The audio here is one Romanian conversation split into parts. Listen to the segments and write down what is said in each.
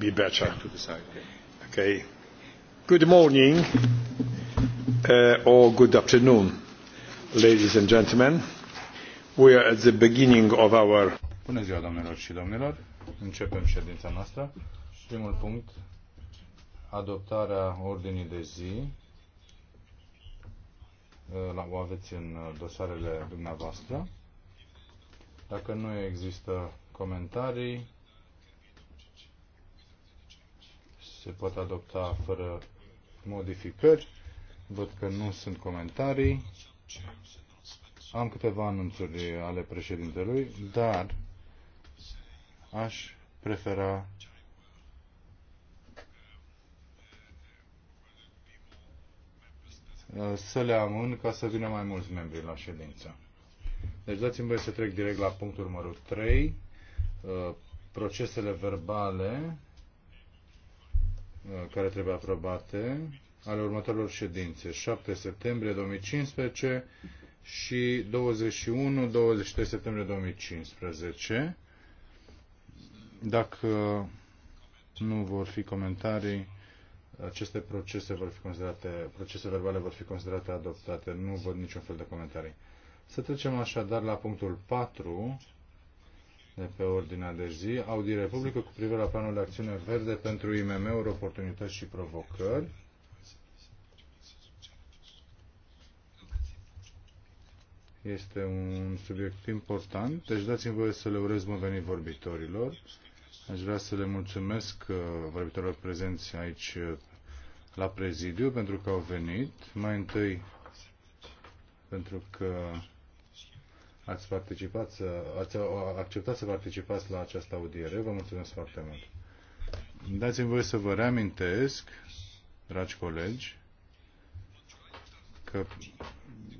be better. Okay. Good morning uh, or good afternoon, ladies and gentlemen. We are at the beginning of our. Bună ziua, domnilor și domnilor. Începem ședința noastră. Primul punct, adoptarea ordinii de zi. Uh, la, o aveți în uh, dosarele dumneavoastră. Dacă nu există comentarii, se pot adopta fără modificări. Văd că nu sunt comentarii. Am câteva anunțuri ale președintelui, dar aș prefera să le amân ca să vină mai mulți membri la ședință. Deci dați-mi voie să trec direct la punctul numărul 3, uh, procesele verbale Uh, care trebuie aprobate ale următorilor ședințe, 7 septembrie 2015 și 21-23 septembrie 2015. Dacă nu vor fi comentarii, aceste procese vor fi considerate, procese verbale vor fi considerate adoptate. Nu văd niciun fel de comentarii. Să trecem așadar la punctul 4, de pe ordinea de zi, audiere publică cu privire la planul de acțiune verde pentru IMM-uri, oportunități și provocări. Este un subiect important, deci dați-mi voie să le urez bun venit vorbitorilor. Aș vrea să le mulțumesc uh, vorbitorilor prezenți aici uh, la prezidiu pentru că au venit. Mai întâi pentru că ați participat, ați acceptat să participați la această audiere. Vă mulțumesc foarte mult. Dați-mi voie să vă reamintesc, dragi colegi, că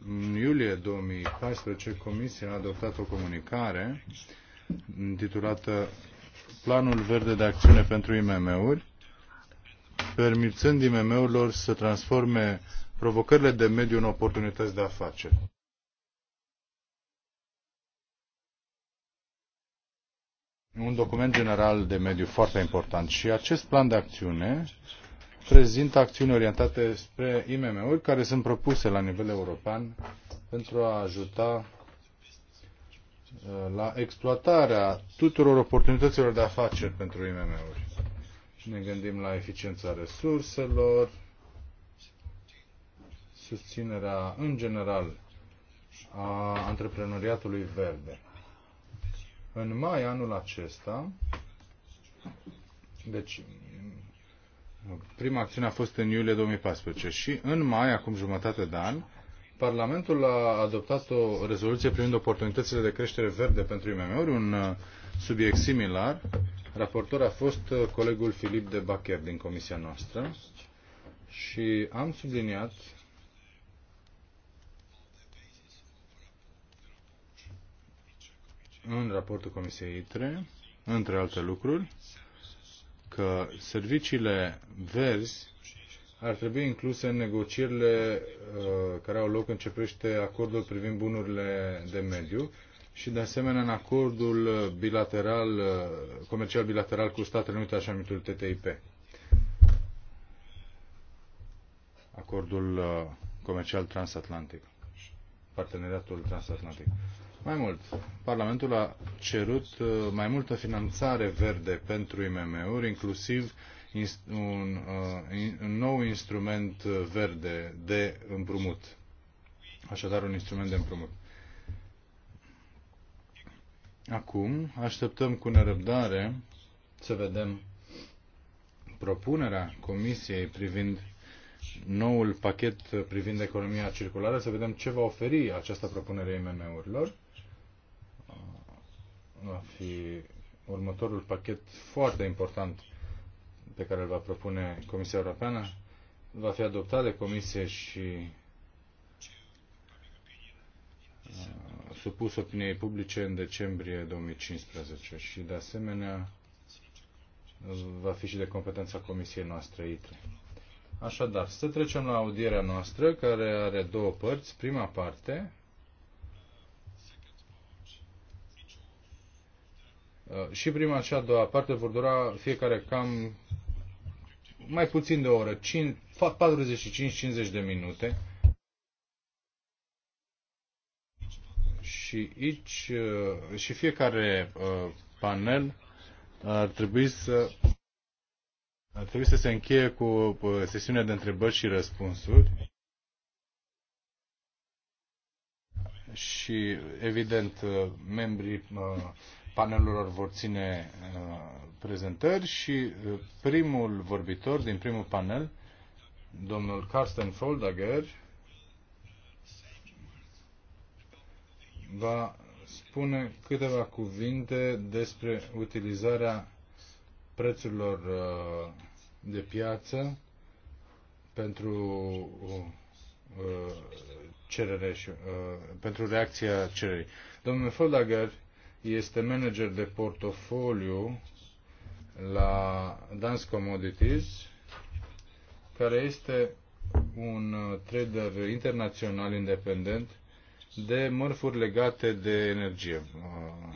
în iulie 2014 Comisia a adoptat o comunicare intitulată Planul Verde de Acțiune pentru IMM-uri, permițând IMM-urilor să transforme provocările de mediu în oportunități de afaceri. un document general de mediu foarte important și acest plan de acțiune prezintă acțiuni orientate spre IMM-uri care sunt propuse la nivel european pentru a ajuta uh, la exploatarea tuturor oportunităților de afaceri pentru IMM-uri. Ne gândim la eficiența resurselor, susținerea în general a antreprenoriatului verde. În mai anul acesta, deci prima acțiune a fost în iulie 2014 și în mai, acum jumătate de an, Parlamentul a adoptat o rezoluție privind oportunitățile de creștere verde pentru IMM-uri, un uh, subiect similar. Raportor a fost uh, colegul Filip de Bacher din comisia noastră și am subliniat în raportul Comisiei ITRE, între alte lucruri, că serviciile verzi ar trebui incluse în negocierile uh, care au loc începește acordul privind bunurile de mediu și de asemenea în acordul bilateral, uh, comercial bilateral cu Statele Unite, așa numitul TTIP. Acordul uh, comercial transatlantic, parteneriatul transatlantic. Mai mult, Parlamentul a cerut uh, mai multă finanțare verde pentru IMM-uri, inclusiv un, uh, un nou instrument uh, verde de împrumut. Așadar, un instrument de împrumut. Acum așteptăm cu nerăbdare să vedem propunerea Comisiei privind noul pachet privind economia circulară, să vedem ce va oferi această propunere IMM-urilor va fi următorul pachet foarte important pe care îl va propune Comisia Europeană. Va fi adoptat de Comisie și uh, supus opiniei publice în decembrie 2015 și, de asemenea, va fi și de competența Comisiei noastre ITRE. Așadar, să trecem la audierea noastră, care are două părți. Prima parte Uh, și prima și a doua parte vor dura fiecare cam mai puțin de o oră, 45-50 de minute. Și, aici, uh, și fiecare uh, panel ar trebui să ar trebui să se încheie cu sesiunea de întrebări și răspunsuri. Și, evident, membrii panelurilor vor ține uh, prezentări și uh, primul vorbitor din primul panel, domnul Carsten Foldager, va spune câteva cuvinte despre utilizarea prețurilor uh, de piață pentru cerere și pentru reacția cererii. Domnule Foldager, este manager de portofoliu la Dance Commodities, care este un uh, trader internațional independent de mărfuri legate de energie. Uh,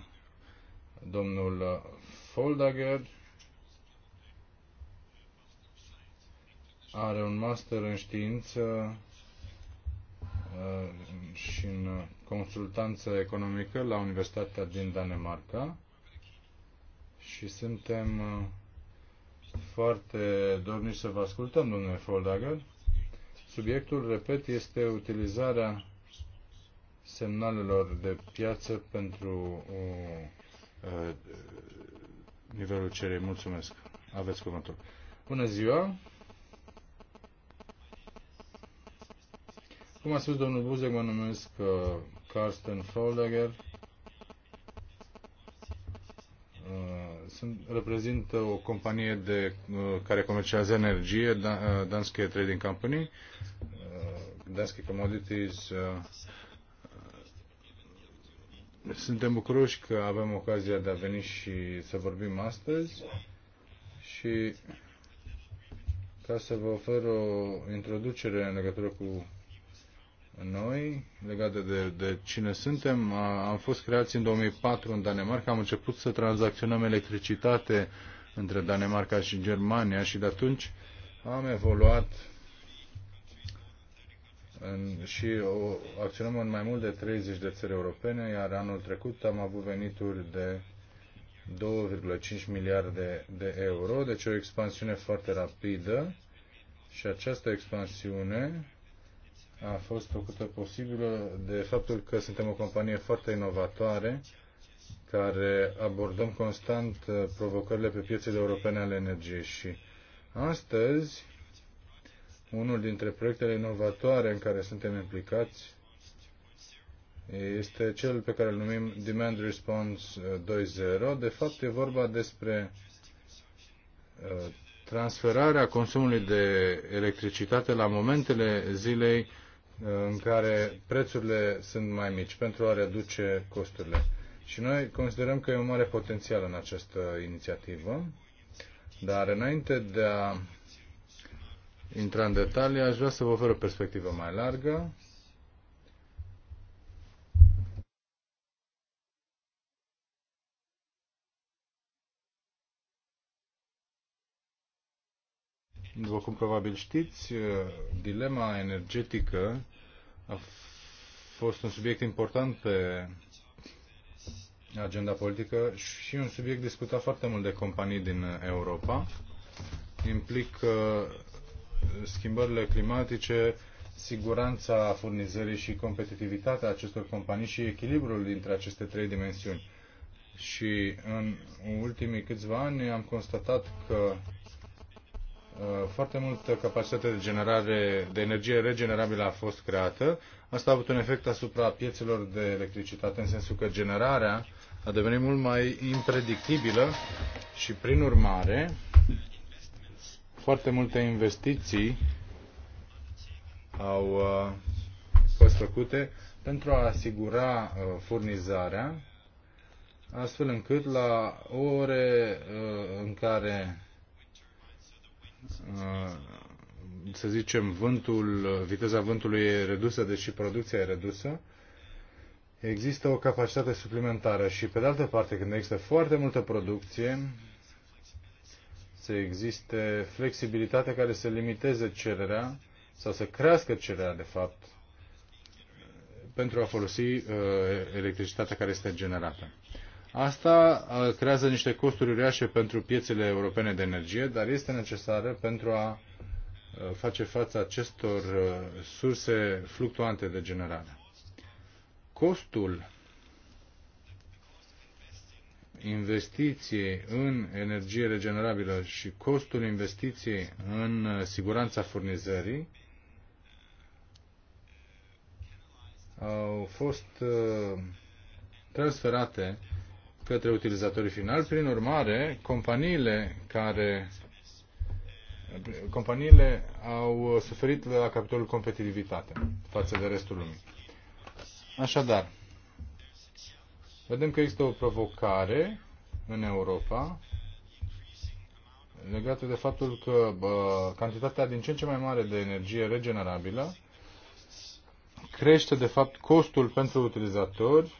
domnul Foldager are un master în știință uh, și în consultanță economică la Universitatea din Danemarca și suntem uh, foarte dorniți să vă ascultăm, domnule Foldager. Subiectul, repet, este utilizarea semnalelor de piață pentru a, uh, uh, nivelul cererii. Mulțumesc. Aveți cuvântul. Bună ziua! Cum a spus domnul Buzek, mă numesc uh, Carsten Frauleger. Uh, sunt, reprezint o companie de, uh, care comercializează energie, da, Danske Trading Company, Danske Commodities. Suntem bucuroși că avem ocazia de a veni și să vorbim astăzi și ca să vă ofer o introducere în legătură cu noi, legate de, de cine suntem. Am fost creați în 2004 în Danemarca, am început să tranzacționăm electricitate între Danemarca și Germania și de atunci am evoluat în, și o, acționăm în mai mult de 30 de țări europene, iar anul trecut am avut venituri de 2,5 miliarde de euro, deci o expansiune foarte rapidă și această expansiune a fost făcută posibilă de faptul că suntem o companie foarte inovatoare care abordăm constant uh, provocările pe piețele europene ale energiei și astăzi unul dintre proiectele inovatoare în care suntem implicați este cel pe care îl numim Demand Response 2.0. Uh, de fapt, e vorba despre uh, transferarea consumului de electricitate la momentele zilei în care prețurile sunt mai mici pentru a reduce costurile. Și noi considerăm că e un mare potențial în această inițiativă, dar înainte de a intra în detalii, aș vrea să vă ofer o perspectivă mai largă După cum probabil știți, uh, dilema energetică a fost un subiect important pe agenda politică și un subiect discutat foarte mult de companii din Europa. Implică uh, schimbările climatice, siguranța furnizării și competitivitatea acestor companii și echilibrul dintre aceste trei dimensiuni. Și în ultimii câțiva ani am constatat că Uh, foarte multă capacitate de generare de energie regenerabilă a fost creată. Asta a avut un efect asupra piețelor de electricitate, în sensul că generarea a devenit mult mai impredictibilă și, prin urmare, foarte multe investiții au uh, fost făcute pentru a asigura uh, furnizarea, astfel încât la ore în care Uh, să zicem, vântul, viteza vântului e redusă, deși producția e redusă, există o capacitate suplimentară și, pe de altă parte, când există foarte multă producție, să existe flexibilitate care să limiteze cererea sau să crească cererea, de fapt, pentru a folosi uh, electricitatea care este generată. Asta uh, creează niște costuri uriașe pentru piețele europene de energie, dar este necesară pentru a uh, face față acestor uh, surse fluctuante de generare. Costul investiției în energie regenerabilă și costul investiției în siguranța furnizării au fost transferate către utilizatorii finali. Prin urmare, companiile care companiile au suferit la capitolul competitivitate față de restul lumii. Așadar, vedem că există o provocare în Europa legată de faptul că bă, cantitatea din ce în ce mai mare de energie regenerabilă crește de fapt costul pentru utilizatori,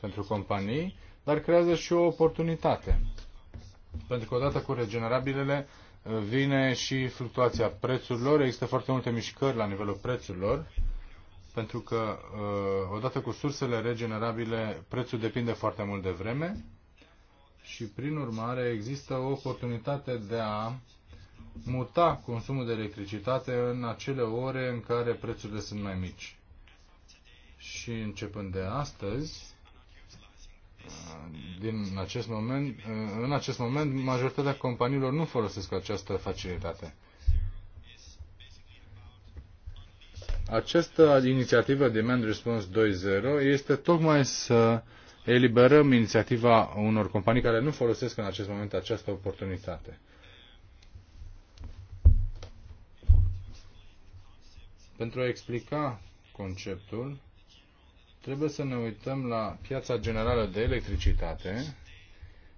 pentru companii dar creează și o oportunitate. Pentru că odată cu regenerabilele uh, vine și fluctuația prețurilor, există foarte multe mișcări la nivelul prețurilor, pentru că uh, odată cu sursele regenerabile prețul depinde foarte mult de vreme și prin urmare există o oportunitate de a muta consumul de electricitate în acele ore în care prețurile sunt mai mici. Și începând de astăzi, din acest moment, în acest moment majoritatea companiilor nu folosesc această facilitate. Această inițiativă Demand Response 2.0 este tocmai să eliberăm inițiativa unor companii care nu folosesc în acest moment această oportunitate. Pentru a explica conceptul, trebuie să ne uităm la piața generală de electricitate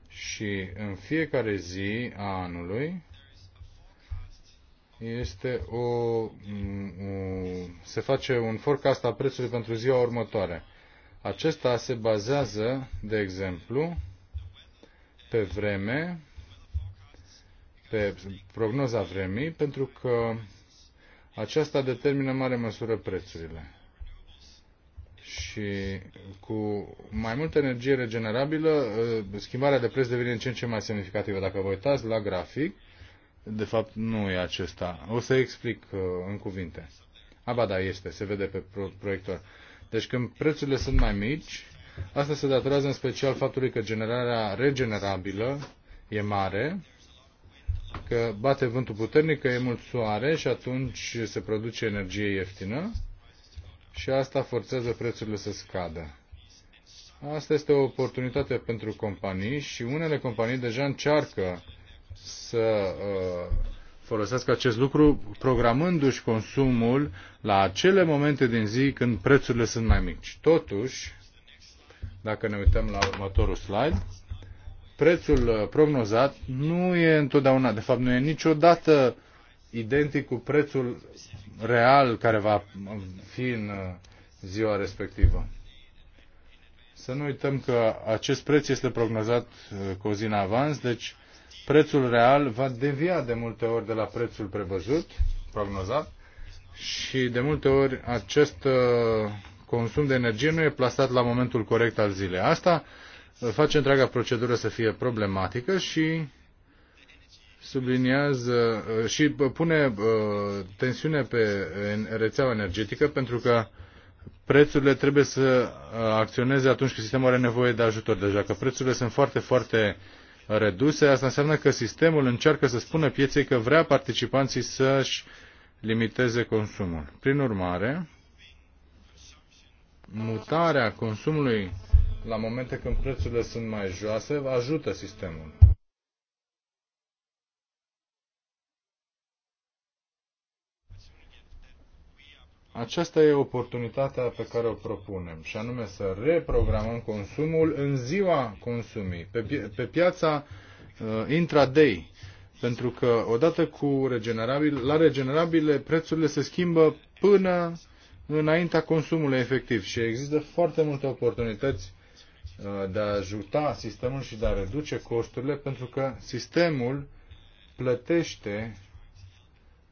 și în fiecare zi a anului este o, o, se face un forecast a prețului pentru ziua următoare. Acesta se bazează, de exemplu, pe vreme, pe prognoza vremii, pentru că aceasta determină în mare măsură prețurile și cu mai multă energie regenerabilă, ă, schimbarea de preț devine în ce în ce mai semnificativă. Dacă vă uitați la grafic, de fapt nu e acesta. O să explic ă, în cuvinte. Aba da, este, se vede pe proiector. Deci când prețurile sunt mai mici, asta se datorează în special faptului că generarea regenerabilă e mare, că bate vântul puternic, că e mult soare și atunci se produce energie ieftină și asta forțează prețurile să scadă. Asta este o oportunitate pentru companii și unele companii deja încearcă să uh, folosească acest lucru programându-și consumul la acele momente din zi când prețurile sunt mai mici. Totuși, dacă ne uităm la următorul slide, prețul uh, prognozat nu e întotdeauna, de fapt nu e niciodată identic cu prețul real care va fi în uh, ziua respectivă. Să nu uităm că acest preț este prognozat uh, cu o zi în avans, deci prețul real va devia de multe ori de la prețul prevăzut, prognozat, și de multe ori acest uh, consum de energie nu e plasat la momentul corect al zilei. Asta face întreaga procedură să fie problematică și subliniază uh, și uh, pune uh, tensiune pe rețeaua energetică pentru că prețurile trebuie să acționeze atunci când sistemul are nevoie de ajutor. deja. Deci că prețurile sunt foarte, foarte reduse, asta înseamnă că sistemul încearcă să spună pieței că vrea participanții să-și limiteze consumul. Prin urmare, mutarea consumului la momente când prețurile sunt mai joase ajută sistemul. Aceasta e oportunitatea pe care o propunem, și anume să reprogramăm consumul în ziua consumii, pe, pe piața uh, intraday, pentru că odată cu regenerabil, la regenerabile prețurile se schimbă până înaintea consumului efectiv și există foarte multe oportunități uh, de a ajuta sistemul și de a reduce costurile, pentru că sistemul plătește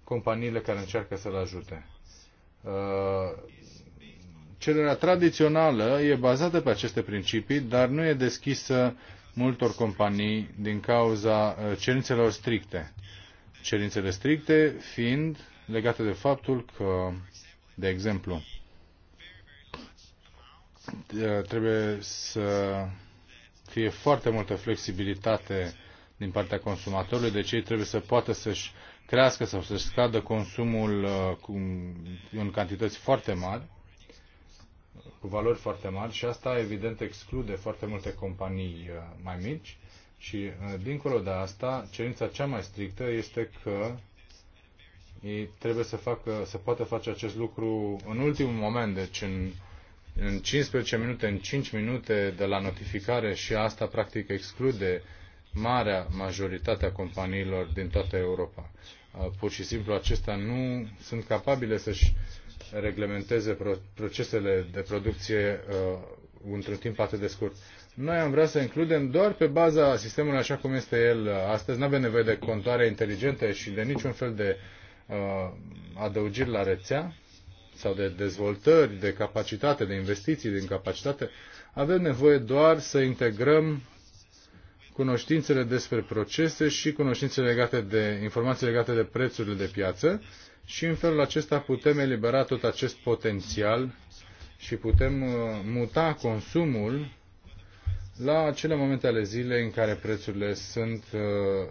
companiile care încearcă să-l ajute. Uh, cererea tradițională e bazată pe aceste principii, dar nu e deschisă multor companii din cauza uh, cerințelor stricte. Cerințele stricte fiind legate de faptul că, de exemplu, uh, trebuie să fie foarte multă flexibilitate din partea consumatorului, deci ei trebuie să poată să-și crească sau să scadă consumul uh, în cantități foarte mari, cu valori foarte mari și asta evident exclude foarte multe companii uh, mai mici și uh, dincolo de asta, cerința cea mai strictă este că ei trebuie să, facă, să poată face acest lucru în ultimul moment, deci în, în 15 minute, în 5 minute de la notificare și asta practic exclude uh, marea majoritate a companiilor din toată Europa. Pur și simplu acestea nu sunt capabile să-și reglementeze procesele de producție într-un timp atât de scurt. Noi am vrea să includem doar pe baza sistemului așa cum este el astăzi. Nu avem nevoie de contoare inteligente și de niciun fel de uh, adăugiri la rețea sau de dezvoltări, de capacitate, de investiții din capacitate. Avem nevoie doar să integrăm cunoștințele despre procese și cunoștințele legate de informații legate de prețurile de piață și în felul acesta putem elibera tot acest potențial și putem uh, muta consumul la acele momente ale zilei în care prețurile sunt uh,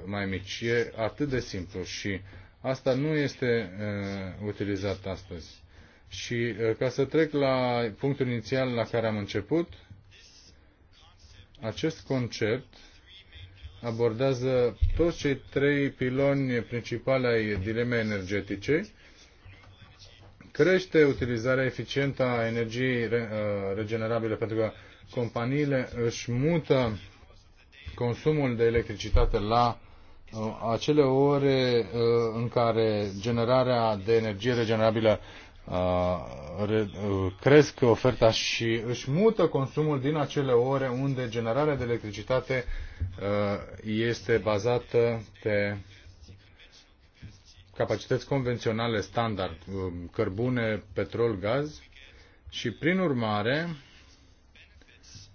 mai mici. E atât de simplu și asta nu este uh, utilizat astăzi. Și ca să trec la punctul inițial la care am început, acest concept abordează toți cei trei piloni principale ai dilemei energetice. Crește utilizarea eficientă a energiei uh, regenerabile pentru că companiile își mută consumul de electricitate la uh, acele ore uh, în care generarea de energie regenerabilă cresc oferta și își mută consumul din acele ore unde generarea de electricitate este bazată pe capacități convenționale standard, cărbune, petrol, gaz și prin urmare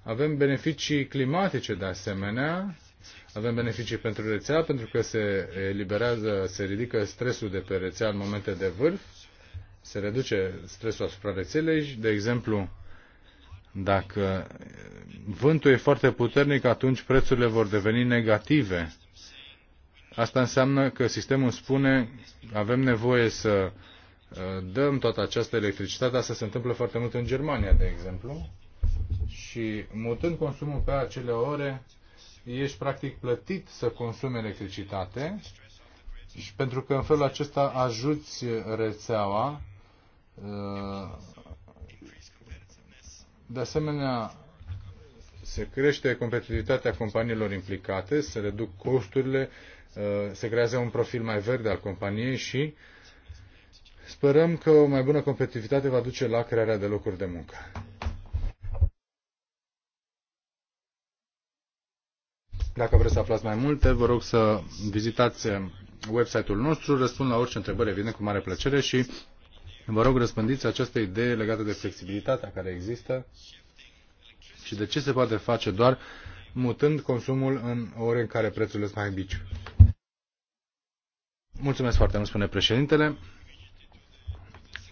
avem beneficii climatice de asemenea, avem beneficii pentru rețea pentru că se eliberează, se ridică stresul de pe rețea în momente de vârf se reduce stresul asupra rețelei. De exemplu, dacă vântul e foarte puternic, atunci prețurile vor deveni negative. Asta înseamnă că sistemul spune avem nevoie să uh, dăm toată această electricitate. Asta se întâmplă foarte mult în Germania, de exemplu. Și mutând consumul pe acele ore, ești practic plătit să consumi electricitate și pentru că în felul acesta ajuți rețeaua Uh, de asemenea, se crește competitivitatea companiilor implicate, se reduc costurile, uh, se creează un profil mai verde al companiei și sperăm că o mai bună competitivitate va duce la crearea de locuri de muncă. Dacă vreți să aflați mai multe, vă rog să vizitați website-ul nostru, răspund la orice întrebări, vine cu mare plăcere și Vă rog, răspândiți această idee legată de flexibilitatea care există și de ce se poate face doar mutând consumul în ore în care prețurile sunt mai mic. Mulțumesc foarte mult, spune președintele.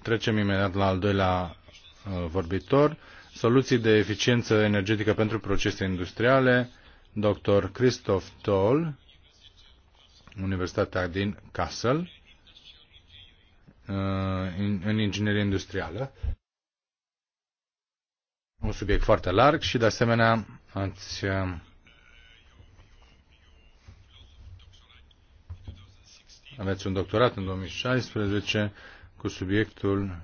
Trecem imediat la al doilea uh, vorbitor. Soluții de eficiență energetică pentru procese industriale, dr. Christoph Toll, Universitatea din Kassel. Uh, în inginerie industrială. Un subiect foarte larg și, de asemenea, ați uh, aveți un doctorat în 2016 cu subiectul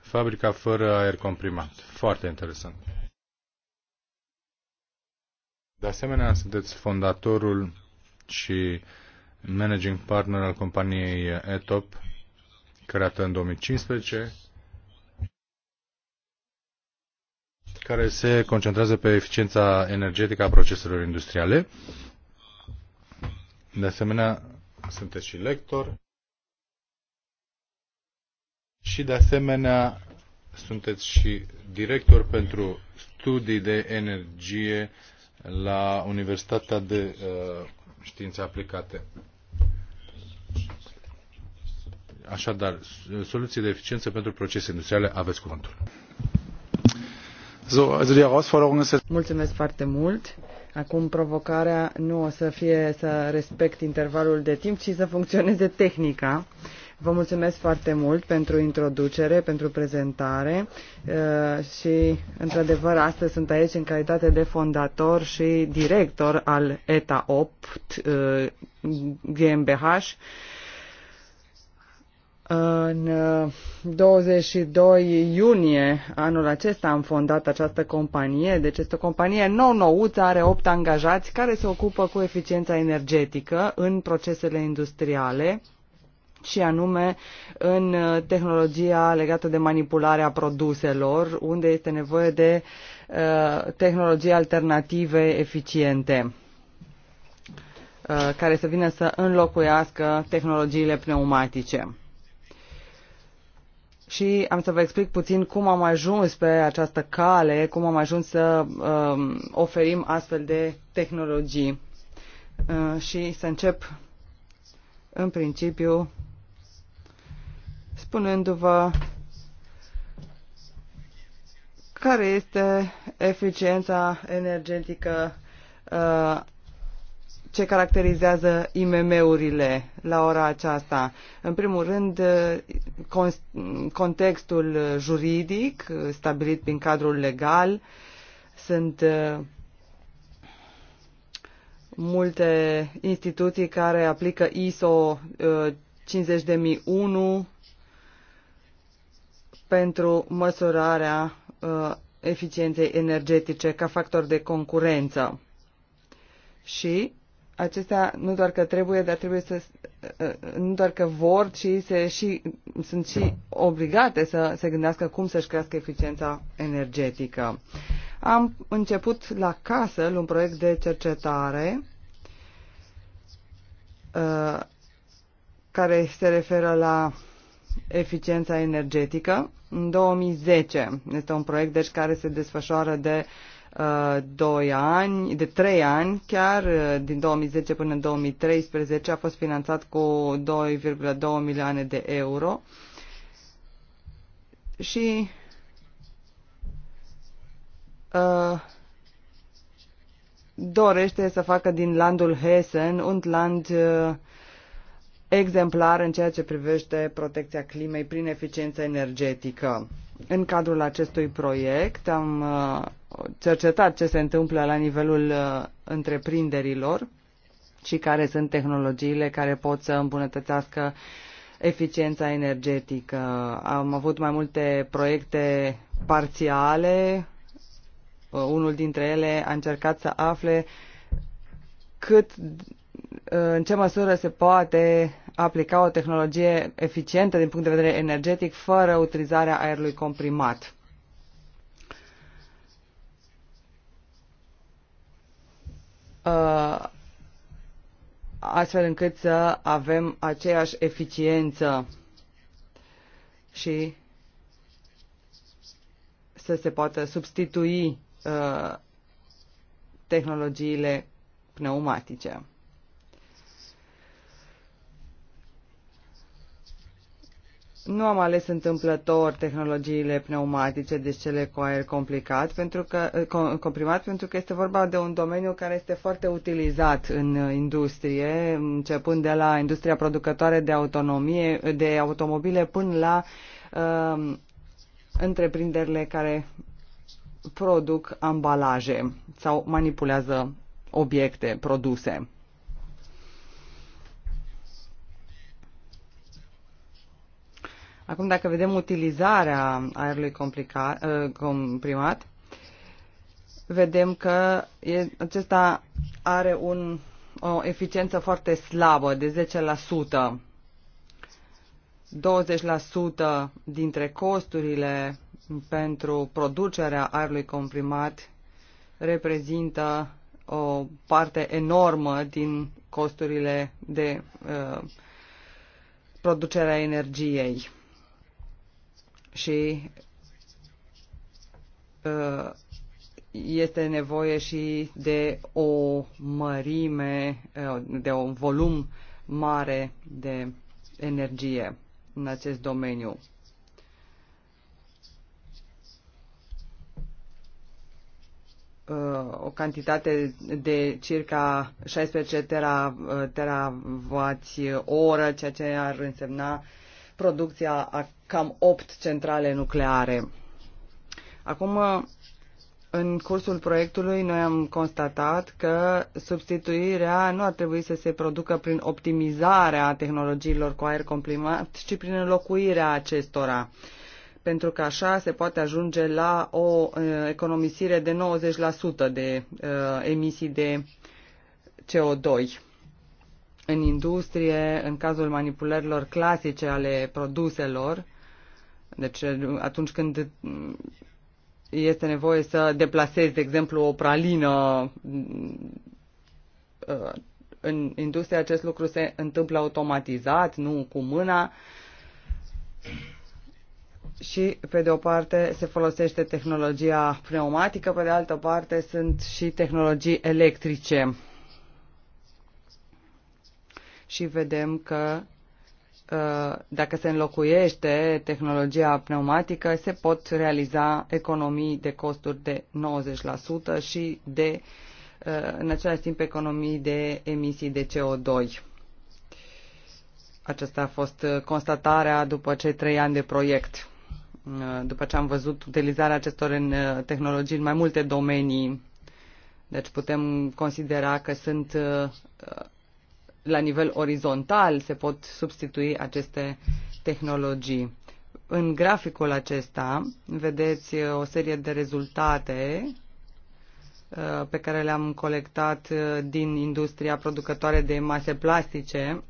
Fabrica fără aer comprimat. Foarte interesant. De asemenea, sunteți fondatorul și managing partner al companiei ETOP, creată în 2015, care se concentrează pe eficiența energetică a proceselor industriale. De asemenea, sunteți și lector și de asemenea sunteți și director pentru studii de energie la Universitatea de uh, științe aplicate. Așadar, soluții de eficiență pentru procese industriale, aveți cuvântul. Mulțumesc foarte mult. Acum provocarea nu o să fie să respect intervalul de timp, ci să funcționeze tehnica. Uh, Vă mulțumesc foarte mult pentru introducere, pentru prezentare uh, și, într-adevăr, astăzi sunt aici în calitate de fondator și director al ETA 8 uh, GmbH în 22 uh, iunie anul acesta am fondat această companie, deci este o companie nou-nouță, are 8 angajați care se ocupă cu eficiența energetică în procesele industriale și anume în uh, tehnologia legată de manipularea produselor, unde este nevoie de tehnologie uh, tehnologii alternative eficiente uh, care să vină să înlocuiască tehnologiile pneumatice. Și am să vă explic puțin cum am ajuns pe această cale, cum am ajuns să um, oferim astfel de tehnologii. Uh, și să încep în principiu spunându-vă care este eficiența energetică uh, ce caracterizează IMM-urile la ora aceasta? În primul rând, contextul juridic uh, stabilit prin cadrul legal. Sunt uh, multe instituții care aplică ISO 50001 uh, pentru măsurarea uh, eficienței energetice ca factor de concurență. Și acestea nu doar că trebuie, dar trebuie să uh, nu doar că vor, ci se, și, sunt și obligate să se gândească cum să-și crească eficiența energetică. Am început la casă un proiect de cercetare uh, care se referă la eficiența energetică în 2010. Este un proiect deci care se desfășoară de uh, doi ani, de trei ani chiar, uh, din 2010 până în 2013, a fost finanțat cu 2,2 milioane de euro. Și uh, dorește să facă din landul Hessen un land uh, exemplar în ceea ce privește protecția climei prin eficiență energetică. În cadrul acestui proiect am uh, cercetat ce se întâmplă la nivelul uh, întreprinderilor și care sunt tehnologiile care pot să îmbunătățească eficiența energetică. Am avut mai multe proiecte parțiale. Uh, unul dintre ele a încercat să afle cât în ce măsură se poate aplica o tehnologie eficientă din punct de vedere energetic fără utilizarea aerului comprimat. Uh, astfel încât să avem aceeași eficiență și să se poată substitui uh, tehnologiile pneumatice. Nu am ales întâmplător tehnologiile pneumatice, deci cele cu aer complicat, pentru că, eh, comprimat, pentru că este vorba de un domeniu care este foarte utilizat în eh, industrie, începând de la industria producătoare de autonomie, de automobile până la uh, întreprinderile care produc ambalaje sau manipulează obiecte, produse. Acum, dacă vedem utilizarea aerului complicat, ă, comprimat, vedem că e, acesta are un, o eficiență foarte slabă, de 10%. 20% dintre costurile pentru producerea aerului comprimat reprezintă o parte enormă din costurile de uh, producerea energiei și ă, este nevoie și de o mărime, ă, de un volum mare de energie în acest domeniu. Ă, o cantitate de circa 16 tera, teravați oră, ceea ce ar însemna producția a cam 8 centrale nucleare. Acum, în cursul proiectului, noi am constatat că substituirea nu ar trebui să se producă prin optimizarea tehnologiilor cu aer comprimat, ci prin înlocuirea acestora pentru că așa se poate ajunge la o economisire de 90% de emisii de CO2 în industrie, în cazul manipulărilor clasice ale produselor, deci atunci când este nevoie să deplasezi, de exemplu, o pralină uh, în industrie, acest lucru se întâmplă automatizat, nu cu mâna. Și, pe de o parte, se folosește tehnologia pneumatică, pe de altă parte, sunt și tehnologii electrice și vedem că uh, dacă se înlocuiește tehnologia pneumatică, se pot realiza economii de costuri de 90% și de, uh, în același timp economii de emisii de CO2. Aceasta a fost uh, constatarea după cei trei ani de proiect, după ce am văzut utilizarea acestor în tehnologii în mai multe domenii. Deci putem considera că sunt la nivel orizontal se pot substitui aceste tehnologii. În graficul acesta vedeți uh, o serie de rezultate uh, pe care le-am colectat uh, din industria producătoare de mase plastice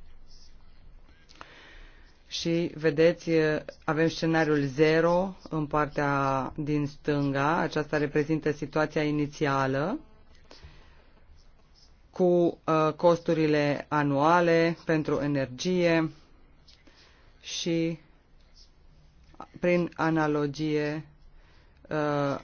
și vedeți, avem scenariul 0 în partea din stânga, aceasta reprezintă situația inițială cu uh, costurile anuale pentru energie și prin analogie uh,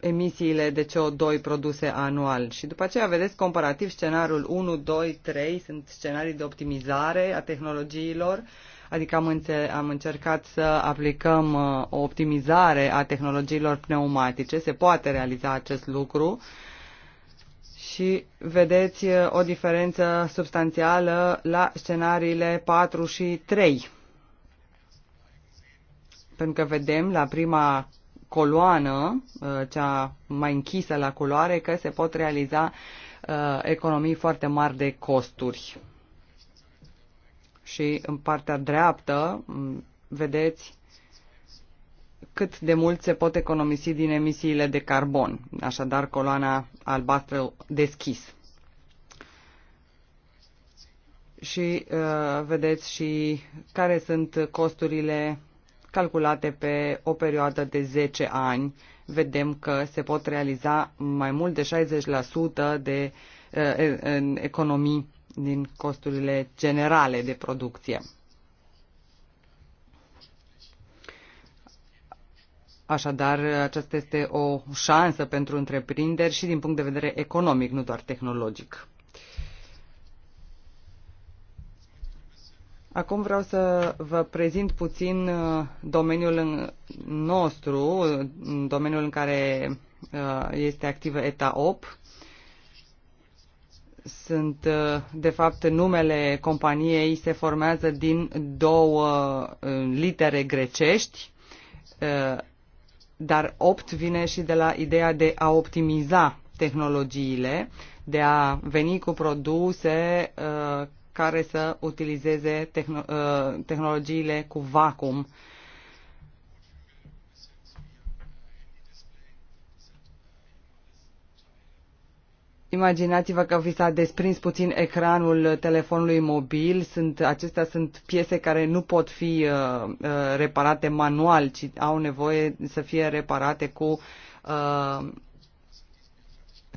emisiile de CO2 produse anual. Și după aceea vedeți comparativ scenariul 1, 2, 3 sunt scenarii de optimizare a tehnologiilor, adică am, înțe- am încercat să aplicăm uh, o optimizare a tehnologiilor pneumatice. Se poate realiza acest lucru. Uh, și vedeți uh, o diferență substanțială la scenariile 4 și 3. Pentru că vedem la prima coloană, uh, cea mai închisă la culoare, că se pot realiza uh, economii foarte mari de costuri. Și în partea dreaptă mm, vedeți cât de mult se pot economisi din emisiile de carbon, așadar coloana albastră deschis. Și uh, vedeți și care sunt costurile calculate pe o perioadă de 10 ani. Vedem că se pot realiza mai mult de 60% de uh, economii din costurile generale de producție. Așadar, aceasta este o șansă pentru întreprinderi și din punct de vedere economic, nu doar tehnologic. Acum vreau să vă prezint puțin uh, domeniul nostru, domeniul în care uh, este activă ETAOP. Sunt, uh, de fapt, numele companiei se formează din două litere grecești, dar 8 vine și de la ideea de a optimiza tehnologiile, de a veni cu produse uh, care să utilizeze tehno- uh, tehnologiile cu vacuum Imaginați-vă că vi s-a desprins puțin ecranul telefonului mobil. Sunt, acestea sunt piese care nu pot fi uh, uh, reparate manual, ci au nevoie să fie reparate cu uh,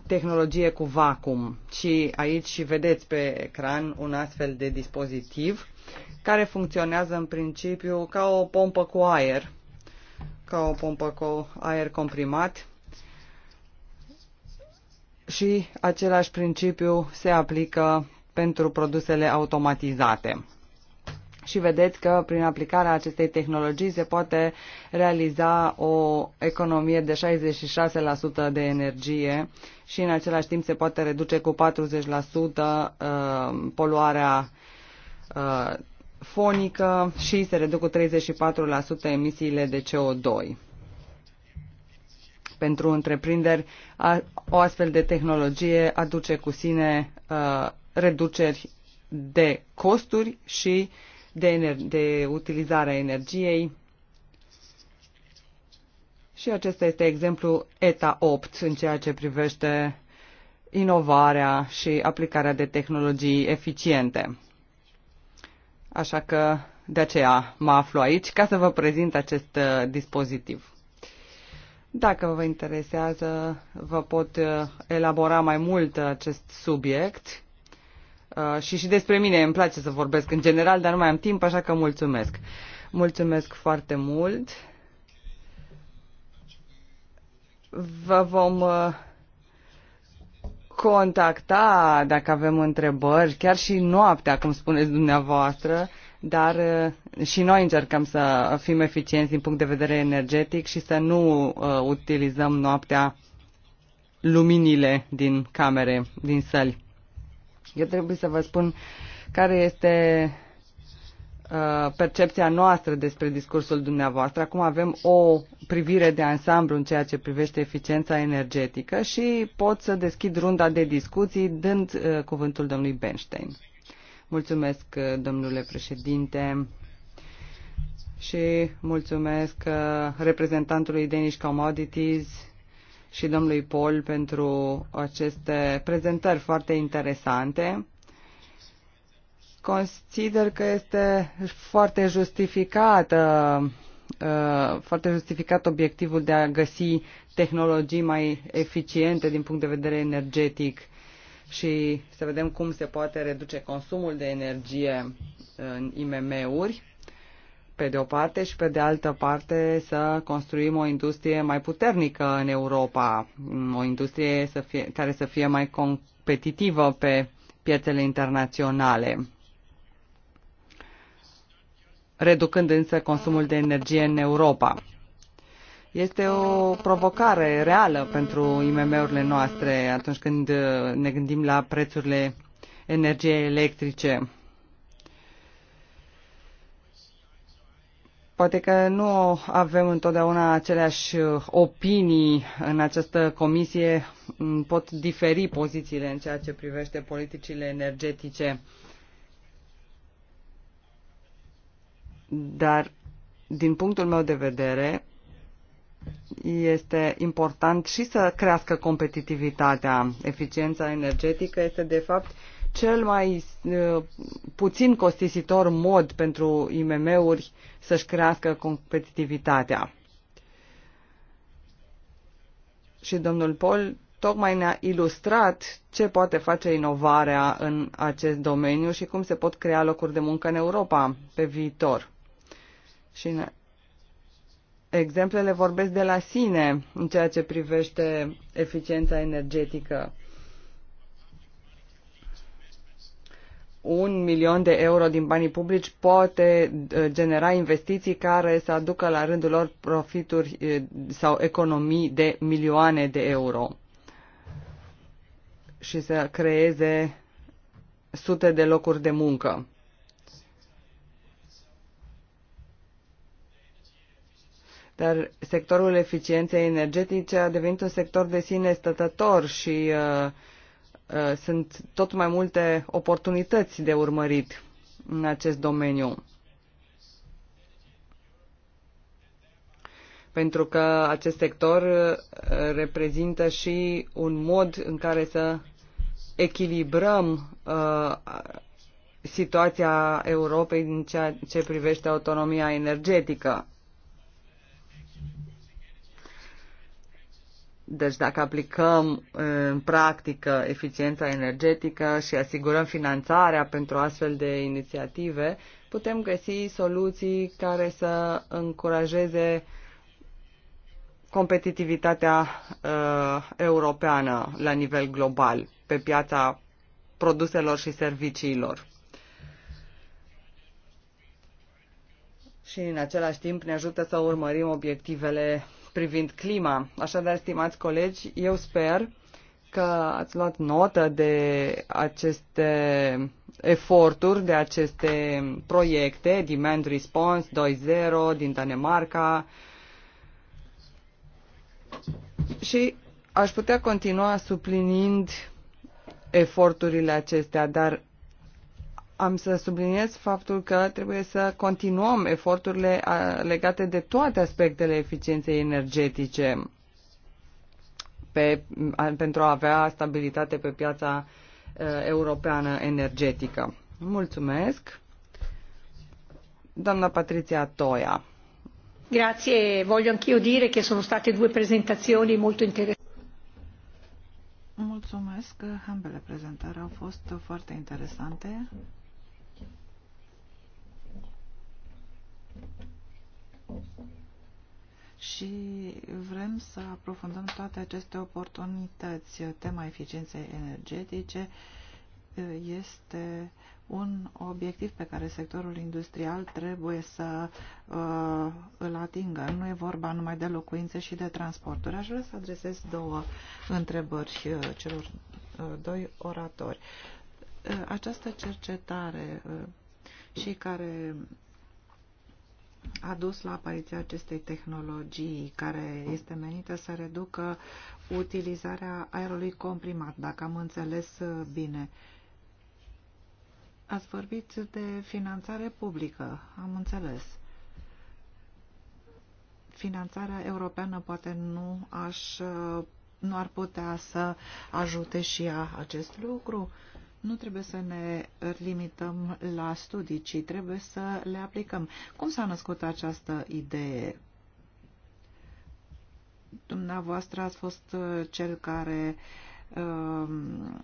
tehnologie cu vacuum. Și aici și vedeți pe ecran un astfel de dispozitiv care funcționează în principiu ca o pompă cu aer, ca o pompă cu aer comprimat și același principiu se aplică pentru produsele automatizate. Și vedeți că prin aplicarea acestei tehnologii se poate realiza o economie de 66% de energie și în același timp se poate reduce cu 40% uh, poluarea uh, fonică și se reduc cu 34% emisiile de CO2 pentru întreprinderi, o astfel de tehnologie aduce cu sine uh, reduceri de costuri și de, de utilizare a energiei. Și acesta este exemplu ETA 8 în ceea ce privește inovarea și aplicarea de tehnologii eficiente. Așa că de aceea mă aflu aici ca să vă prezint acest uh, dispozitiv. Dacă vă interesează, vă pot uh, elabora mai mult acest subiect. Uh, și și despre mine îmi place să vorbesc în general, dar nu mai am timp, așa că mulțumesc. Mulțumesc foarte mult. Vă vom uh, contacta dacă avem întrebări, chiar și noaptea, cum spuneți dumneavoastră dar uh, și noi încercăm să fim eficienți din punct de vedere energetic și să nu uh, utilizăm noaptea luminile din camere, din săli. Eu trebuie să vă spun care este uh, percepția noastră despre discursul dumneavoastră. Acum avem o privire de ansamblu în ceea ce privește eficiența energetică și pot să deschid runda de discuții dând cuvântul domnului Benstein. Mulțumesc, domnule președinte, și mulțumesc uh, reprezentantului Danish Commodities și domnului Paul pentru aceste prezentări foarte interesante. Consider că este foarte justificat, uh, foarte justificat obiectivul de a găsi tehnologii mai eficiente din punct de vedere energetic și să vedem cum se poate reduce consumul de energie în IMM-uri, pe de o parte, și pe de altă parte să construim o industrie mai puternică în Europa, o industrie să fie, care să fie mai competitivă pe piețele internaționale reducând însă consumul de energie în Europa este o provocare reală pentru IMM-urile noastre atunci când uh, ne gândim la prețurile energiei electrice. Poate că nu avem întotdeauna aceleași uh, opinii în această comisie, mm, pot diferi pozițiile în ceea ce privește politicile energetice. Dar, din punctul meu de vedere, este important și să crească competitivitatea. Eficiența energetică este, de fapt, cel mai uh, puțin costisitor mod pentru IMM-uri să-și crească competitivitatea. Și domnul Pol tocmai ne-a ilustrat ce poate face inovarea în acest domeniu și cum se pot crea locuri de muncă în Europa pe viitor. Și Exemplele vorbesc de la sine în ceea ce privește eficiența energetică. un milion de euro din banii publici poate uh, genera investiții care să aducă la rândul lor profituri uh, sau economii de milioane de euro și să creeze sute de locuri de muncă. Dar sectorul eficienței energetice a devenit un sector de sine stătător și uh, uh, sunt tot mai multe oportunități de urmărit în acest domeniu. Pentru că acest sector uh, reprezintă și un mod în care să echilibrăm uh, situația Europei în ceea ce privește autonomia energetică. Deci dacă aplicăm uh, în practică eficiența energetică și asigurăm finanțarea pentru astfel de inițiative, putem găsi soluții care să încurajeze competitivitatea uh, europeană la nivel global pe piața produselor și serviciilor. Și în același timp ne ajută să urmărim obiectivele privind clima. Așadar, stimați colegi, eu sper că ați luat notă de aceste eforturi, de aceste proiecte, Demand Response 2.0 din Danemarca și aș putea continua suplinind eforturile acestea, dar am să subliniez faptul că trebuie să continuăm eforturile legate de toate aspectele eficienței energetice pe, pentru a avea stabilitate pe piața uh, europeană energetică. Mulțumesc. Doamna Patricia Toia. Grazie, voglio anch'io dire che sono state due presentazioni molto interessanti. Mulțumesc, ambele prezentări au fost foarte interesante. și vrem să aprofundăm toate aceste oportunități. Tema eficienței energetice este un obiectiv pe care sectorul industrial trebuie să uh, îl atingă. Nu e vorba numai de locuințe și de transporturi. Aș vrea să adresez două întrebări celor uh, doi oratori. Uh, această cercetare uh, și care a dus la apariția acestei tehnologii care este menită să reducă utilizarea aerului comprimat, dacă am înțeles bine. Ați vorbit de finanțare publică, am înțeles. Finanțarea europeană poate nu, aș, nu ar putea să ajute și ea acest lucru. Uh, nu trebuie să ne limităm la studii, ci trebuie să le aplicăm. Cum s-a născut această idee? Dumneavoastră ați fost uh, cel care um,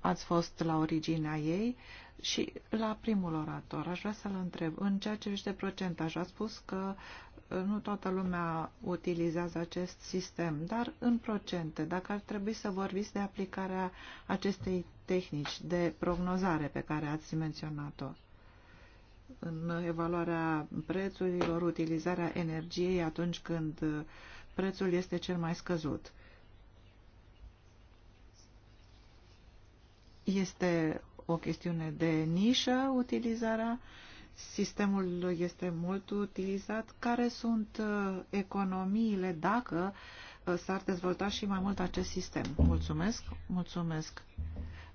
ați fost la originea ei și la primul orator aș vrea să-l întreb. În ceea ce privește procentaj, a spus că nu toată lumea utilizează acest sistem, dar în procente, dacă ar trebui să vorbiți de aplicarea acestei tehnici de prognozare pe care ați menționat-o în evaluarea prețurilor, utilizarea energiei atunci când prețul este cel mai scăzut. Este o chestiune de nișă utilizarea uh, sistemul este mult utilizat, care sunt uh, economiile dacă uh, s-ar dezvolta și mai mult acest sistem. Mulțumesc, mulțumesc.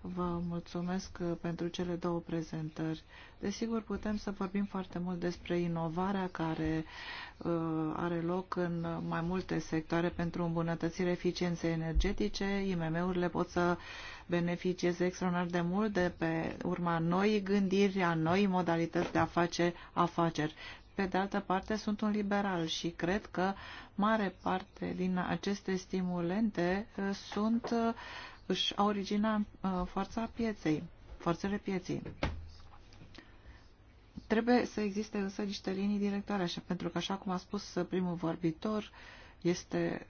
Vă mulțumesc uh, pentru cele două prezentări. Desigur, putem să vorbim foarte mult despre inovarea care uh, are loc în mai multe sectoare pentru îmbunătățirea eficienței energetice. IMM-urile pot să uh, beneficieze extraordinar de mult de pe urma noii gândiri, a noii modalități de a face afaceri. Pe de altă parte, sunt un liberal și cred că mare parte din aceste stimulente uh, sunt, uh, își au originea uh, forța pieței, forțele pieței. Trebuie să existe însă niște linii directoare, așa, pentru că, așa cum a spus primul vorbitor, este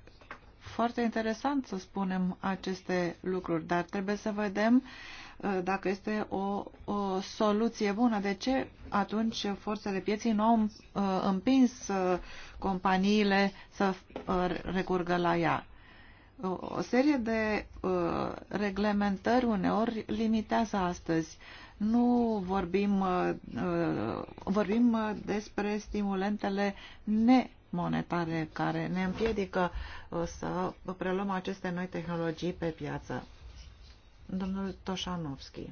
foarte interesant să spunem aceste lucruri, dar trebuie să vedem uh, dacă este o, o soluție bună. De ce atunci forțele pieții nu au uh, împins uh, companiile să recurgă la ea? O serie de reglementări uneori limitează astăzi. Nu vorbim, vorbim despre stimulentele ne monetare care ne împiedică uh, să preluăm aceste noi tehnologii pe piață. Domnul Toșanovski.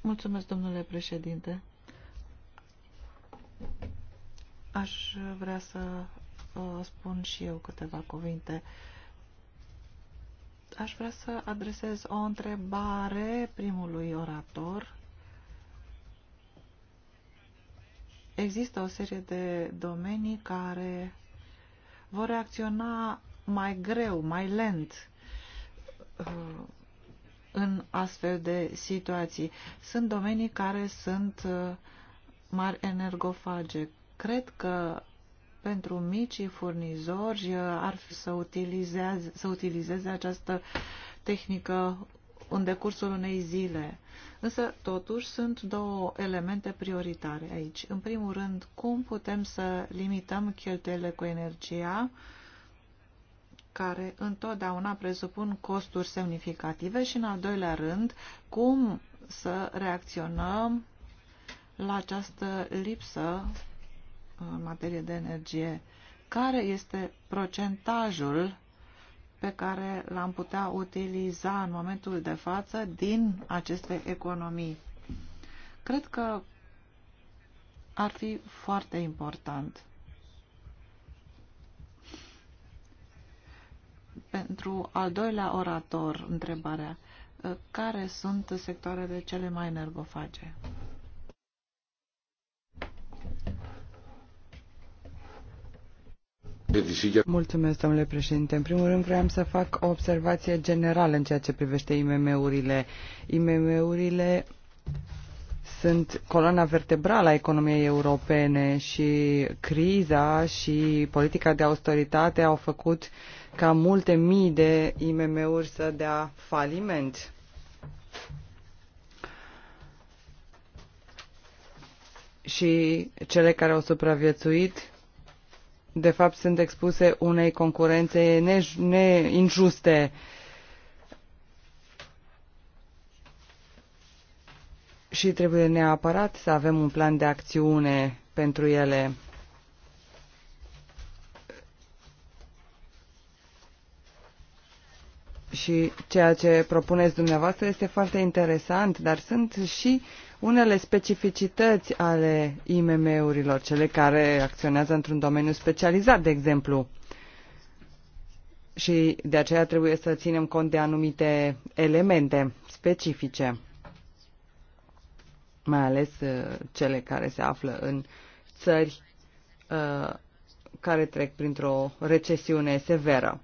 Mulțumesc, domnule președinte. Aș vrea să uh, spun și eu câteva cuvinte uh, Aș vrea să adresez o întrebare primului orator. Există o serie de domenii care vor reacționa mai greu, mai lent uh, în astfel de situații. Sunt domenii care sunt uh, mari energofage. Cred că pentru micii furnizori ar fi să utilizeze, să utilizeze această tehnică în decursul unei zile. Însă, totuși, sunt două elemente prioritare aici. În primul rând, cum putem să limităm cheltuielile cu energia, care întotdeauna presupun costuri semnificative și, în al doilea rând, cum să reacționăm la această lipsă în materie de energie, care este procentajul pe care l-am putea utiliza în momentul de față din aceste economii. Cred că ar fi foarte important pentru al doilea orator întrebarea care sunt sectoarele cele mai energofage. Mulțumesc, domnule președinte. În primul rând vreau să fac o observație generală în ceea ce privește IMM-urile. IMM-urile sunt coloana vertebrală a economiei europene și criza și politica de austeritate au făcut ca multe mii de IMM-uri să dea faliment. Și cele care au supraviețuit de fapt sunt expuse unei concurențe neinjuste. ne Și trebuie neapărat să avem un plan de acțiune pentru ele. și ceea ce propuneți dumneavoastră este foarte interesant, dar sunt și unele specificități ale IMM-urilor, cele care acționează într-un domeniu specializat, de exemplu. Și de aceea trebuie să ținem cont de anumite elemente specifice, mai ales uh, cele care se află în țări uh, care trec printr-o recesiune severă.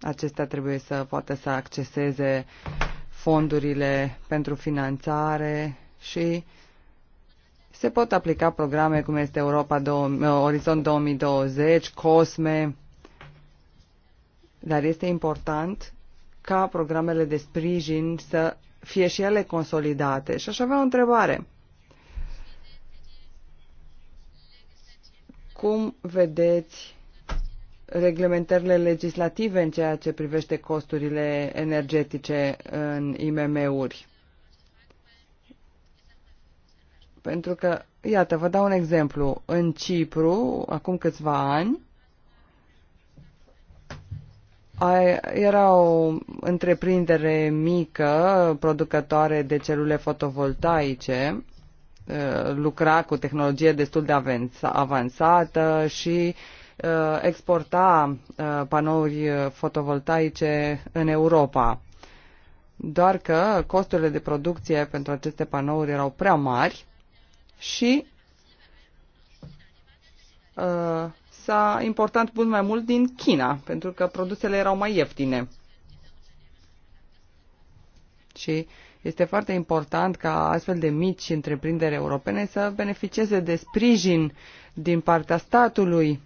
Acestea trebuie să poată să acceseze uh, fondurile pentru finanțare și se pot aplica programe cum este Europa 2000, Orizont 2020, COSME, dar este important ca programele de sprijin să fie și ele consolidate. Și aș avea o întrebare. Cum vedeți reglementările legislative în ceea ce privește costurile energetice în IMM-uri. Pentru că, iată, vă dau un exemplu. În Cipru, acum câțiva ani, era o întreprindere mică, producătoare de celule fotovoltaice, uh, lucra cu tehnologie destul de avansată și uh, Uh, exporta uh, panouri fotovoltaice în Europa. Doar că costurile de producție pentru aceste panouri erau prea mari și uh, s-a importat mult mai mult din China, pentru că produsele erau mai ieftine. Și este foarte important ca astfel de mici întreprinderi europene să beneficieze de sprijin din partea statului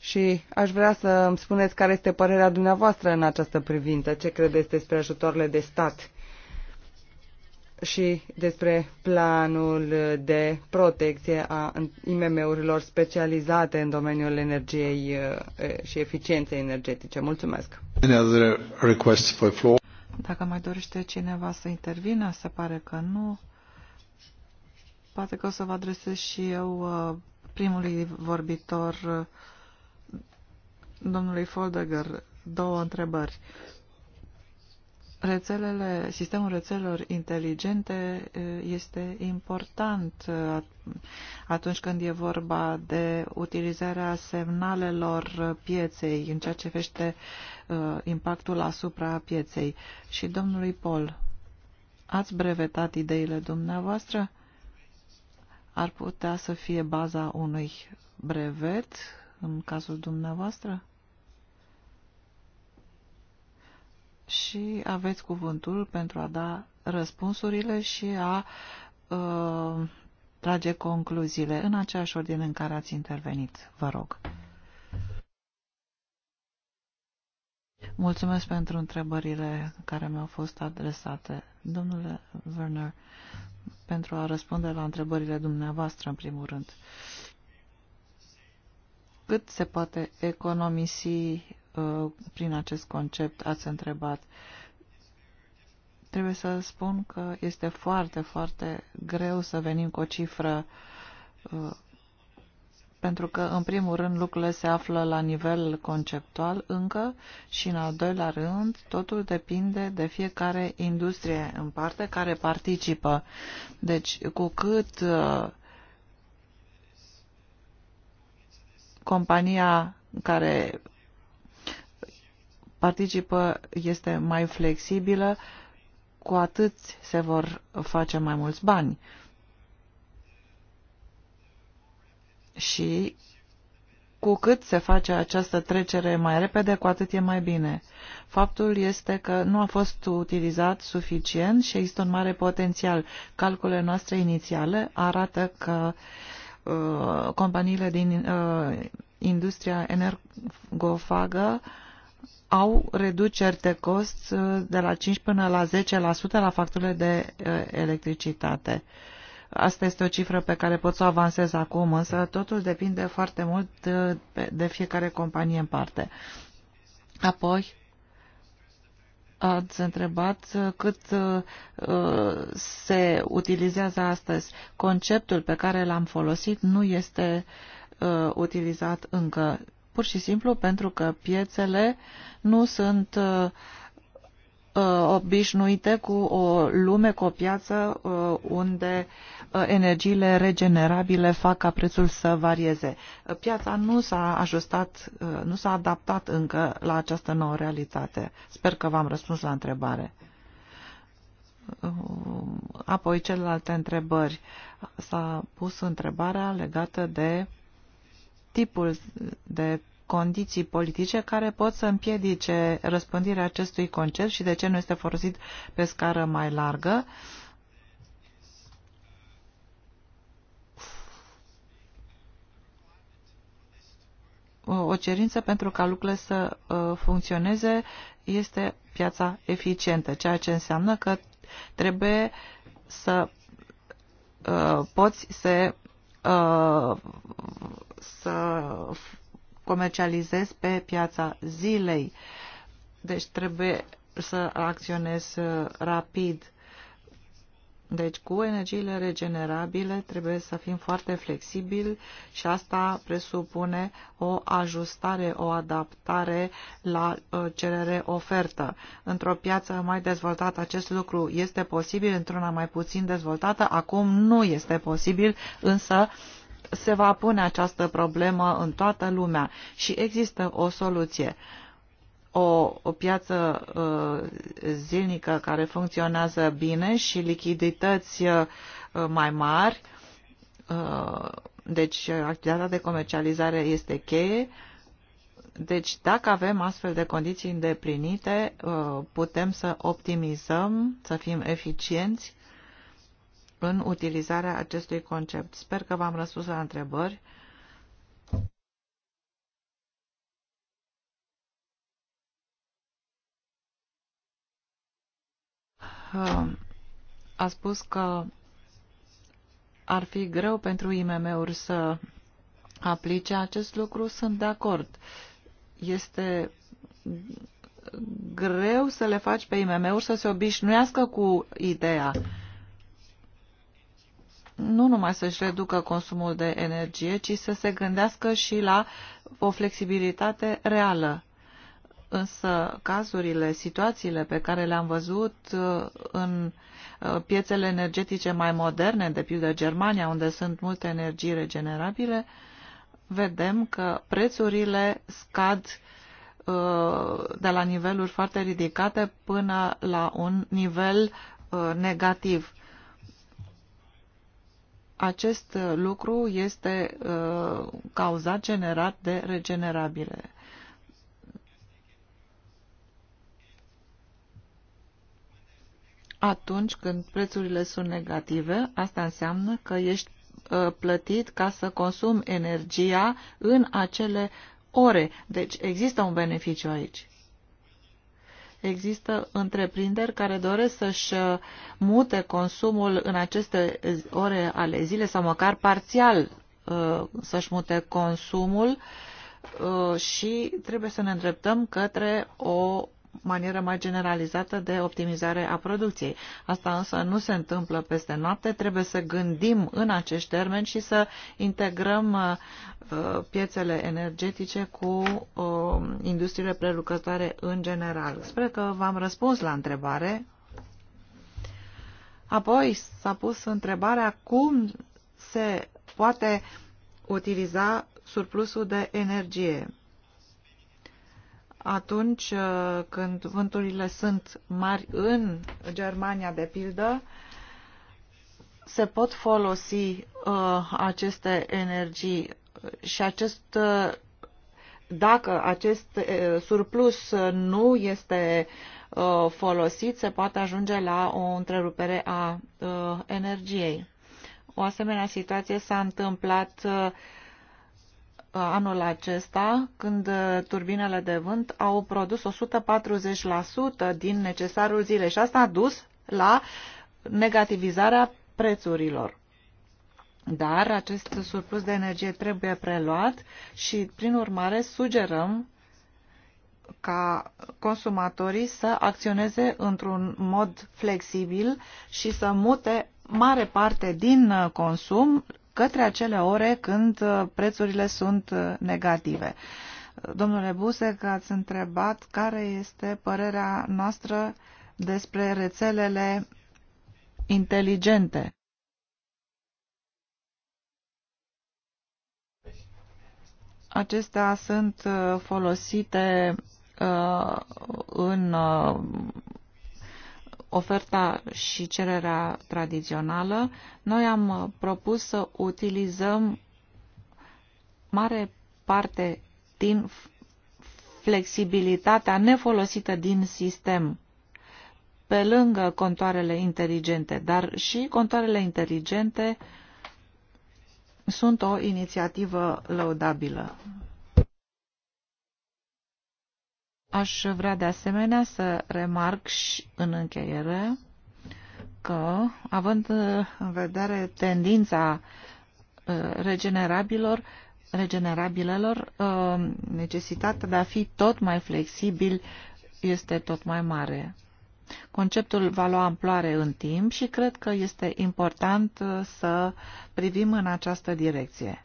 și aș vrea să îmi spuneți care este părerea dumneavoastră în această privință, ce credeți despre ajutoarele de stat și despre planul de protecție a IMM-urilor specializate în domeniul energiei uh, și eficienței energetice. Mulțumesc! Dacă mai dorește cineva să intervină, se pare că nu. Poate că o să vă adresez și eu uh, primului vorbitor uh, domnului Foldegar două întrebări. Rețelele, sistemul rețelelor inteligente este important atunci când e vorba de utilizarea semnalelor pieței în ceea ce vește impactul asupra pieței. Și domnului Paul, ați brevetat ideile dumneavoastră? Ar putea să fie baza unui brevet în cazul dumneavoastră? și aveți cuvântul pentru a da răspunsurile și a uh, trage concluziile în aceeași ordine în care ați intervenit. Vă rog. Mulțumesc pentru întrebările care mi-au fost adresate. Domnule Werner, pentru a răspunde la întrebările dumneavoastră, în primul rând, cât se poate economisi Uh, prin acest concept, ați întrebat. Trebuie să spun că este foarte, foarte greu să venim cu o cifră uh, pentru că, în primul rând, lucrurile se află la nivel conceptual încă și, în al doilea rând, totul depinde de fiecare industrie în parte care participă. Deci, cu cât uh, compania care participă este mai flexibilă, cu atât se vor face mai mulți bani. Și cu cât se face această trecere mai repede, cu atât e mai bine. Faptul este că nu a fost utilizat suficient și există un mare potențial. Calculele noastre inițiale arată că uh, companiile din uh, industria energofagă uh, au reduceri de cost uh, de la 5 până la 10% la facturile de uh, electricitate. Asta este o cifră pe care pot să o avansez acum, însă totul depinde foarte mult uh, de fiecare companie în parte. Apoi, ați întrebat cât se utilizează astăzi. Conceptul pe care l-am folosit nu este utilizat încă pur și simplu pentru că piețele nu sunt uh, uh, obișnuite cu o lume, cu o piață uh, unde energiile regenerabile fac ca prețul să varieze. Piața nu s-a ajustat, nu s-a adaptat încă la această nouă realitate. Sper că v-am răspuns la întrebare. Apoi celelalte întrebări. S-a pus întrebarea legată de tipul de condiții politice care pot să împiedice răspândirea acestui concept și de ce nu este folosit pe scară mai largă. O cerință pentru ca lucrurile să uh, funcționeze este piața eficientă, ceea ce înseamnă că trebuie să uh, poți să uh, să comercializez pe piața zilei. Deci trebuie să acționez uh, rapid. Deci cu energiile regenerabile trebuie să fim foarte flexibili și asta presupune o ajustare, o adaptare la uh, cerere-ofertă. Într-o piață mai dezvoltată acest lucru este posibil, într-una mai puțin dezvoltată acum nu este posibil, însă se va pune această problemă în toată lumea și există o soluție. O, o piață uh, zilnică care funcționează bine și lichidități uh, mai mari, uh, deci activitatea de comercializare este cheie, deci dacă avem astfel de condiții îndeplinite, uh, putem să optimizăm, să fim eficienți în utilizarea acestui concept. Sper că v-am răspuns la întrebări. A spus că ar fi greu pentru IMM-uri să aplice acest lucru, sunt de acord. Este greu să le faci pe IMM-uri să se obișnuiască cu ideea nu numai să-și reducă consumul de energie, ci să se gândească și la o flexibilitate reală. Însă cazurile, situațiile pe care le-am văzut uh, în uh, piețele energetice mai moderne, de pildă Germania, unde sunt multe energii regenerabile, vedem că prețurile scad uh, de la niveluri foarte ridicate până la un nivel negativ acest lucru este uh, cauzat, generat de regenerabile. Atunci când prețurile sunt negative, asta înseamnă că ești uh, plătit ca să consumi energia în acele ore. Deci există un beneficiu aici. Există întreprinderi care doresc să-și uh, mute consumul în aceste ore ale zile sau măcar parțial uh, să-și mute consumul uh, și trebuie să ne îndreptăm către o manieră mai generalizată de optimizare a producției. Asta însă nu se întâmplă peste noapte, trebuie să gândim în acești termeni și să integrăm uh, uh, piețele energetice cu uh, industriile prelucătoare în general. Sper că v-am răspuns la întrebare. Apoi s-a pus întrebarea cum se poate utiliza surplusul de energie atunci uh, când vânturile sunt mari în Germania, de pildă, se pot folosi uh, aceste energii și acest, uh, dacă acest uh, surplus nu este folosit, se poate ajunge la o întrerupere a energiei. O asemenea situație s-a întâmplat uh, Uh, anul acesta, când uh, turbinele de vânt au produs 140% din necesarul zilei și asta a dus la negativizarea prețurilor. Dar acest surplus de energie trebuie preluat și, prin urmare, sugerăm ca consumatorii să acționeze într-un mod flexibil și să mute mare parte din uh, consum către acele ore când uh, prețurile sunt uh, negative. Domnule Busec, ați întrebat care este părerea noastră despre rețelele inteligente. Acestea sunt uh, folosite în oferta și cererea tradițională, noi am uh, propus să utilizăm mare parte din flexibilitatea nefolosită din sistem, pe lângă contoarele inteligente, dar și contoarele inteligente sunt o inițiativă lăudabilă. Aș vrea de asemenea să remarc și în încheiere că, având în vedere tendința uh, regenerabilor, regenerabilelor, uh, necesitatea de a fi tot mai flexibil este tot mai mare. Conceptul va lua amploare în timp și cred că este important uh, să privim în această direcție.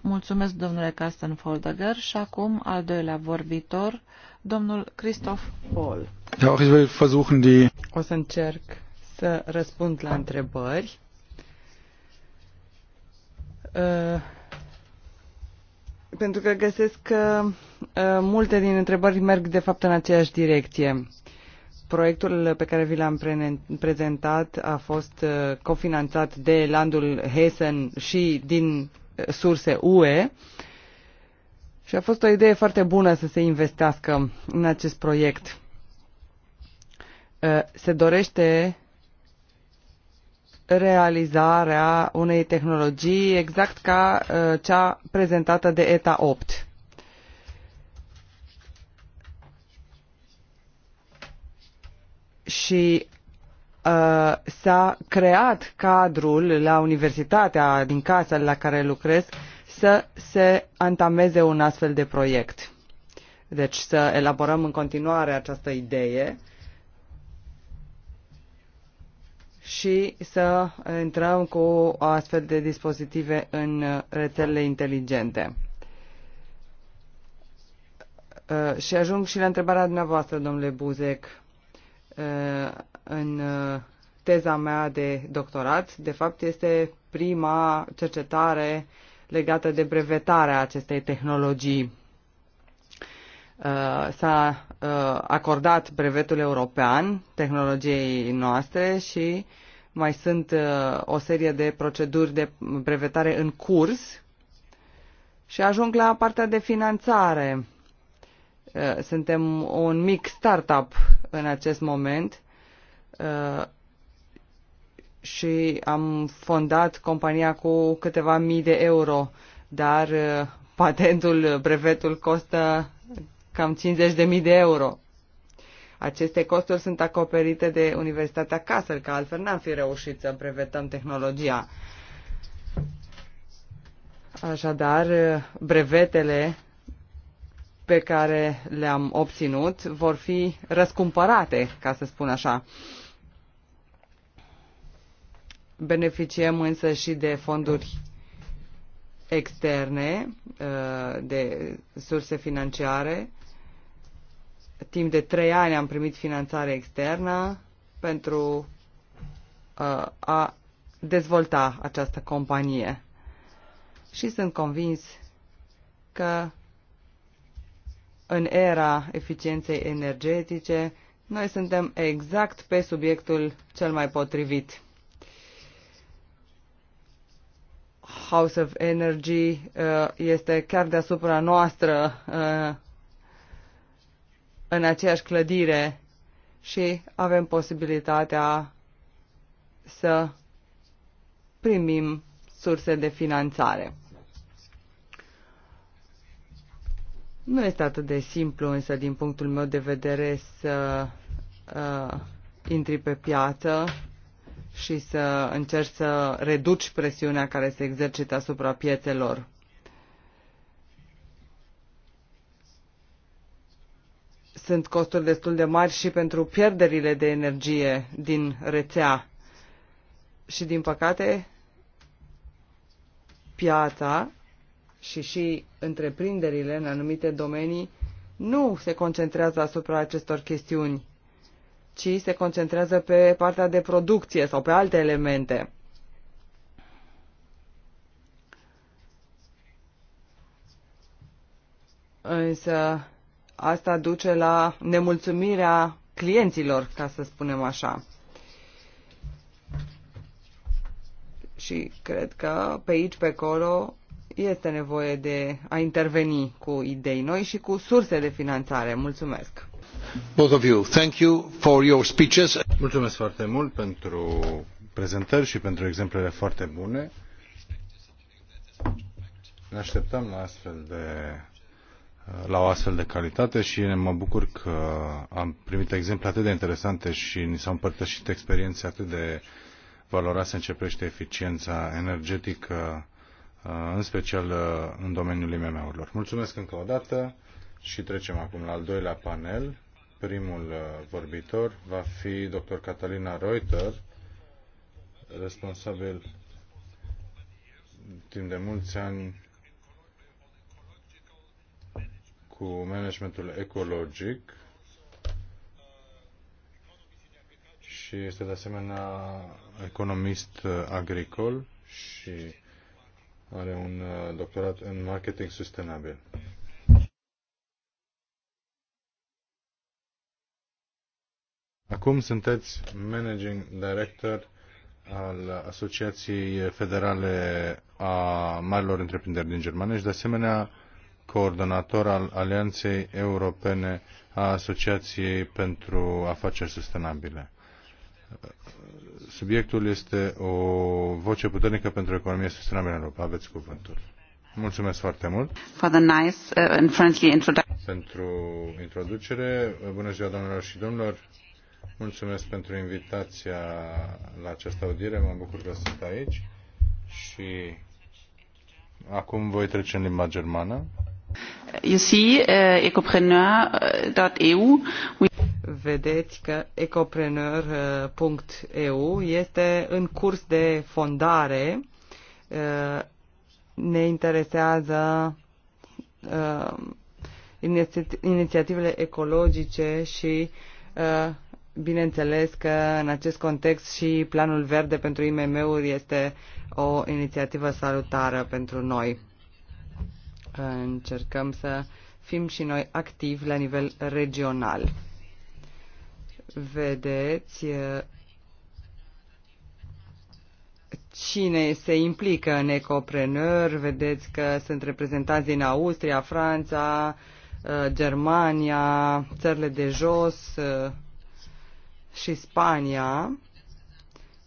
Mulțumesc, domnule Castenfoldager. Și acum, al doilea vorbitor, domnul Christoph Paul. O să încerc să răspund la întrebări. Uh, pentru că găsesc că uh, multe din întrebări merg de fapt în aceeași direcție. Proiectul pe care vi l-am pre prezentat a fost uh, cofinanțat de landul Hessen și din surse UE și a fost o idee foarte bună să se investească în acest proiect. Uh, se dorește realizarea unei tehnologii exact ca uh, cea prezentată de ETA 8. Și Uh, s-a creat cadrul la universitatea din casa la care lucrez să se antameze un astfel de proiect. Deci să elaborăm în continuare această idee și să intrăm cu astfel de dispozitive în rețelele inteligente. Uh, și ajung și la întrebarea dumneavoastră, domnule Buzec uh, în uh, teza mea de doctorat. De fapt, este prima cercetare legată de brevetarea acestei tehnologii. Uh, s-a uh, acordat brevetul european tehnologiei noastre și mai sunt o serie de proceduri de brevetare în curs și ajung la partea de finanțare. Suntem un mic startup în acest moment Uh, și am fondat compania cu câteva mii de euro, dar uh, patentul, brevetul costă cam 50.000 de euro. Aceste costuri sunt acoperite de Universitatea Kassel, că altfel n-am fi reușit să brevetăm tehnologia. Așadar, brevetele pe care le-am obținut vor fi răscumpărate, ca să spun așa. Beneficiem însă și de fonduri externe, uh, de surse financiare. Timp de trei ani am primit finanțare externă pentru uh, a dezvolta această companie. Și sunt convins că în era eficienței energetice, noi suntem exact pe subiectul cel mai potrivit. House of Energy uh, este chiar deasupra noastră uh, în aceeași clădire și avem posibilitatea să primim surse de finanțare. Nu este atât de simplu, însă, din punctul meu de vedere, să uh, intri pe piață și să încerci să reduci presiunea care se exercită asupra piețelor. Sunt costuri destul de mari și pentru pierderile de energie din rețea. Și din păcate, piața și și întreprinderile în anumite domenii nu se concentrează asupra acestor chestiuni ci se concentrează pe partea de producție sau pe alte elemente. Însă asta duce la nemulțumirea clienților, ca să spunem așa. Și cred că pe aici, pe acolo, este nevoie de a interveni cu idei noi și cu surse de finanțare. Mulțumesc! both of you. Thank you for your speeches. Mulțumesc foarte mult pentru prezentări și pentru exemplele foarte bune. Ne așteptam la astfel de la o astfel de calitate și mă bucur că am primit exemple atât de interesante și ni s-au împărtășit experiențe atât de valoroase în ce privește eficiența energetică, uh, în special uh, în domeniul IMM-urilor. Mulțumesc încă o dată și trecem acum la al doilea panel. Primul uh, vorbitor va fi dr. Catalina Reuter, responsabil timp de mulți ani cu managementul ecologic și este de asemenea economist uh, agricol și are un uh, doctorat în marketing sustenabil. Acum sunteți managing director al Asociației Federale a Marilor Întreprinderi din Germania și de asemenea coordonator al Alianței Europene a Asociației pentru Afaceri Sustenabile. Subiectul este o voce puternică pentru economia sustenabilă în Europa. Aveți cuvântul. Mulțumesc foarte mult for the nice uh, and friendly introduction. pentru introducere. Bună ziua, doamnelor și domnilor. Mulțumesc pentru invitația la această audiere, mă bucur că sunt aici și acum voi trece în limba germană. You see, uh, ecopreneur.eu uh, we... Vedeți că ecopreneur.eu uh, este în curs de fondare. Uh, ne interesează inițiativele ecologice și uh, Bineînțeles că în acest context și Planul Verde pentru IMM-uri este o inițiativă salutară pentru noi. Încercăm să fim și noi activi la nivel regional. Vedeți cine se implică în ecopreneur, vedeți că sunt reprezentanți din Austria, Franța, Germania, țările de jos, și Spania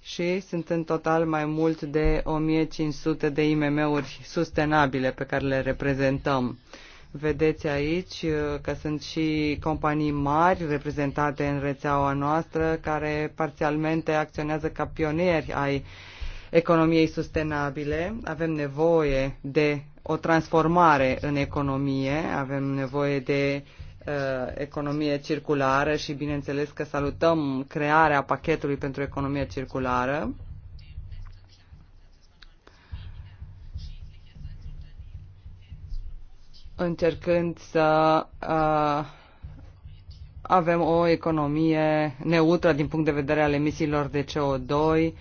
și sunt în total mai mult de 1500 de IMM-uri sustenabile pe care le reprezentăm. Vedeți aici uh, că sunt și companii mari reprezentate în rețeaua noastră care parțialmente acționează ca pionieri ai economiei sustenabile. Avem nevoie de o transformare în economie, avem nevoie de Uh, economie circulară și bineînțeles că salutăm crearea pachetului pentru economie circulară. încercând să uh, avem o economie neutră din punct de vedere al emisiilor de CO2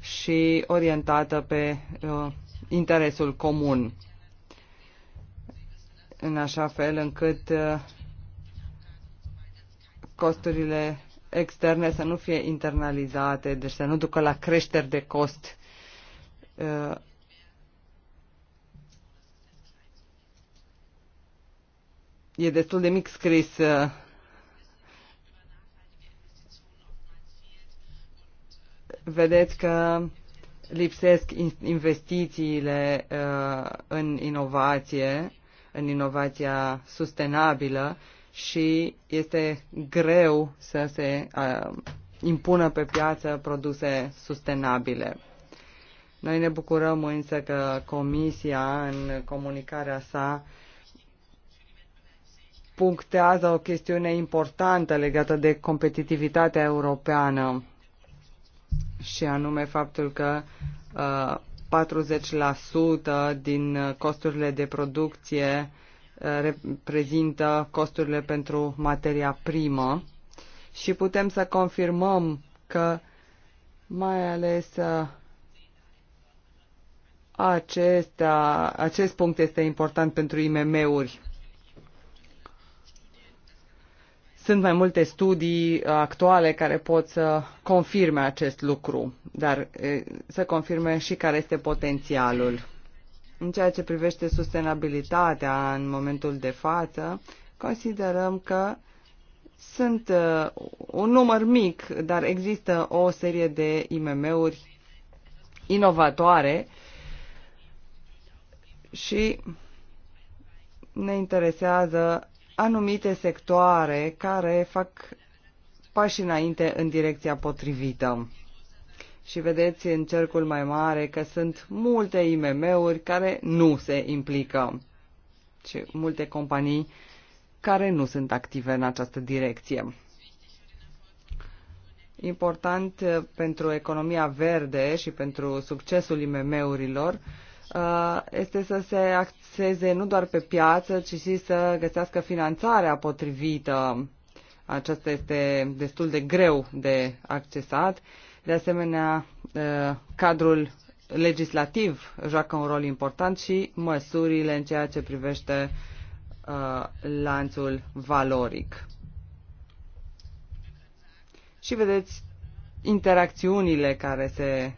și orientată pe uh, interesul comun, în așa fel încât uh, costurile externe să nu fie internalizate, deci să nu ducă la creșteri de cost. Uh, e destul de mic scris uh, vedeți că lipsesc investițiile uh, în inovație, în inovația sustenabilă și este greu să se uh, impună pe piață produse sustenabile. Noi ne bucurăm însă că Comisia, în comunicarea sa, punctează o chestiune importantă legată de competitivitatea europeană și anume faptul că uh, 40% din costurile de producție uh, reprezintă costurile pentru materia primă și putem să confirmăm că mai ales uh, acesta, acest punct este important pentru IMM-uri. Sunt mai multe studii actuale care pot să confirme acest lucru, dar uh, să confirme și care este potențialul. În ceea ce privește sustenabilitatea în momentul de față, considerăm că sunt uh, un număr mic, dar există o serie de IMM-uri inovatoare și ne interesează anumite sectoare care fac pași înainte în direcția potrivită și vedeți în cercul mai mare că sunt multe IMM-uri care nu se implică și multe companii care nu sunt active în această direcție. Important uh, pentru economia verde și pentru succesul IMM-urilor uh, este să se axeze nu doar pe piață, ci și să găsească finanțarea potrivită. Aceasta este destul de greu de accesat de asemenea, ă, cadrul legislativ joacă un rol important și măsurile în ceea ce privește ă, lanțul valoric. Și vedeți interacțiunile care se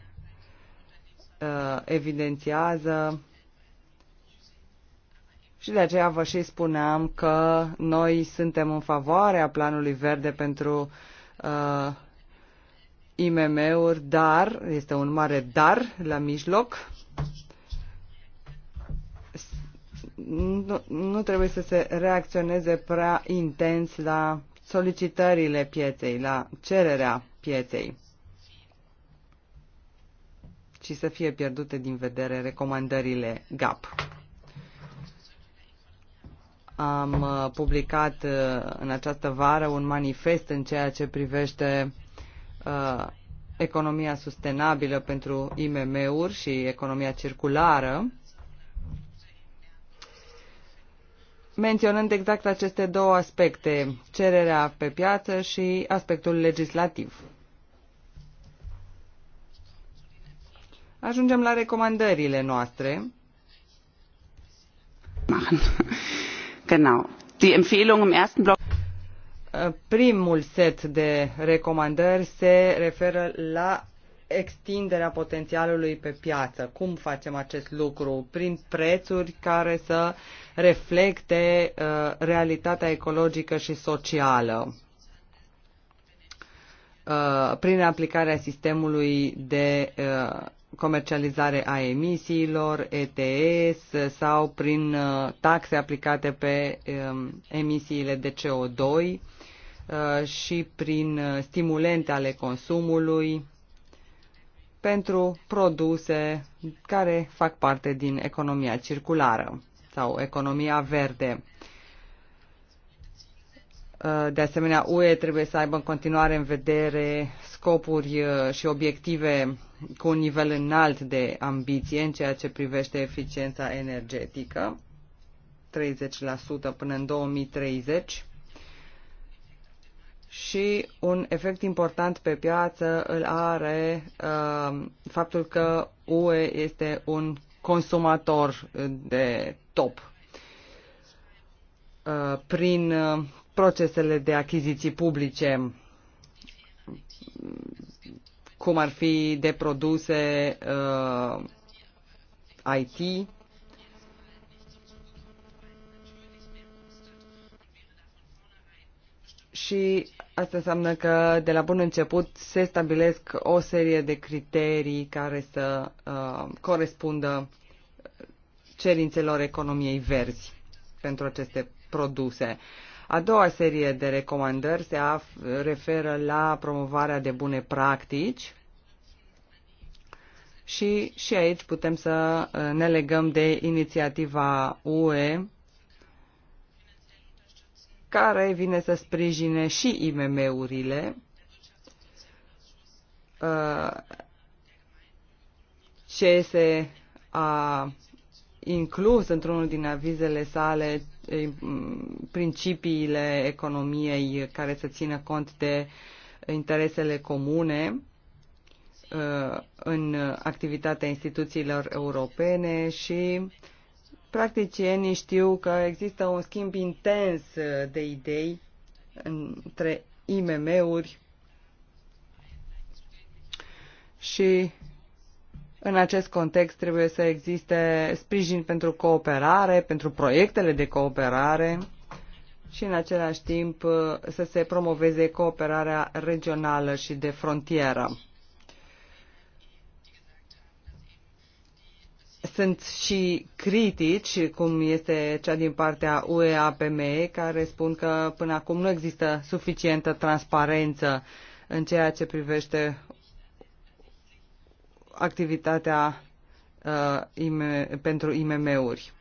ă, evidențiază și de aceea vă și spuneam că noi suntem în favoarea planului verde pentru uh, IMM-uri, dar, este un mare dar la mijloc, nu, nu trebuie să se reacționeze prea intens la solicitările pieței, la cererea pieței ci să fie pierdute din vedere recomandările GAP. Am uh, publicat uh, în această vară un manifest în ceea ce privește uh, economia sustenabilă pentru IMM-uri și economia circulară, menționând exact aceste două aspecte, cererea pe piață și aspectul legislativ. Ajungem la recomandările noastre. Genau. Die Empfehlung im ersten Block Primul set de recomandări se referă la extinderea potențialului pe piață. Cum facem acest lucru? Prin prețuri care să reflecte uh, realitatea ecologică și socială. Uh, prin aplicarea sistemului de uh, comercializare a emisiilor, ETS sau prin uh, taxe aplicate pe um, emisiile de CO2. Uh, Uh, și prin uh, stimulente ale consumului pentru produse care fac parte din economia circulară sau economia verde. Uh, de asemenea, UE trebuie să aibă în continuare în vedere scopuri și obiective cu un nivel înalt de ambiție în ceea ce privește eficiența energetică, 30% până în 2030 și un efect important pe piață îl are uh, faptul că UE este un consumator de top uh, prin uh, procesele de achiziții publice, cum ar fi de produse uh, IT, și asta înseamnă că de la bun început se stabilesc o serie de criterii care să uh, corespundă cerințelor economiei verzi pentru aceste produse. A doua serie de recomandări se referă la promovarea de bune practici și și aici putem să uh, ne legăm de inițiativa UE care vine să sprijine și IMM-urile uh, ce se a inclus într-unul din avizele sale eh, principiile economiei care să țină cont de interesele comune eh, în activitatea instituțiilor europene și practicienii știu că există un schimb intens de idei între IMM-uri și în acest context trebuie să existe sprijin pentru cooperare, pentru proiectele de cooperare și în același timp să se promoveze cooperarea regională și de frontieră. sunt și critici, cum este cea din partea UEAPM, care spun că până acum nu există suficientă transparență în ceea ce privește activitatea uh, im, pentru IMM-uri.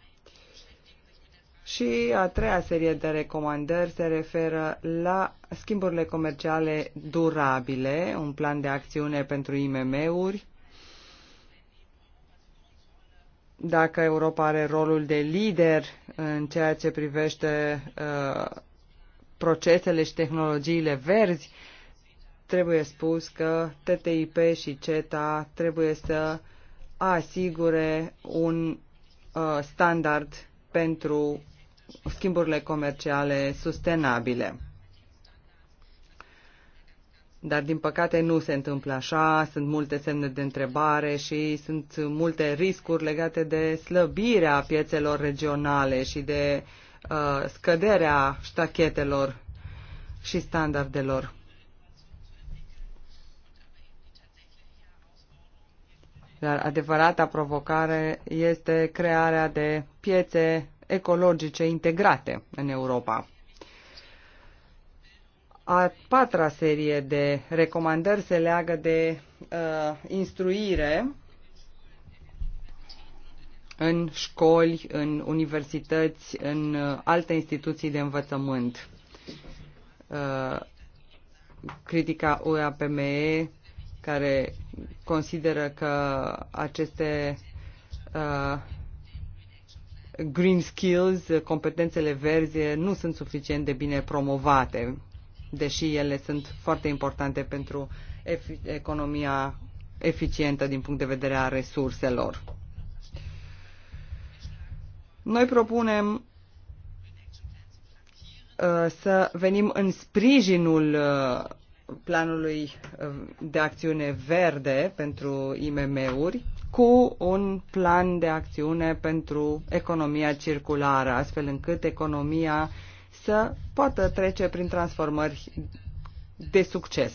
Și a treia serie de recomandări se referă la schimburile comerciale durabile, un plan de acțiune pentru IMM-uri, dacă Europa are rolul de lider în ceea ce privește uh, procesele și tehnologiile verzi, trebuie spus că TTIP și CETA trebuie să asigure un uh, standard pentru schimburile comerciale sustenabile. Dar, din păcate, nu se întâmplă așa, sunt multe semne de întrebare și sunt multe riscuri legate de slăbirea piețelor regionale și de uh, scăderea ștachetelor și standardelor. Dar adevărata provocare este crearea de piețe ecologice integrate în Europa. A patra serie de recomandări se leagă de uh, instruire în școli, în universități, în uh, alte instituții de învățământ. Uh, critica UAPME care consideră că aceste uh, green skills, competențele verzi, nu sunt suficient de bine promovate deși ele sunt foarte importante pentru economia eficientă din punct de vedere a resurselor. Noi propunem uh, să venim în sprijinul uh, planului uh, de acțiune verde pentru IMM-uri cu un plan de acțiune pentru economia circulară, astfel încât economia uh, să poată trece prin transformări de succes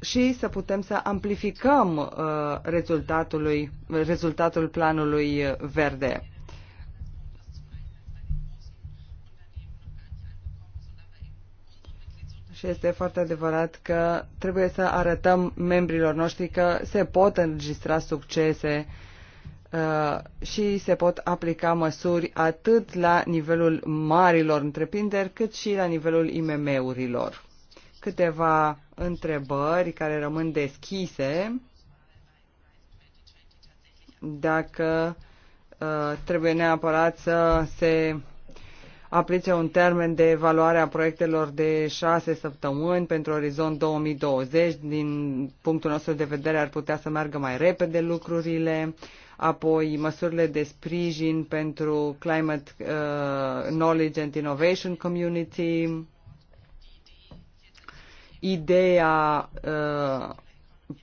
și să putem să amplificăm uh, rezultatului, rezultatul planului verde. Și este foarte adevărat că trebuie să arătăm membrilor noștri că se pot înregistra succese Uh, și se pot aplica măsuri atât la nivelul marilor întreprinderi, cât și la nivelul IMM-urilor. Câteva întrebări care rămân deschise dacă uh, trebuie neapărat să se aplice un termen de evaluare a proiectelor de șase săptămâni pentru orizont 2020. Din punctul nostru de vedere ar putea să meargă mai repede lucrurile. Uh, apoi măsurile de sprijin pentru Climate uh, Knowledge and Innovation Community, ideea uh,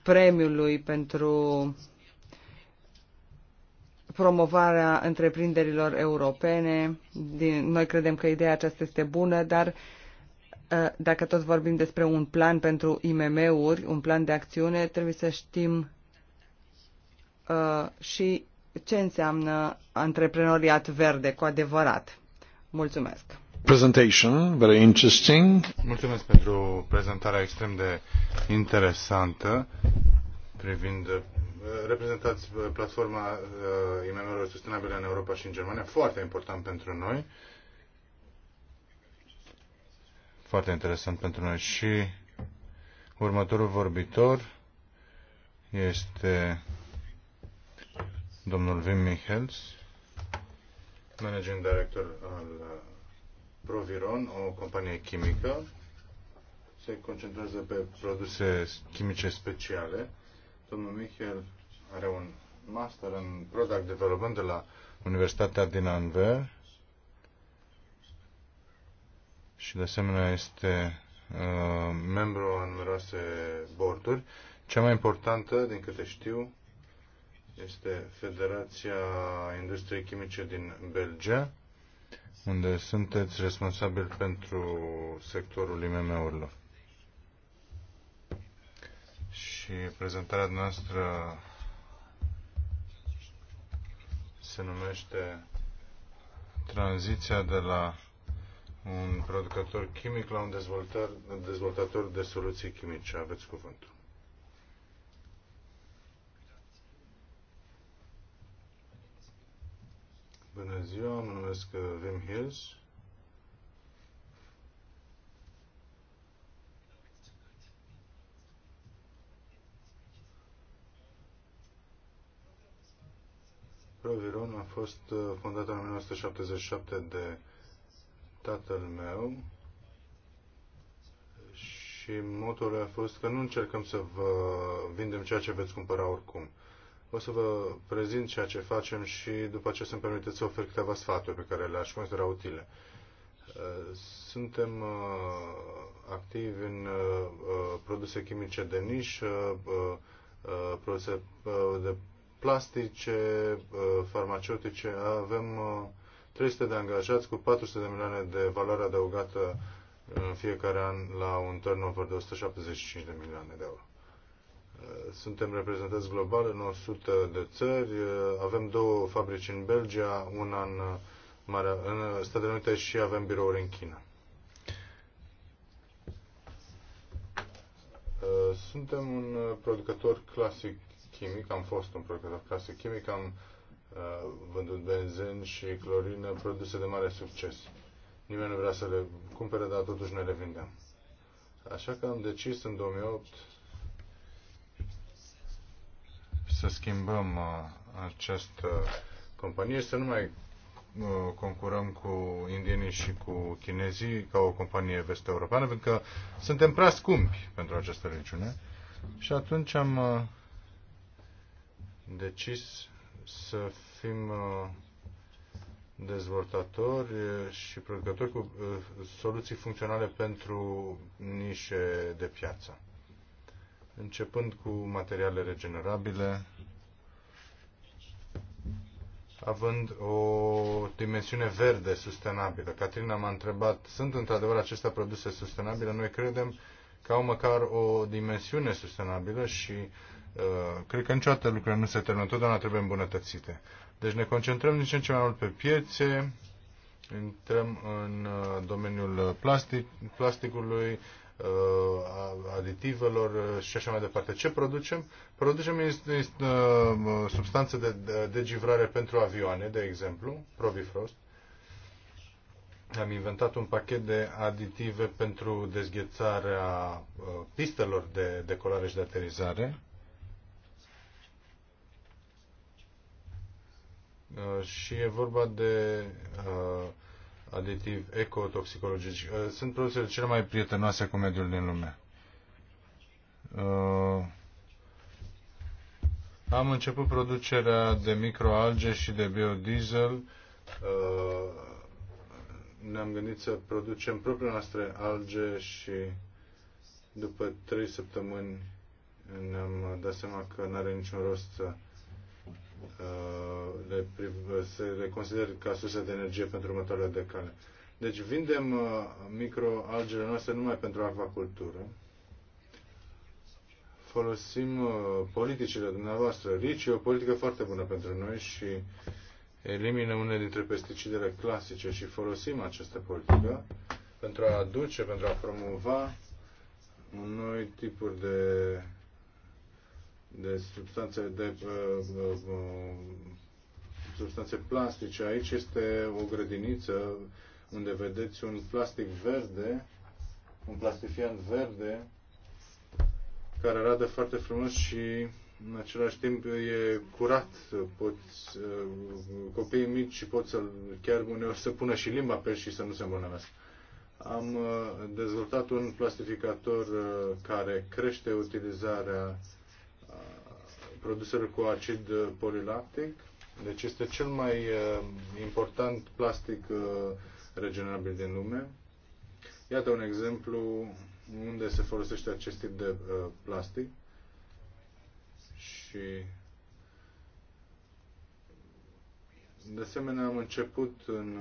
premiului pentru promovarea întreprinderilor europene. Din, noi credem că ideea aceasta este bună, dar uh, dacă tot vorbim despre un plan pentru IMM-uri, un plan de acțiune, trebuie să știm Uh, și ce înseamnă antreprenoriat verde cu adevărat. Mulțumesc! Presentation, very interesting. Mulțumesc pentru prezentarea extrem de interesantă privind uh, reprezentați uh, platforma IMM-urilor sustenabile în Europa și în Germania, foarte important pentru noi. Foarte interesant pentru noi și următorul vorbitor este domnul Vim Michels, managing director al uh, Proviron, o companie chimică. Se concentrează pe produse chimice speciale. Domnul Michel are un master în product development de la Universitatea din Anver și de asemenea este uh, membru în numeroase borduri. Cea mai importantă, din câte știu, este Federația Industriei Chimice din Belgia, unde sunteți responsabil pentru sectorul IMM-urilor. Și prezentarea noastră se numește Tranziția de la un producător chimic la un dezvoltator de soluții chimice. Aveți cuvântul. ziua, mă numesc uh, Wim Hills. Proviron a fost uh, fondată în 1977 de tatăl meu și motorul a fost că nu încercăm să vă vindem ceea ce veți cumpăra oricum. O să vă prezint ceea ce facem și după ce să-mi permiteți să ofer câteva sfaturi pe care le-aș considera utile. Uh, suntem uh, activi în uh, produse chimice de nișă, produse de plastice, farmaceutice. Avem 300 de angajați cu 400 de milioane de valoare adăugată în fiecare an la un turnover de 175 de milioane de euro suntem reprezentați global în 100 de țări, avem două fabrici în Belgia, una în, Marea, în Statele Unite și avem birouri în China. Uh, suntem un uh, producător clasic chimic, am fost un producător clasic chimic, am uh, vândut benzen și clorină, produse de mare succes. Nimeni nu vrea să le cumpere, dar totuși ne le vindeam. Așa că am decis în 2008 să schimbăm uh, această companie să nu mai uh, concurăm cu indienii și cu chinezii ca o companie vest-europeană, pentru că suntem prea scumpi pentru această regiune. Și atunci am uh, decis să fim dezvoltatori și producători cu soluții funcționale pentru nișe de piață. Începând cu materiale regenerabile, având o dimensiune verde sustenabilă. Catrina m-a întrebat, sunt într-adevăr acestea produse sustenabile? Noi credem că au măcar o dimensiune sustenabilă și uh, cred că niciodată lucrurile nu se termină, totdeauna trebuie îmbunătățite. Deci ne concentrăm din ce în ce mai mult pe piețe, intrăm în uh, domeniul plastic, plasticului, Uh, aditivelor uh, și așa mai departe. Ce producem? Producem uh, substanțe de degivrare pentru avioane, de exemplu, Provifrost. Am inventat un pachet de aditive pentru dezghețarea pistelor de decolare și de aterizare. Și e vorba de uh, aditiv ecotoxicologici. Uh, sunt produsele cele mai prietenoase cu mediul din lume. Uh, am început producerea de microalge și de biodiesel. Uh, ne-am gândit să producem propriile noastre alge și după trei săptămâni ne-am dat seama că nu are niciun rost să le, se le consider ca surse de energie pentru următoarele decale. Deci vindem uh, microalgele noastre numai pentru acvacultură. Folosim uh, politicile dumneavoastră. RICI e o politică foarte bună pentru noi și elimină unele dintre pesticidele clasice și folosim această politică pentru a aduce, pentru a promova noi tipuri de de substanțe de uh, uh, uh, substanțe plastice. Aici este o grădiniță unde vedeți un plastic verde, un plastifian verde, care arată foarte frumos și în același timp e curat. Poți, uh, copiii mici pot să chiar uneori să pună și limba pe el și să nu se îmbolnăvească. Am uh, dezvoltat un plastificator care crește utilizarea produselor cu acid uh, polilactic. Deci este cel mai uh, important plastic uh, regenerabil din lume. Iată un exemplu unde se folosește acest tip de plastic și de asemenea am început în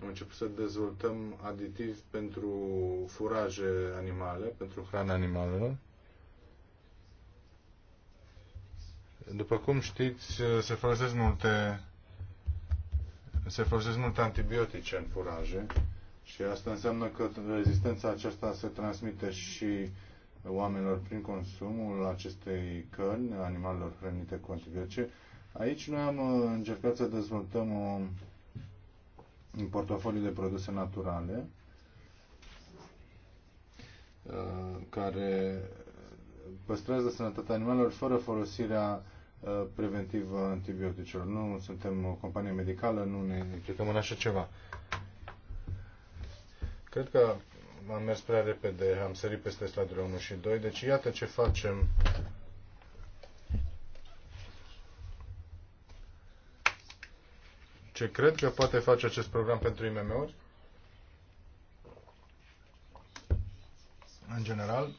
am început să dezvoltăm aditiv pentru furaje animale, pentru hrana animalelor. După cum știți, se folosesc multe se folosesc multe antibiotice în furaje și asta înseamnă că rezistența aceasta se transmite și oamenilor prin consumul acestei cărni, animalelor hrănite cu antibiotice. Aici noi am uh, încercat să dezvoltăm o, un portofoliu de produse naturale uh, care păstrează sănătatea animalelor fără folosirea Uh, preventiv antibioticelor. Nu suntem o companie medicală, nu ne implicăm în așa ceva. Cred că am mers prea repede, am sărit peste stadiul 1 și 2, deci iată ce facem. Ce cred că poate face acest program pentru IMM-uri? În general,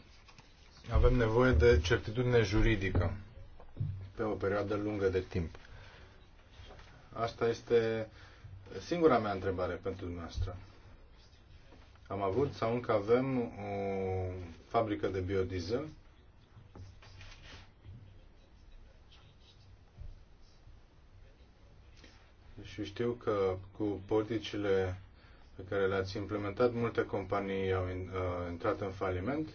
avem nevoie de certitudine juridică pe o perioadă lungă de timp. Asta este singura mea întrebare pentru dumneavoastră. Am avut sau încă avem o fabrică de biodiesel și știu că cu politicile pe care le-ați implementat, multe companii au intrat în faliment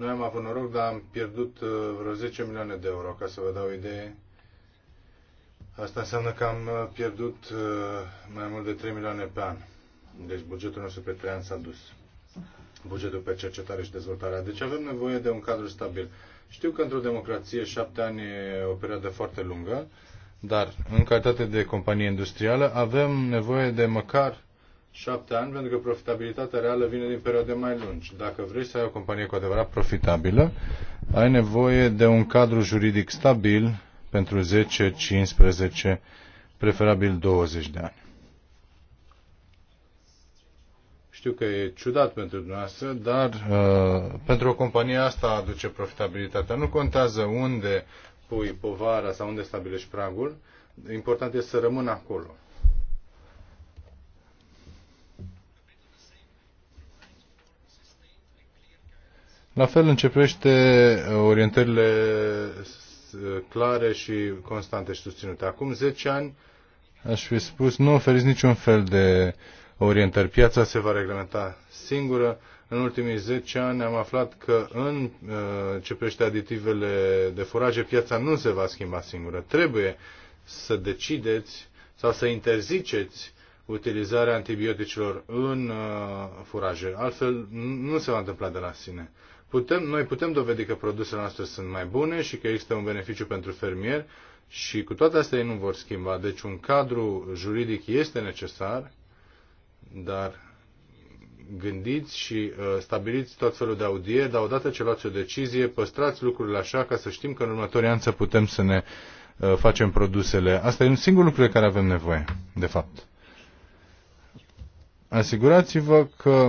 noi am avut noroc, dar am pierdut uh, vreo 10 milioane de euro, ca să vă dau o idee. Asta înseamnă că am uh, pierdut uh, mai mult de 3 milioane pe an. Deci bugetul nostru pe 3 ani s-a dus. Bugetul pe cercetare și dezvoltare. Deci avem nevoie de un cadru stabil. Știu că într-o democrație 7 ani e o perioadă foarte lungă, dar în calitate de companie industrială avem nevoie de măcar șapte ani, pentru că profitabilitatea reală vine din perioade mai lungi. Dacă vrei să ai o companie cu adevărat profitabilă, ai nevoie de un cadru juridic stabil pentru 10, 15, preferabil 20 de ani. Știu că e ciudat pentru dumneavoastră, dar uh, pentru o companie asta aduce profitabilitatea. Nu contează unde pui povara sau unde stabilești pragul, important este să rămână acolo. La fel începește uh, orientările uh, clare și constante și susținute. Acum 10 ani aș fi spus nu oferiți niciun fel de orientări. Piața se va reglementa singură. În ultimii 10 ani am aflat că în uh, ce prește aditivele de furaje, piața nu se va schimba singură. Trebuie să decideți sau să interziceți utilizarea antibioticelor în furaje. Altfel nu se va întâmpla de la sine putem, noi putem dovedi că produsele noastre sunt mai bune și că există un beneficiu pentru fermier și cu toate astea ei nu vor schimba. Deci un cadru juridic este necesar, dar gândiți și uh, stabiliți tot felul de audieri, dar odată ce luați o decizie, păstrați lucrurile așa ca să știm că în următorii ani să putem să ne uh, facem produsele. Asta e un singur lucru de care avem nevoie, de fapt. Asigurați-vă că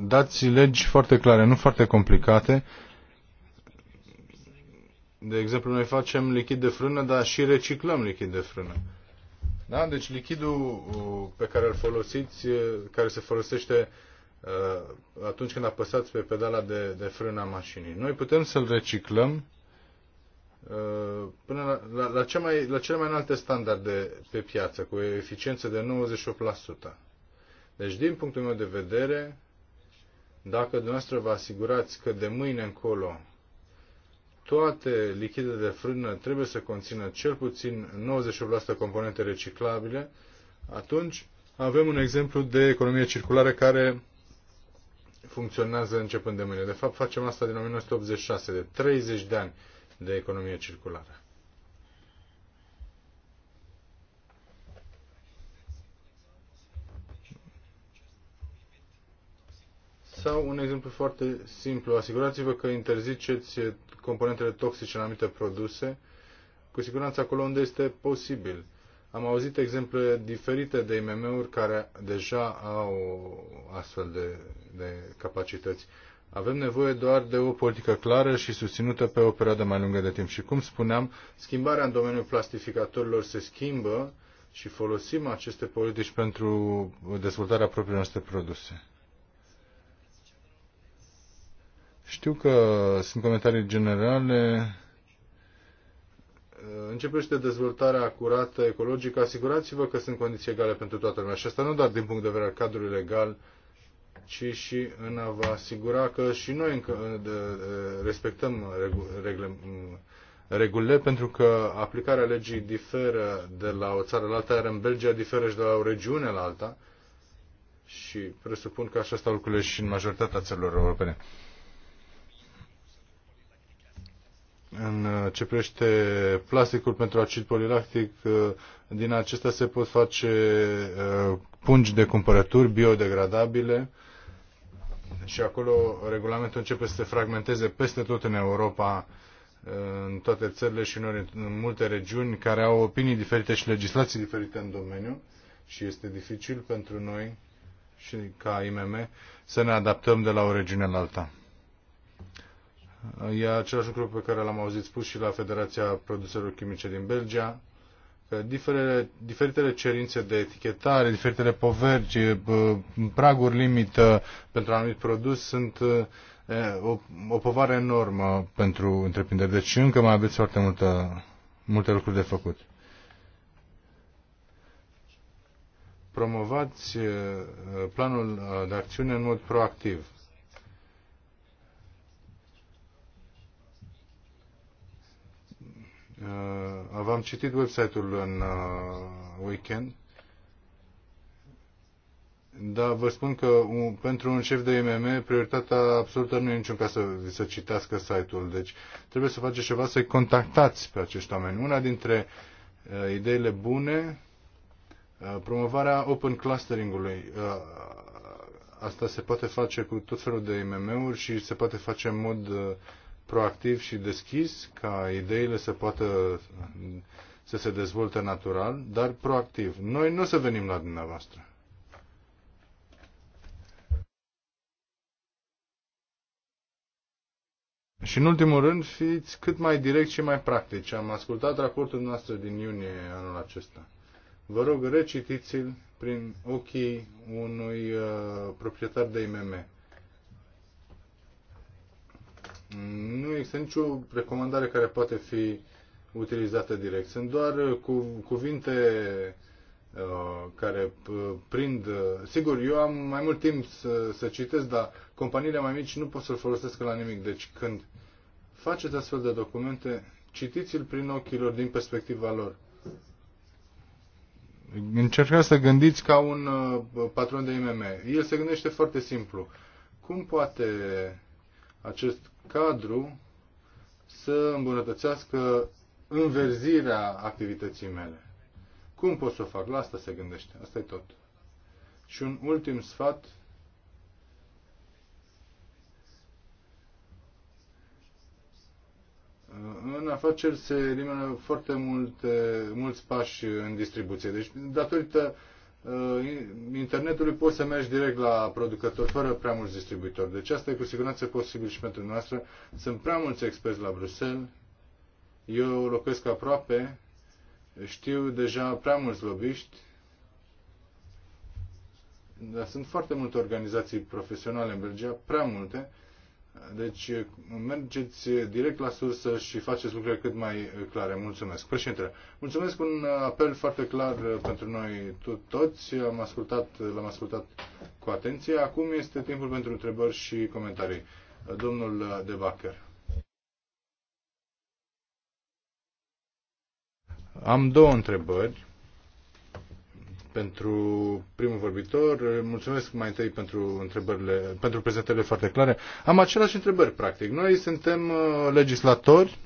dați legi foarte clare, nu foarte complicate. De exemplu, noi facem lichid de frână, dar și reciclăm lichid de frână. Da? Deci lichidul uh, pe care îl folosiți, uh, care se folosește uh, atunci când apăsați pe pedala de, de frână a mașinii. Noi putem să-l reciclăm până la, la, la, cea mai, la cele mai înalte standarde pe piață, cu eficiență de deci, din punctul meu de vedere, dacă dumneavoastră vă asigurați că de mâine încolo toate lichidele de frână trebuie să conțină cel puțin 98% componente reciclabile, atunci avem un exemplu de economie circulară care funcționează începând de mâine. De fapt, facem asta din 1986, de 30 de ani de economie circulară. Sau un exemplu foarte simplu, asigurați-vă că interziceți componentele toxice în anumite produse, cu siguranță acolo unde este posibil. Am auzit exemple diferite de IMM-uri care deja au astfel de, de capacități. Avem nevoie doar de o politică clară și susținută pe o perioadă mai lungă de timp. Și cum spuneam, schimbarea în domeniul plastificatorilor se schimbă și folosim aceste politici pentru dezvoltarea propriilor noastre produse. Știu că sunt comentarii generale. Începește dezvoltarea curată, ecologică. Asigurați-vă că sunt condiții egale pentru toată lumea. Și asta nu doar din punct de vedere al cadrului legal, ci și în a vă asigura că și noi respectăm regulile, pentru că aplicarea legii diferă de la o țară la alta, iar în Belgia diferă și de la o regiune la alta. Și presupun că așa stau lucrurile și în majoritatea țărilor europene. În uh, ce privește plasticul pentru acid polilactic, uh, din acesta se pot face uh, pungi de cumpărături biodegradabile și acolo regulamentul începe să se fragmenteze peste tot în Europa, în toate țările și în multe regiuni care au opinii diferite și legislații diferite în domeniu și este dificil pentru noi și ca IMM să ne adaptăm de la o regiune la alta. E același lucru pe care l-am auzit spus și la Federația Produselor Chimice din Belgia, că diferitele, diferitele cerințe de etichetare, diferitele povergi, praguri limită pentru anumit produs sunt o, o povară enormă pentru întreprinderi. Deci încă mai aveți foarte multă, multe lucruri de făcut. Promovați planul uh, de acțiune în mod proactiv Uh, v-am citit website-ul în uh, weekend. dar vă spun că un, pentru un șef de MM prioritatea absolută nu e niciun caz să, să citească site-ul. Deci trebuie să faceți ceva, să-i contactați pe acești oameni. Una dintre uh, ideile bune, uh, promovarea open clustering-ului. Uh, asta se poate face cu tot felul de mm uri și se poate face în mod uh, proactiv și deschis ca ideile să poată să se dezvolte natural, dar proactiv. Noi nu o să venim la dumneavoastră. Și în ultimul rând, fiți cât mai direct și mai practici. Am ascultat raportul noastră din iunie anul acesta. Vă rog, recitiți-l prin ochii unui uh, proprietar de IMM. Nu există nicio recomandare care poate fi utilizată direct. Sunt doar uh, cu, cuvinte uh, care uh, prind... Sigur, eu am mai mult timp să, să citesc, dar companiile mai mici nu pot să-l folosesc la nimic. Deci când faceți astfel de documente, citiți-l prin ochii lor, din perspectiva lor. Încercați să gândiți ca un patron de IMM. El se gândește foarte simplu. Cum poate acest cadru să îmbunătățească înverzirea activității mele. Cum pot să o fac? La asta se gândește. Asta e tot. Și un ultim sfat. În afaceri se elimină foarte multe, mulți pași în distribuție. Deci, datorită uh, Uh, internetului poți să mergi direct la producători fără prea mulți distribuitori. Deci asta e cu siguranță posibil și pentru noastră. Sunt prea mulți experți la Bruxelles. Eu locuiesc aproape. Știu deja prea mulți lobiști. Dar sunt foarte multe organizații profesionale în Belgia, prea multe, deci mergeți direct la sursă și faceți lucrurile cât mai clare. Mulțumesc. Președinte, mulțumesc un apel foarte clar pentru noi toți. Am ascultat, l-am ascultat cu atenție. Acum este timpul pentru întrebări și comentarii. Domnul De Bacher. Am două întrebări pentru primul vorbitor. Mulțumesc mai întâi pentru, întrebările, pentru prezentările foarte clare. Am aceleași întrebări, practic. Noi suntem uh, legislatori,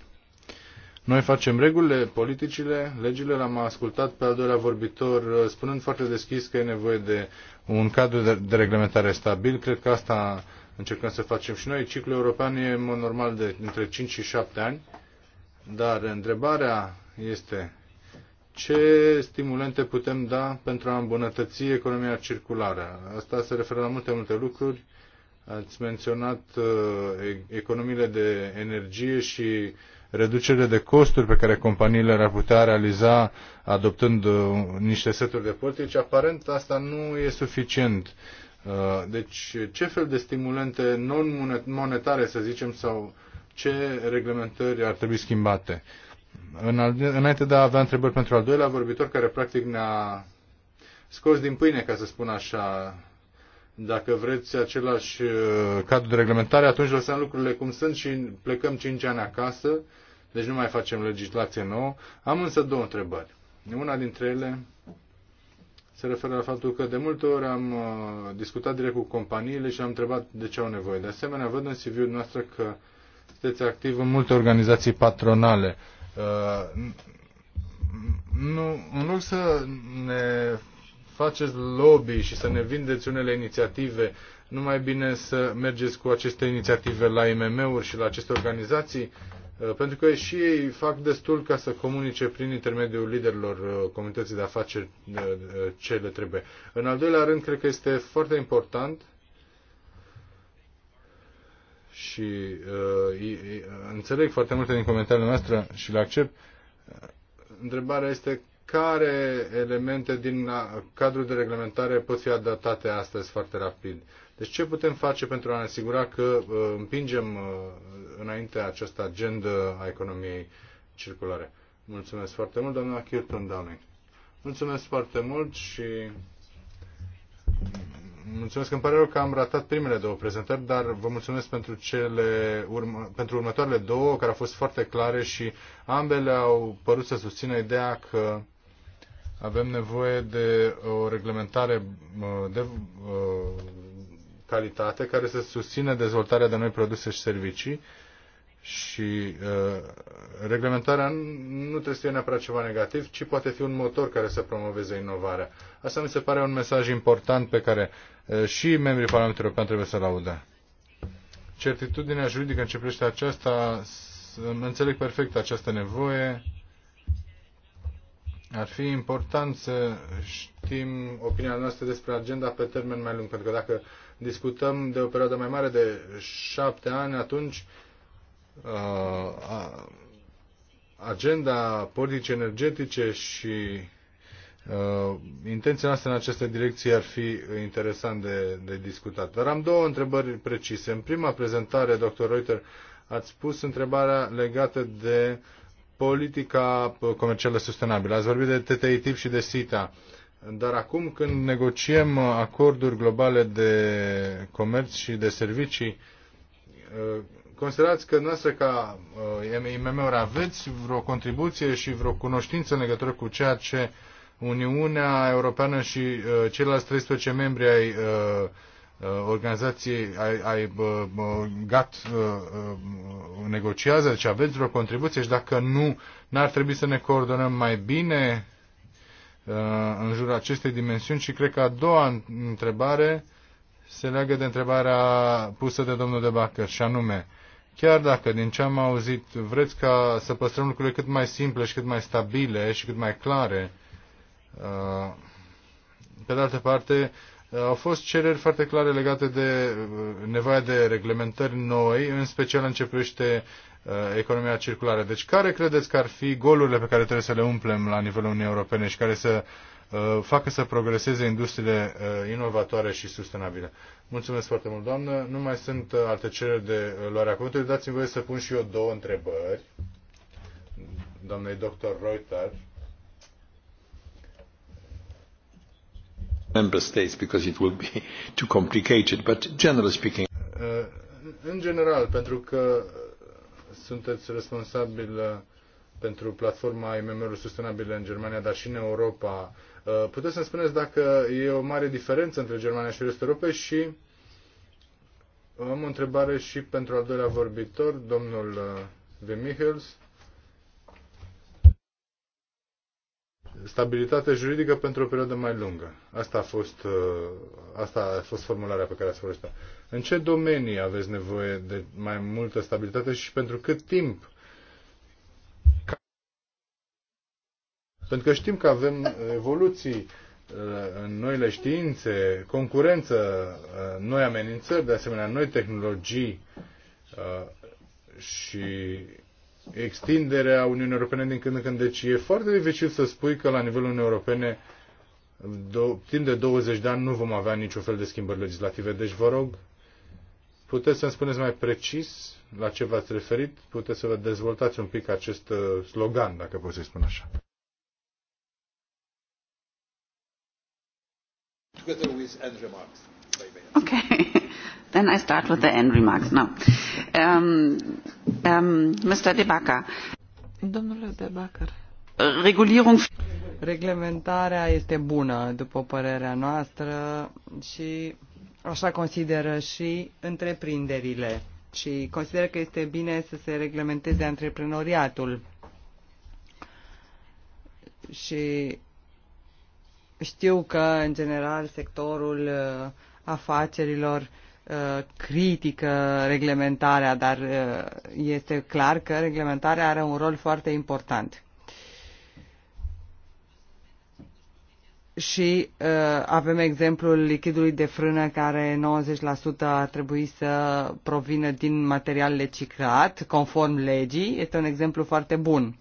noi facem regulile, politicile, legile. L-am ascultat pe al doilea vorbitor uh, spunând foarte deschis că e nevoie de un cadru de, reglementare stabil. Cred că asta încercăm să facem și noi. Ciclul european e normal de între 5 și 7 ani, dar întrebarea este ce stimulente putem da pentru a îmbunătăți economia circulară? Asta se referă la multe, multe lucruri. Ați menționat uh, economiile de energie și reducerile de costuri pe care companiile ar putea realiza adoptând uh, niște seturi de politici. Deci, aparent asta nu e suficient. Uh, deci ce fel de stimulente non-monetare, să zicem, sau ce reglementări ar trebui schimbate? Înainte de a avea întrebări pentru al doilea vorbitor, care practic ne-a scos din pâine, ca să spun așa, dacă vreți același uh, cadru de reglementare, atunci lăsăm lucrurile cum sunt și plecăm 5 ani acasă, deci nu mai facem legislație nouă. Am însă două întrebări. Una dintre ele se referă la faptul că de multe ori am uh, discutat direct cu companiile și am întrebat de ce au nevoie. De asemenea, văd în CV-ul noastră că sunteți activ în multe organizații patronale. Uh, nu, în loc să ne faceți lobby și să ne vindeți unele inițiative, nu mai bine să mergeți cu aceste inițiative la IMM-uri și la aceste organizații, uh, pentru că și ei fac destul ca să comunice prin intermediul liderilor uh, comunității de afaceri ce le trebuie. În al doilea rând, cred că este foarte important și uh, înțeleg foarte multe din comentariile noastre și le accept. Întrebarea este care elemente din uh, cadrul de reglementare pot fi adaptate astăzi foarte rapid. Deci ce putem face pentru a ne asigura că uh, împingem uh, înainte această agendă a economiei circulare? Mulțumesc foarte mult, doamna Kirton Downing. Mulțumesc foarte mult și Mulțumesc, îmi pare rău că am ratat primele două prezentări, dar vă mulțumesc pentru, cele urmă, pentru următoarele două, care au fost foarte clare și ambele au părut să susțină ideea că avem nevoie de o reglementare de calitate care să susțină dezvoltarea de noi produse și servicii și ă, reglementarea nu trebuie să fie neapărat ceva negativ, ci poate fi un motor care să promoveze inovarea. Asta mi se pare un mesaj important pe care Eh, și membrii Parlamentului European trebuie să laudă. Certitudinea juridică începește aceasta, înțeleg perfect această nevoie. Ar fi important să știm opinia noastră despre agenda pe termen mai lung, pentru că dacă discutăm de o perioadă mai mare de șapte ani, atunci uh, agenda politice energetice și Uh, intenția noastră în această direcție ar fi interesant de, de discutat. Dar am două întrebări precise. În prima prezentare, dr. Reuter, ați pus întrebarea legată de politica comercială sustenabilă. Ați vorbit de TTIP și de SITA. Dar acum când negociem acorduri globale de comerț și de servicii, uh, considerați că noastră ca uh, IMM-uri aveți vreo contribuție și vreo cunoștință în legătură cu ceea ce uh, Uniunea Europeană și uh, ceilalți 13 membri ai uh, uh, organizației ai, ai uh, uh, GAT negociază, deci aveți vreo contribuție și dacă nu, n-ar trebui să ne coordonăm mai bine în jurul acestei dimensiuni și cred că a doua întrebare se leagă de întrebarea pusă de domnul de Bacăr și anume, chiar dacă din ce am auzit vreți ca să păstrăm lucrurile cât mai simple și cât mai stabile și cât mai clare, uh, Uh, pe de altă parte, uh, au fost cereri foarte clare legate de uh, nevoia de reglementări noi, în special în ce privește economia circulară. Deci care credeți că ar fi golurile pe care trebuie să le umplem la nivelul Uniunii Europene și care să facă să progreseze industriile inovatoare și sustenabile? Mulțumesc foarte mult, doamnă. Nu mai sunt alte cereri de luarea cuvântului. Dați-mi voie să pun și eu două întrebări doamnei doctor Reuter member states because it will be too complicated, but generally speaking. Uh, în general, pentru că sunteți responsabil uh, pentru platforma IMM-urilor sustenabile în Germania, dar și în Europa, uh, puteți să-mi spuneți dacă e o mare diferență între Germania și restul Europei și am o întrebare și pentru al doilea vorbitor, domnul de Michels. stabilitate juridică pentru o perioadă mai lungă. Asta a fost, uh, asta a fost formularea pe care ați folosit-o. În ce domenii aveți nevoie de mai multă stabilitate și pentru cât timp? Pentru că știm că avem evoluții uh, în noile științe, concurență, uh, noi amenințări, de asemenea noi tehnologii și extinderea Uniunii Europene din când în când. Deci e foarte dificil să spui că la nivelul Uniunii Europene do, timp de 20 de ani nu vom avea niciun fel de schimbări legislative. Deci vă rog, puteți să-mi spuneți mai precis la ce v-ați referit, puteți să vă dezvoltați un pic acest uh, slogan, dacă pot să-i spun așa. Okay. Then I start with the end remarks now. Um, Um, Domnule De Bacăr. Regulierung... Reglementarea este bună, după părerea noastră, și așa consideră și întreprinderile. Și consider că este bine să se reglementeze antreprenoriatul. Și știu că, în general, sectorul uh, afacerilor Uh, critică reglementarea, dar uh, este clar că reglementarea are un rol foarte important. Și uh, avem exemplul lichidului de frână care 90% ar trebui să provină din material reciclat, conform legii. Este un exemplu foarte bun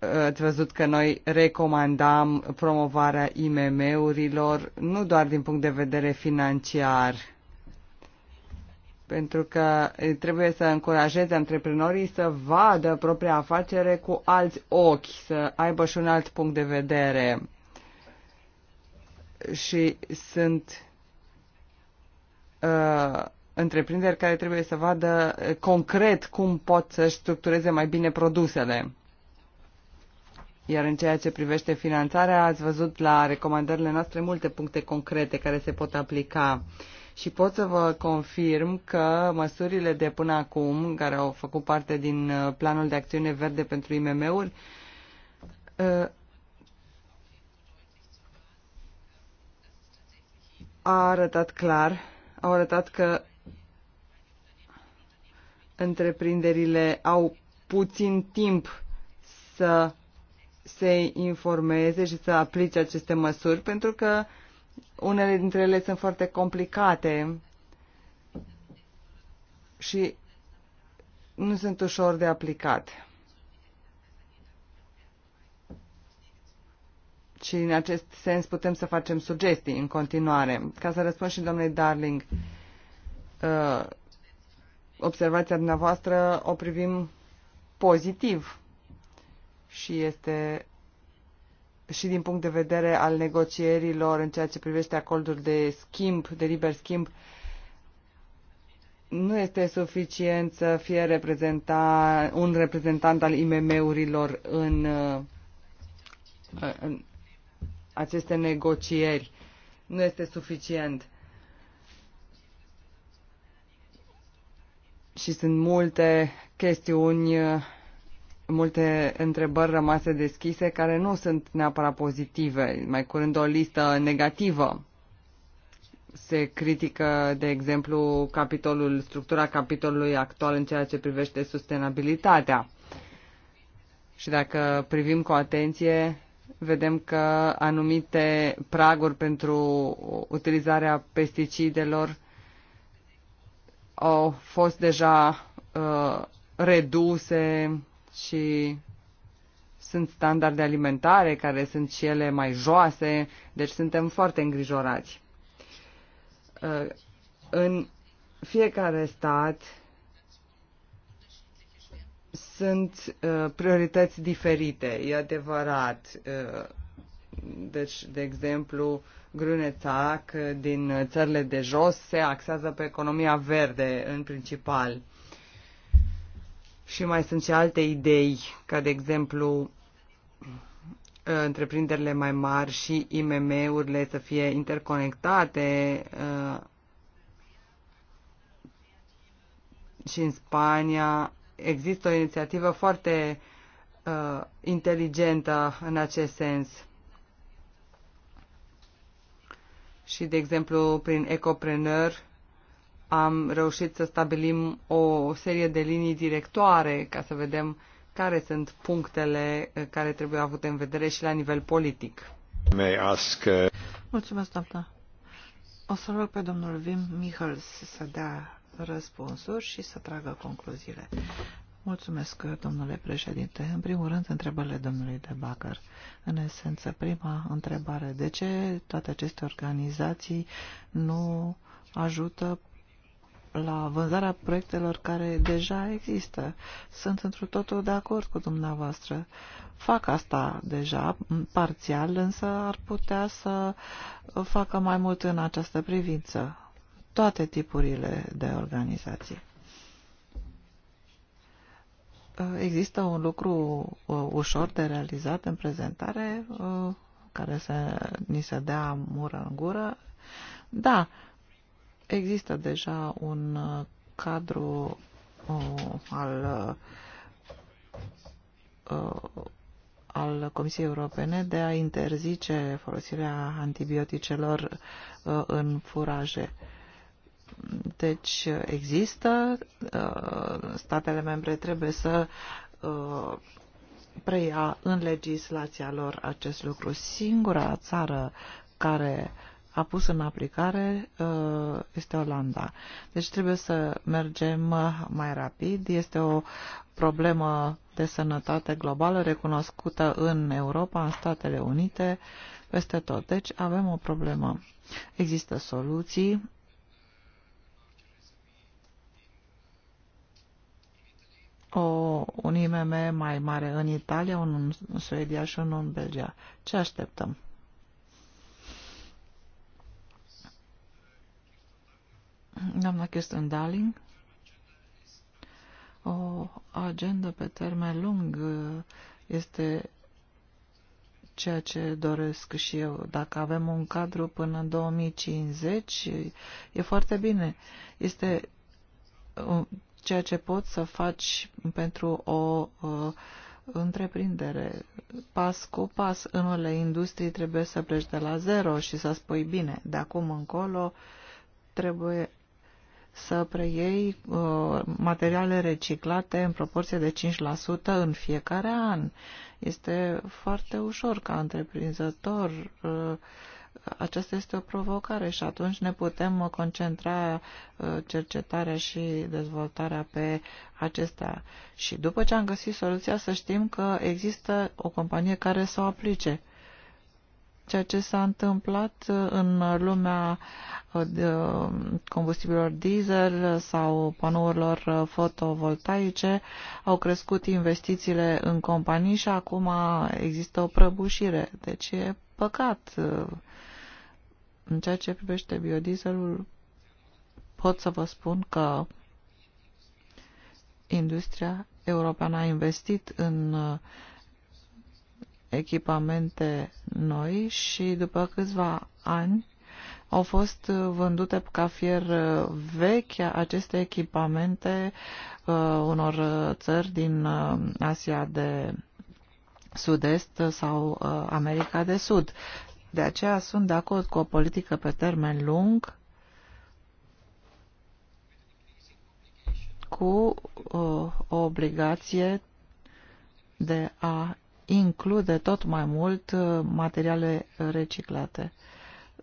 ați văzut că noi recomandam promovarea IMM-urilor, nu doar din punct de vedere financiar, pentru că trebuie să încurajeze antreprenorii să vadă propria afacere cu alți ochi, să aibă și un alt punct de vedere. Și sunt uh, întreprinderi care trebuie să vadă concret cum pot să-și structureze mai bine produsele. Iar în ceea ce privește finanțarea, ați văzut la recomandările noastre multe puncte concrete care se pot aplica. Și pot să vă confirm că măsurile de până acum, care au făcut parte din uh, planul de acțiune verde pentru IMM-uri, uh, a arătat clar, au arătat că întreprinderile au puțin timp să se informeze și să aplice aceste măsuri, pentru că unele dintre ele sunt foarte complicate și nu sunt ușor de aplicat. Și în acest sens putem să facem sugestii în continuare. Ca să răspund și domnului Darling, uh, observația dumneavoastră o privim pozitiv și este și din punct de vedere al negocierilor în ceea ce privește acordul de schimb, de liber schimb, nu este suficient să fie reprezenta, un reprezentant al IMM-urilor în, în aceste negocieri. Nu este suficient. Și sunt multe chestiuni multe întrebări rămase deschise care nu sunt neapărat pozitive, mai curând o listă negativă. Se critică, de exemplu, capitolul, structura capitolului actual în ceea ce privește sustenabilitatea. Și dacă privim cu atenție, vedem că anumite praguri pentru utilizarea pesticidelor au fost deja uh, reduse și sunt standarde alimentare care sunt și ele mai joase, deci suntem foarte îngrijorați. Uh, în fiecare stat sunt uh, priorități diferite, e adevărat. Uh, deci, de exemplu, Grunețac din țările de jos se axează pe economia verde în principal și mai sunt și alte idei, ca de exemplu ă, întreprinderile mai mari și IMM-urile să fie interconectate ă, și în Spania există o inițiativă foarte uh, inteligentă în acest sens. Și, de exemplu, prin Ecopreneur am reușit să stabilim o serie de linii directoare ca să vedem care sunt punctele eh, care trebuie avute în vedere și la nivel politic. May ask, uh... Mulțumesc, doamna. O să rog pe domnul Vim Michels să dea răspunsuri și să tragă concluziile. Mulțumesc, domnule președinte. În primul rând, întrebările domnului de Bacăr. În esență, prima întrebare. De ce toate aceste organizații nu ajută la vânzarea proiectelor care deja există. Sunt întru totul de acord cu dumneavoastră. Fac asta deja, parțial, însă ar putea să facă mai mult în această privință. Toate tipurile de organizații. Există un lucru uh, ușor de realizat în prezentare, uh, care să ni se dea mură în gură. Da, Există deja un uh, cadru uh, al, uh, al Comisiei Europene de a interzice folosirea antibioticelor uh, în furaje. Deci există, uh, statele membre trebuie să uh, preia în legislația lor acest lucru. Singura țară care uh, a pus în aplicare uh, este Olanda. Deci trebuie să mergem uh, mai rapid. Este o problemă de sănătate globală recunoscută în Europa, în Statele Unite, peste tot. Deci avem o problemă. Există soluții. O, un IMM mai mare în Italia, unul în Suedia și unul în Belgia. Ce așteptăm? Doamna Kirsten Darling, o agendă pe termen lung este ceea ce doresc și eu. Dacă avem un cadru până în 2050, e foarte bine. Este uh, ceea ce poți să faci pentru o uh, întreprindere. Pas cu pas, în unele industrii trebuie să pleci de la zero și să spui bine, de acum încolo trebuie să preiei uh, materiale reciclate în proporție de 5% în fiecare an. Este foarte ușor ca întreprinzător. Uh, aceasta este o provocare și atunci ne putem concentra uh, cercetarea și dezvoltarea pe acestea. Și după ce am găsit soluția, să știm că există o companie care să o aplice. Ceea ce s-a întâmplat uh, în lumea uh, uh, combustibilor diesel sau panourilor fotovoltaice au crescut investițiile în companii și acum există o prăbușire. Deci e păcat. În ceea ce privește biodieselul, pot să vă spun că industria europeană a investit în uh, echipamente noi și după câțiva ani au fost vândute ca fier vechi aceste echipamente uh, unor țări din uh, Asia de Sud-Est sau uh, America de Sud. De aceea sunt de acord cu o politică pe termen lung cu uh, o obligație de a include tot mai mult uh, materiale reciclate.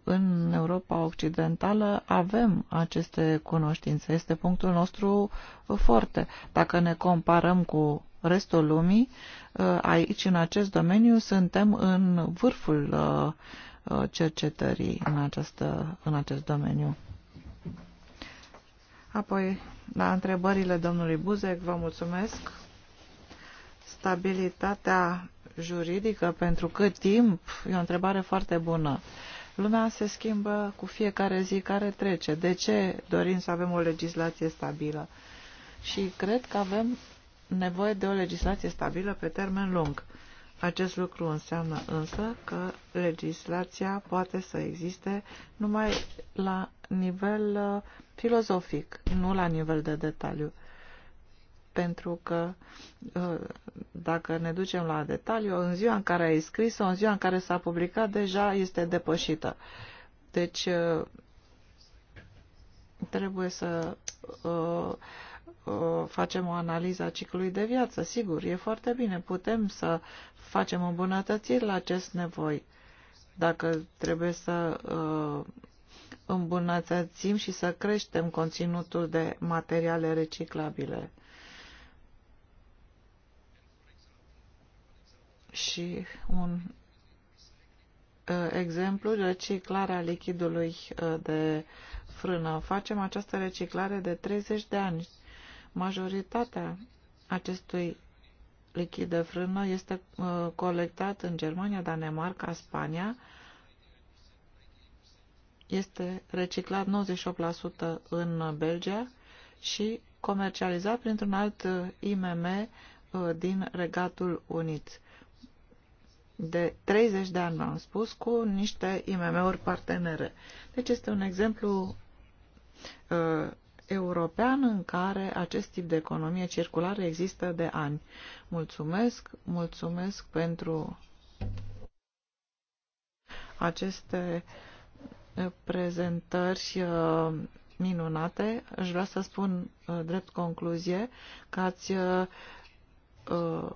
În Europa Occidentală avem aceste cunoștințe, este punctul nostru foarte. Dacă ne comparăm cu restul lumii, uh, aici, în acest domeniu, suntem în vârful uh, cercetării în, această, în acest domeniu. Apoi, la întrebările domnului Buzec, vă mulțumesc. Stabilitatea juridică, pentru cât timp, e o întrebare foarte bună. Lumea se schimbă cu fiecare zi care trece. De ce dorim să avem o legislație stabilă? Și cred că avem nevoie de o legislație stabilă pe termen lung. Acest lucru înseamnă însă că legislația poate să existe numai la nivel uh, filozofic, nu la nivel de detaliu pentru că uh, dacă ne ducem la detaliu, în ziua în care ai scris-o, în ziua în care s-a publicat, deja este depășită. Deci uh, trebuie să uh, facem o analiză a ciclului de viață. Sigur, e foarte bine. Putem să facem îmbunătățiri la acest nevoi. Dacă trebuie să îmbunătățim și să creștem conținutul de materiale reciclabile. și un uh, exemplu, de reciclare a lichidului uh, de frână. Facem această reciclare de 30 de ani. Majoritatea acestui lichid de frână este uh, colectat în Germania, Danemarca, Spania. Este reciclat 98% în Belgia și comercializat printr-un alt IMM din Regatul Unit de 30 de ani, am spus, cu niște IMM-uri partenere. Deci este un exemplu uh, european în care acest tip de economie circulară există de ani. Mulțumesc, mulțumesc pentru aceste prezentări uh, minunate. Aș vrea să spun uh, drept concluzie că ați uh, Uh,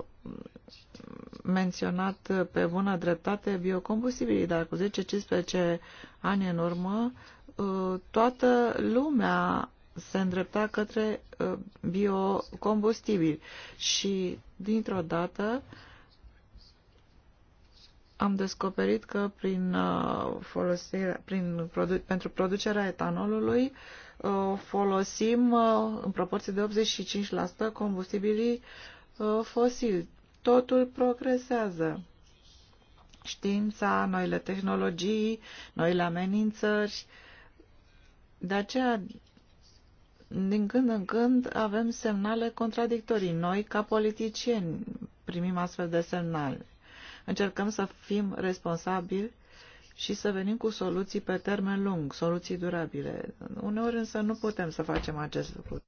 menționat pe bună dreptate biocombustibilii, dar cu 10-15 ani în urmă uh, toată lumea se îndrepta către uh, biocombustibili și dintr-o dată am descoperit că prin, folosirea, prin produ pentru producerea etanolului folosim în proporție de 85% combustibilii Uh, fosil, Totul progresează. Știința, noile tehnologii, noile amenințări. De aceea, din când în când, avem semnale contradictorii. Noi, ca politicieni, primim astfel de semnale. Încercăm să fim responsabili și să venim cu soluții pe termen lung, soluții durabile. Uneori însă nu putem să facem acest lucru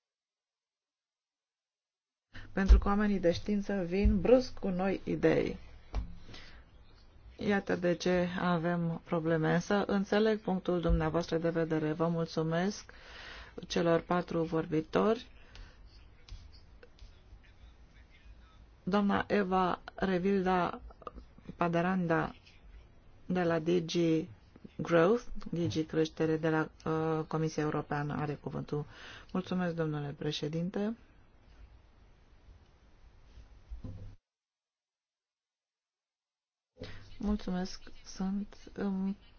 pentru că oamenii de știință vin brusc cu noi idei. Iată de ce avem probleme, însă înțeleg punctul dumneavoastră de vedere. Vă mulțumesc celor patru vorbitori. Doamna Eva Revilda Padaranda de la Digi Growth, Digi Creștere de la uh, Comisia Europeană are cuvântul. Mulțumesc, domnule președinte. Mulțumesc. Sunt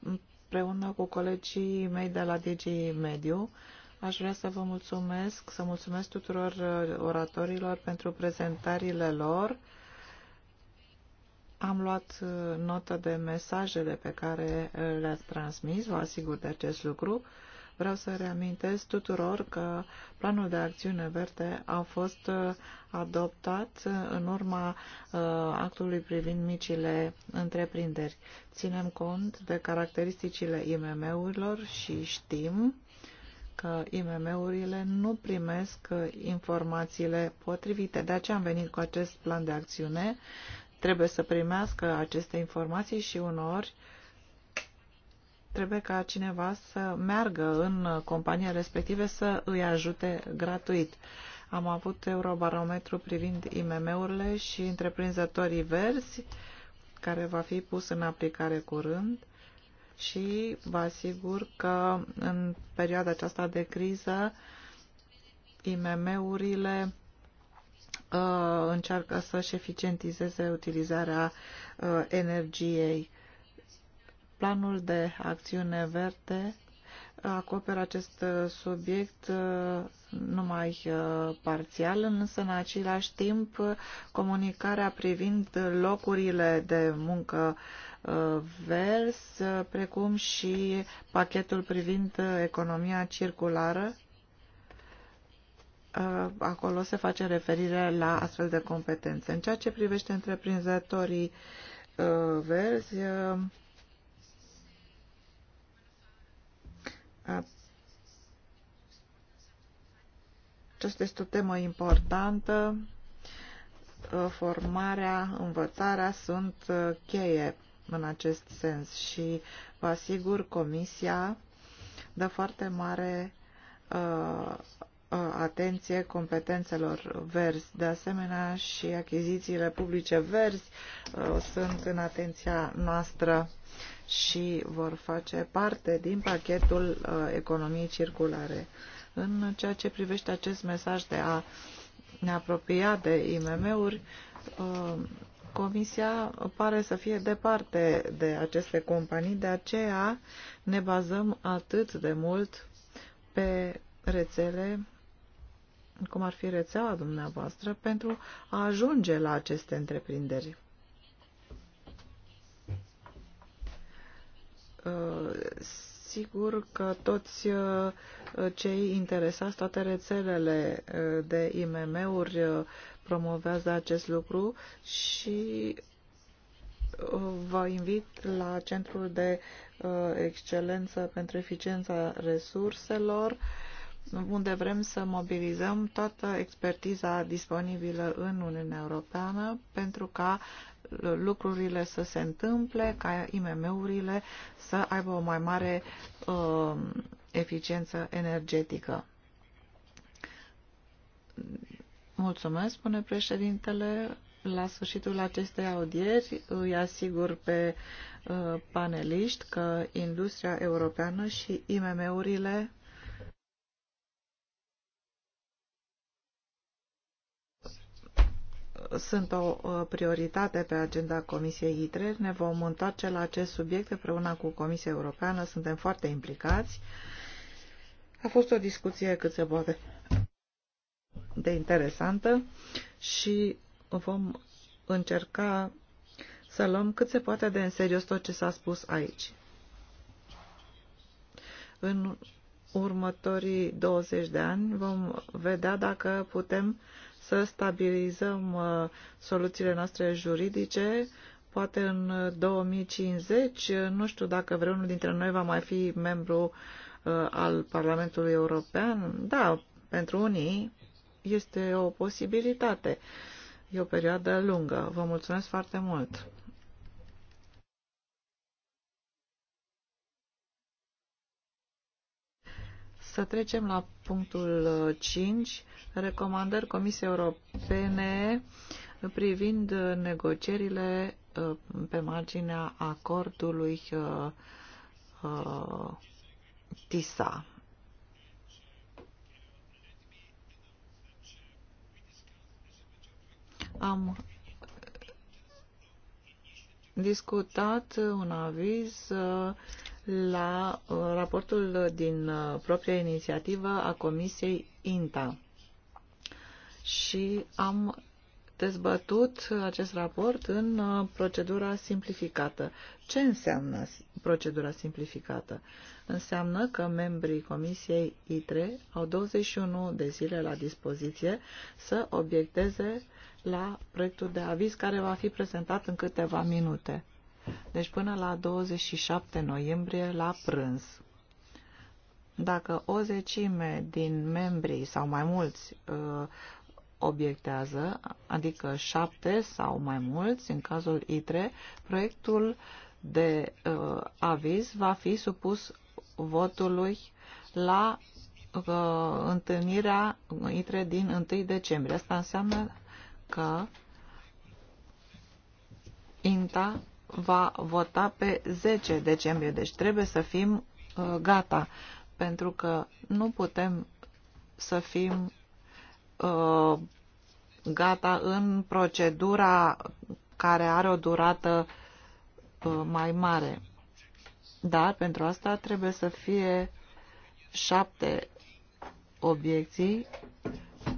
împreună cu colegii mei de la DG Mediu. Aș vrea să vă mulțumesc, să mulțumesc tuturor uh, oratorilor pentru prezentările lor. Am luat uh, notă de mesajele pe care uh, le-ați transmis, vă asigur de acest lucru. Vreau să reamintesc tuturor că planul de acțiune verde a fost uh, adoptat uh, în urma uh, actului privind micile întreprinderi. Ținem cont de caracteristicile IMM-urilor și știm că IMM-urile nu primesc informațiile potrivite. De aceea am venit cu acest plan de acțiune. Trebuie să primească aceste informații și unor uh, trebuie ca cineva să meargă în compania respective să îi ajute gratuit. Am avut eurobarometru privind IMM-urile și întreprinzătorii verzi, care va fi pus în aplicare curând și vă asigur că în perioada aceasta de criză IMM-urile uh, încearcă să-și eficientizeze utilizarea uh, energiei Planul de acțiune verde acoperă acest subiect uh, numai uh, parțial, însă în același timp comunicarea privind locurile de muncă uh, vers, precum și pachetul privind economia circulară. Acolo se face referire la astfel de competențe. În ceea ce privește întreprinzătorii verzi, Aceasta este o temă importantă. Uh, formarea, învățarea sunt uh, cheie în acest sens și vă asigur Comisia dă foarte mare uh, uh, atenție competențelor verzi. De asemenea și achizițiile publice verzi uh, sunt în atenția noastră și vor face parte din pachetul uh, economiei circulare. În ceea ce privește acest mesaj de a ne apropia de IMM-uri, uh, Comisia pare să fie departe de aceste companii, de aceea ne bazăm atât de mult pe rețele, cum ar fi rețeaua dumneavoastră, pentru a ajunge la aceste întreprinderi. sigur că toți uh, cei interesați, toate rețelele uh, de IMM-uri uh, promovează acest lucru și vă invit la Centrul de Excelență pentru Eficiența Resurselor, unde vrem să mobilizăm toată expertiza disponibilă în Uniunea Europeană pentru ca lucrurile să se întâmple, ca IMM-urile să aibă o mai mare uh, eficiență energetică. Mulțumesc, spune președintele. La sfârșitul acestei audieri îi asigur pe uh, paneliști că industria europeană și IMM-urile sunt o uh, prioritate pe agenda Comisiei ITRE. Ne vom întoarce la acest subiect împreună cu Comisia Europeană. Suntem foarte implicați. A fost o discuție cât se poate de interesantă și vom încerca să luăm cât se poate de în serios tot ce s-a spus aici. În următorii 20 de ani vom vedea dacă putem să stabilizăm uh, soluțiile noastre juridice, poate în 2050, uh, uh, nu știu dacă vreunul dintre noi va mai fi membru al Parlamentului European. Da, pentru unii este o posibilitate. E o perioadă lungă. Vă mulțumesc foarte mult! Să trecem la punctul 5, uh, recomandări Comisiei Europene privind uh, negocierile uh, pe marginea acordului TISA. Am discutat un aviz uh, la uh, raportul din uh, propria inițiativă a Comisiei INTA și am dezbătut acest raport în uh, procedura simplificată. Ce înseamnă procedura simplificată? Înseamnă că membrii Comisiei ITRE au 21 de zile la dispoziție să obiecteze la proiectul de aviz care va fi prezentat în câteva minute. Deci până la 27 noiembrie la prânz. Dacă o zecime din membrii sau mai mulți uh, obiectează, adică șapte sau mai mulți, în cazul ITRE, proiectul de uh, aviz va fi supus votului la uh, întâlnirea ITRE din 1 decembrie. Asta înseamnă că INTA va vota pe 10 decembrie, deci trebuie să fim uh, gata, pentru că nu putem să fim uh, gata în procedura care are o durată uh, mai mare. Dar pentru asta trebuie să fie șapte obiecții.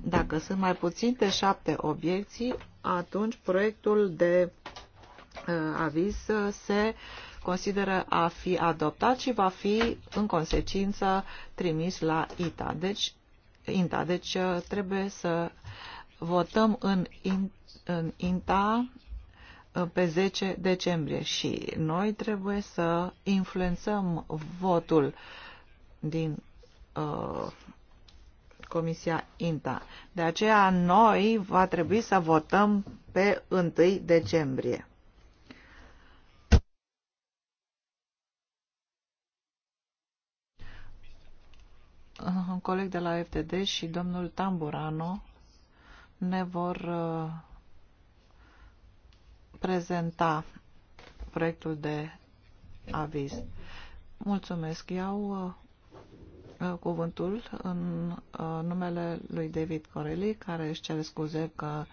Dacă sunt mai puțin de șapte obiecții, atunci proiectul de Uh, aviz uh, se consideră a fi adoptat și va fi în consecință trimis la ITA. Deci, INTA. Deci uh, trebuie să votăm în, in, în INTA pe 10 decembrie și noi trebuie să influențăm votul din uh, Comisia INTA. De aceea noi va trebui să votăm pe 1 decembrie. un coleg de la FTD și domnul Tamburano ne vor uh, prezenta proiectul de aviz. Mulțumesc. Iau uh, uh, cuvântul în numele lui David Corelli, care își cere scuze că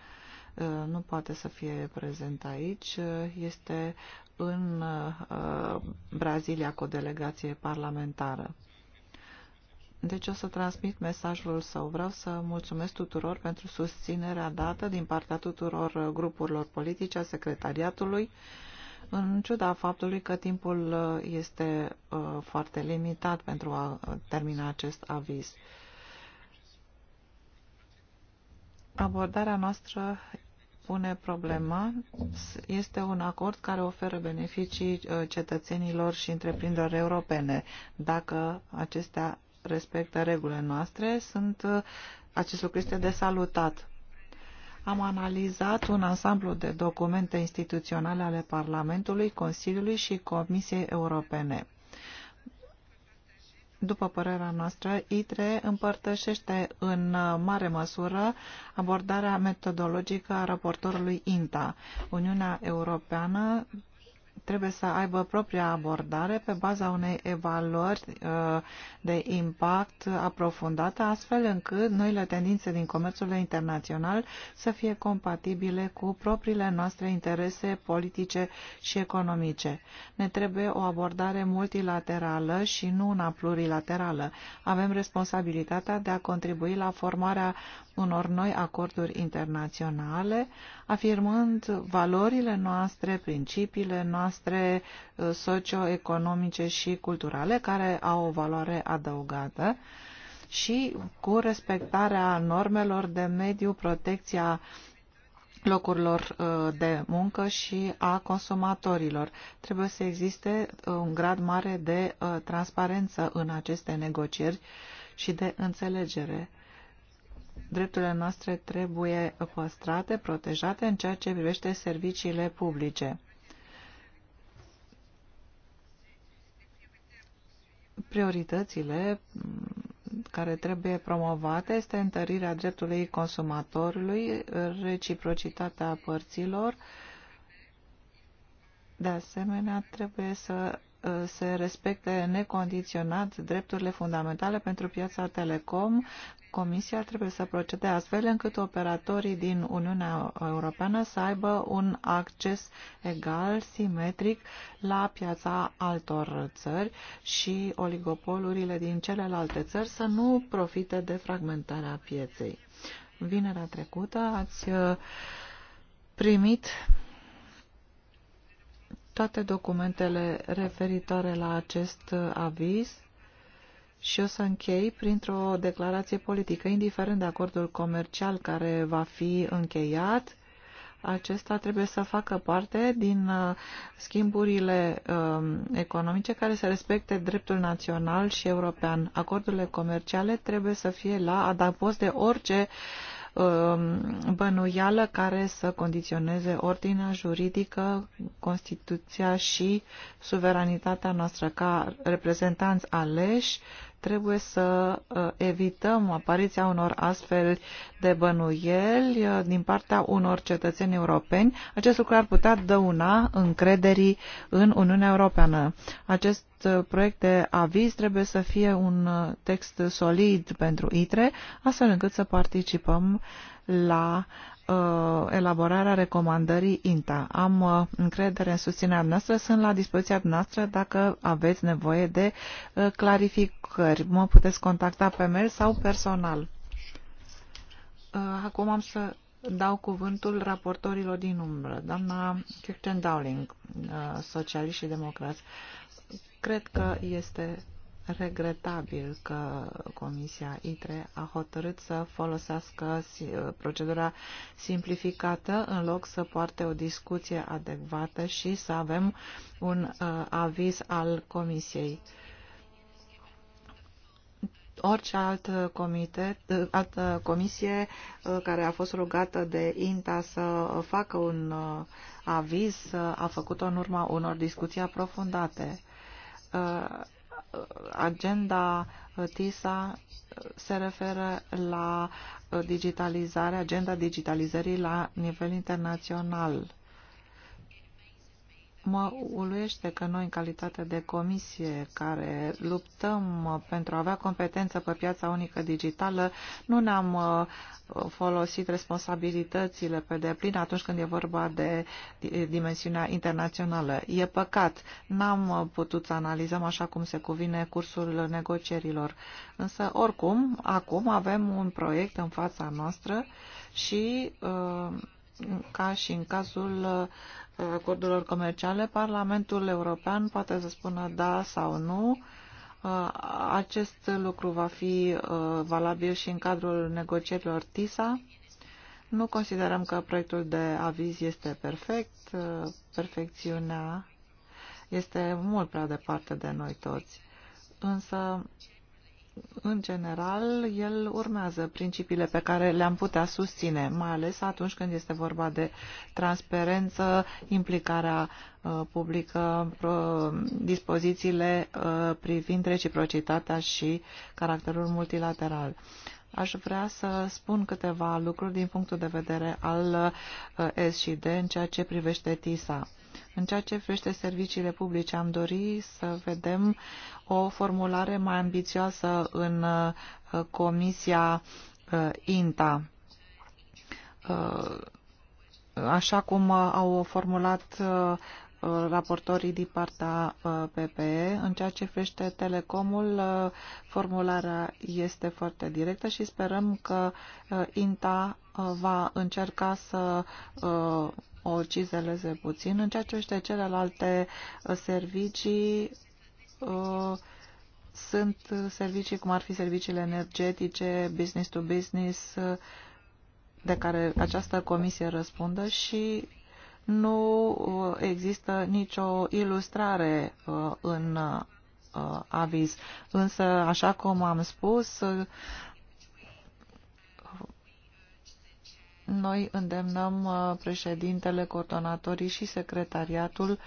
nu poate să fie prezent aici. Este în Brazilia cu o delegație parlamentară. Deci o să transmit mesajul său. Vreau să mulțumesc tuturor pentru susținerea dată din partea tuturor grupurilor politice, a secretariatului, în ciuda faptului că timpul uh, este uh, foarte limitat pentru a uh, termina acest aviz. Abordarea noastră pune problema este un acord care oferă beneficii cetățenilor și întreprinderilor europene, dacă acestea respectă regulile noastre, sunt, acest lucru este de salutat. Am analizat un ansamblu de documente instituționale ale Parlamentului, Consiliului și Comisiei Europene. După părerea noastră, ITRE împărtășește în mare măsură abordarea metodologică a raportorului INTA. Uniunea Europeană trebuie să aibă propria abordare pe baza unei evaluări uh, de impact aprofundată, astfel încât noile tendințe din comerțul internațional să fie compatibile cu propriile noastre interese politice și economice. Ne trebuie o abordare multilaterală și nu una plurilaterală. Avem responsabilitatea de a contribui la formarea unor noi acorduri internaționale, afirmând valorile noastre, principiile noastre uh, socioeconomice și culturale, care au o valoare adăugată și cu respectarea normelor de mediu, protecția locurilor uh, de muncă și a consumatorilor. Trebuie să existe uh, un grad mare de transparență în aceste negocieri și de înțelegere drepturile noastre trebuie păstrate, protejate în ceea ce privește serviciile publice. Prioritățile mm, care trebuie promovate este întărirea dreptului consumatorului, reciprocitatea părților. De asemenea, trebuie să uh, se respecte necondiționat drepturile fundamentale pentru piața telecom, Comisia trebuie să procede astfel încât operatorii din Uniunea Europeană să aibă un acces egal, simetric la piața altor țări și oligopolurile din celelalte țări să nu profite de fragmentarea pieței. Vinerea trecută ați uh, primit toate documentele referitoare la acest uh, aviz și o să închei printr-o declarație politică, indiferent de acordul comercial care va fi încheiat, acesta trebuie să facă parte din uh, schimburile um, economice care să respecte dreptul național și european. Acordurile comerciale trebuie să fie la adăpost de orice um, bănuială care să condiționeze ordinea juridică, Constituția și suveranitatea noastră ca reprezentanți aleși Trebuie să uh, evităm apariția unor astfel de bănuieli uh, din partea unor cetățeni europeni. Acest lucru ar putea dăuna încrederii în Uniunea Europeană. Acest uh, proiect de aviz trebuie să fie un text solid pentru ITRE, astfel încât să participăm la uh, Uh, elaborarea recomandării INTA. Am uh, încredere în susținerea noastră, sunt la dispoziția noastră dacă aveți nevoie de uh, clarificări. Mă puteți contacta pe mail sau personal. Acum am să dau cuvântul raportorilor din umbră. Doamna Kirsten Dowling, socialiști și democrați, cred că este regretabil că Comisia ITRE a hotărât să folosească procedura simplificată în loc să poarte o discuție adecvată și să avem un uh, aviz al Comisiei orice alt comitet, uh, altă comisie uh, care a fost rugată de INTA să facă un aviz a făcut-o în urma unor discuții aprofundate agenda uh, TISA uh, se referă la uh, digitalizare, agenda digitalizării la nivel internațional. Mă uluiește că noi, în calitate de comisie care luptăm uh, pentru a avea competență pe piața unică digitală, nu ne-am uh, folosit responsabilitățile pe deplin atunci când e vorba de dimensiunea internațională. E păcat, n-am uh, putut să analizăm așa cum se cuvine cursul negocierilor. Însă, oricum, acum avem un proiect în fața noastră și ca și în cazul acordurilor comerciale, Parlamentul European poate să spună da sau nu. Uh, acest lucru va fi uh, valabil și în cadrul negocierilor TISA. Nu considerăm că proiectul de aviz este perfect. Uh, perfecțiunea este mult prea departe de noi toți. Însă în general, el urmează principiile pe care le-am putea susține, mai ales atunci când este vorba de transparență, implicarea uh, publică, pro, dispozițiile uh, privind reciprocitatea și caracterul multilateral. Aș vrea să spun câteva lucruri din punctul de vedere al uh, S și D în ceea ce privește TISA. În ceea ce privește serviciile publice, am dori să vedem o formulare mai ambițioasă în uh, Comisia uh, INTA uh, așa cum au formulat raportorii din partea PPE. În ceea ce privește telecomul, formularea este foarte directă și sperăm că INTA va încerca să o cizeleze puțin. În ceea ce este celelalte uh, servicii, uh, sunt servicii cum ar fi serviciile energetice, business to business, uh, de care această comisie răspundă și nu există nicio ilustrare în aviz. Însă, așa cum am spus, noi îndemnăm uh, președintele, coordonatorii și secretariatul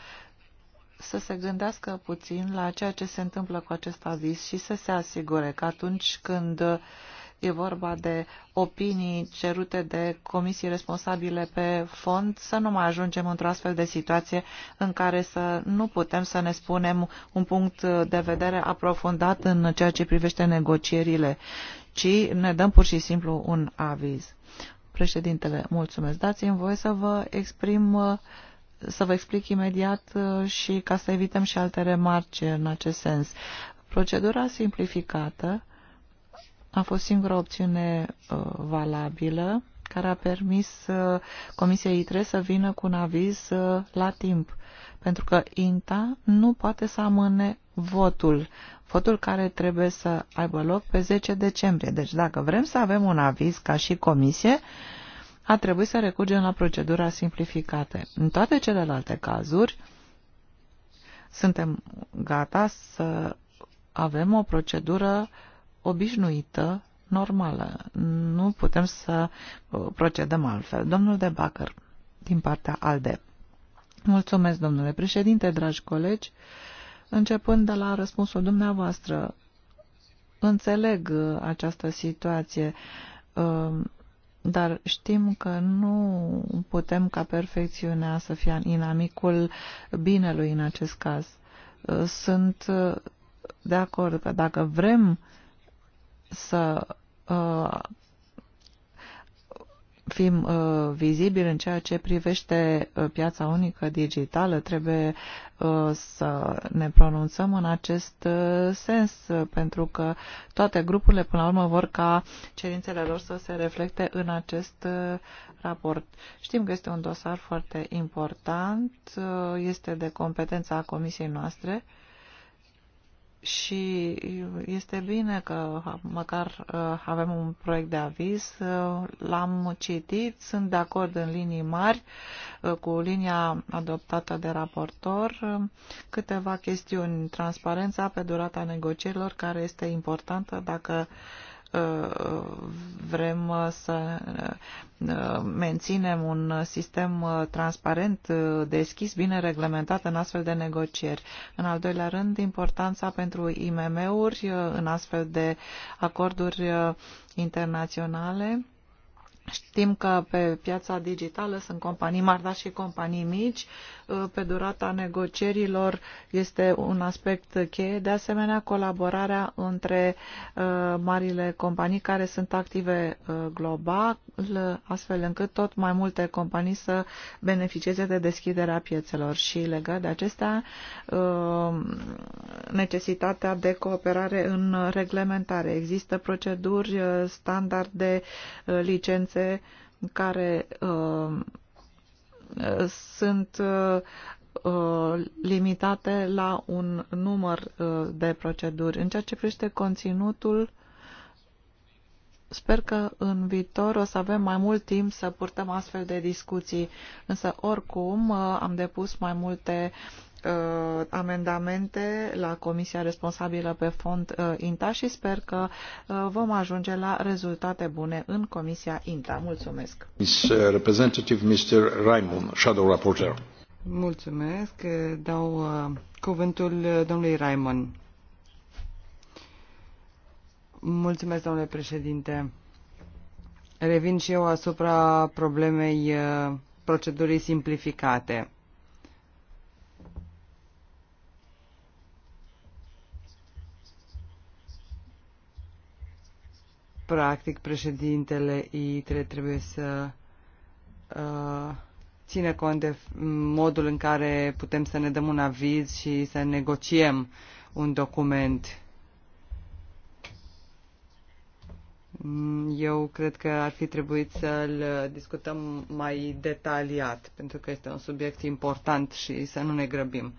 să se gândească puțin la ceea ce se întâmplă cu acest aviz și să se asigure că atunci când uh, e vorba de opinii cerute de comisii responsabile pe fond, să nu mai ajungem într-o astfel de situație în care să nu putem să ne spunem un punct uh, de vedere aprofundat în ceea ce privește negocierile, ci ne dăm pur și simplu un aviz. Președintele, mulțumesc. Dați-mi voie să vă exprim, uh, să vă explic imediat uh, și ca să evităm și alte remarci în acest sens. Procedura simplificată a fost singura opțiune uh, valabilă care a permis Comisiei ITRE să vină cu un aviz la timp, pentru că INTA nu poate să amâne votul, votul care trebuie să aibă loc pe 10 decembrie. Deci dacă vrem să avem un aviz ca și comisie, a trebuit să recurgem la procedura simplificată. În toate celelalte cazuri, suntem gata să avem o procedură obișnuită, normală. Nu putem să uh, procedăm altfel. Domnul de Bacăr, din partea ALDE. Mulțumesc, domnule președinte, dragi colegi. Începând de la răspunsul dumneavoastră, înțeleg uh, această situație, uh, dar știm că nu putem ca perfecțiunea să fie inamicul binelui în acest caz. Uh, sunt de acord că dacă vrem să fim uh, vizibili în ceea ce privește uh, piața unică digitală, trebuie uh, să ne pronunțăm în acest uh, sens, uh, pentru că toate grupurile, până la urmă, vor ca cerințele lor să se reflecte în acest uh, raport. Știm că este un dosar foarte important, uh, este de competența comisiei noastre, uh, și este bine că măcar uh, avem un proiect de aviz, uh, l-am citit, sunt de acord în linii mari uh, cu linia adoptată de raportor, câteva chestiuni, transparența pe durata negocierilor care este importantă dacă Uh, vrem uh, să uh, menținem un sistem transparent, deschis, bine reglementat în astfel de negocieri. În al doilea rând, importanța pentru IMM-uri în astfel de acorduri internaționale Știm că pe piața digitală sunt companii mari, dar și companii mici. Uh, pe durata negocierilor este un aspect cheie. De asemenea, colaborarea între uh, marile companii care sunt active uh, global, astfel încât tot mai multe companii să beneficieze de deschiderea piețelor. Și legat de acestea, necesitatea de cooperare în reglementare. Există proceduri, standarde, licențe produse care uh, sunt uh, limitate la un număr uh, de proceduri. În ceea ce privește conținutul, sper că în viitor o să avem mai mult timp să purtăm astfel de discuții, însă oricum uh, am depus mai multe uh, amendamente la comisia responsabilă pe fond uh, INTA și sper că uh, vom ajunge la rezultate bune în comisia INTA. Mulțumesc. Miss uh, Representative Mr. Raimond, Shadow Rapporteur. Mulțumesc. Dau uh, cuvântul domnului Raimon. Mulțumesc, domnule președinte. Revin și eu asupra problemei uh, procedurii simplificate. practic președintele ITRE trebuie să uh, țină cont de modul în care putem să ne dăm un aviz și să negociem un document. Mm, eu cred că ar fi trebuit să-l discutăm mai detaliat, pentru că este un subiect important și să nu ne grăbim.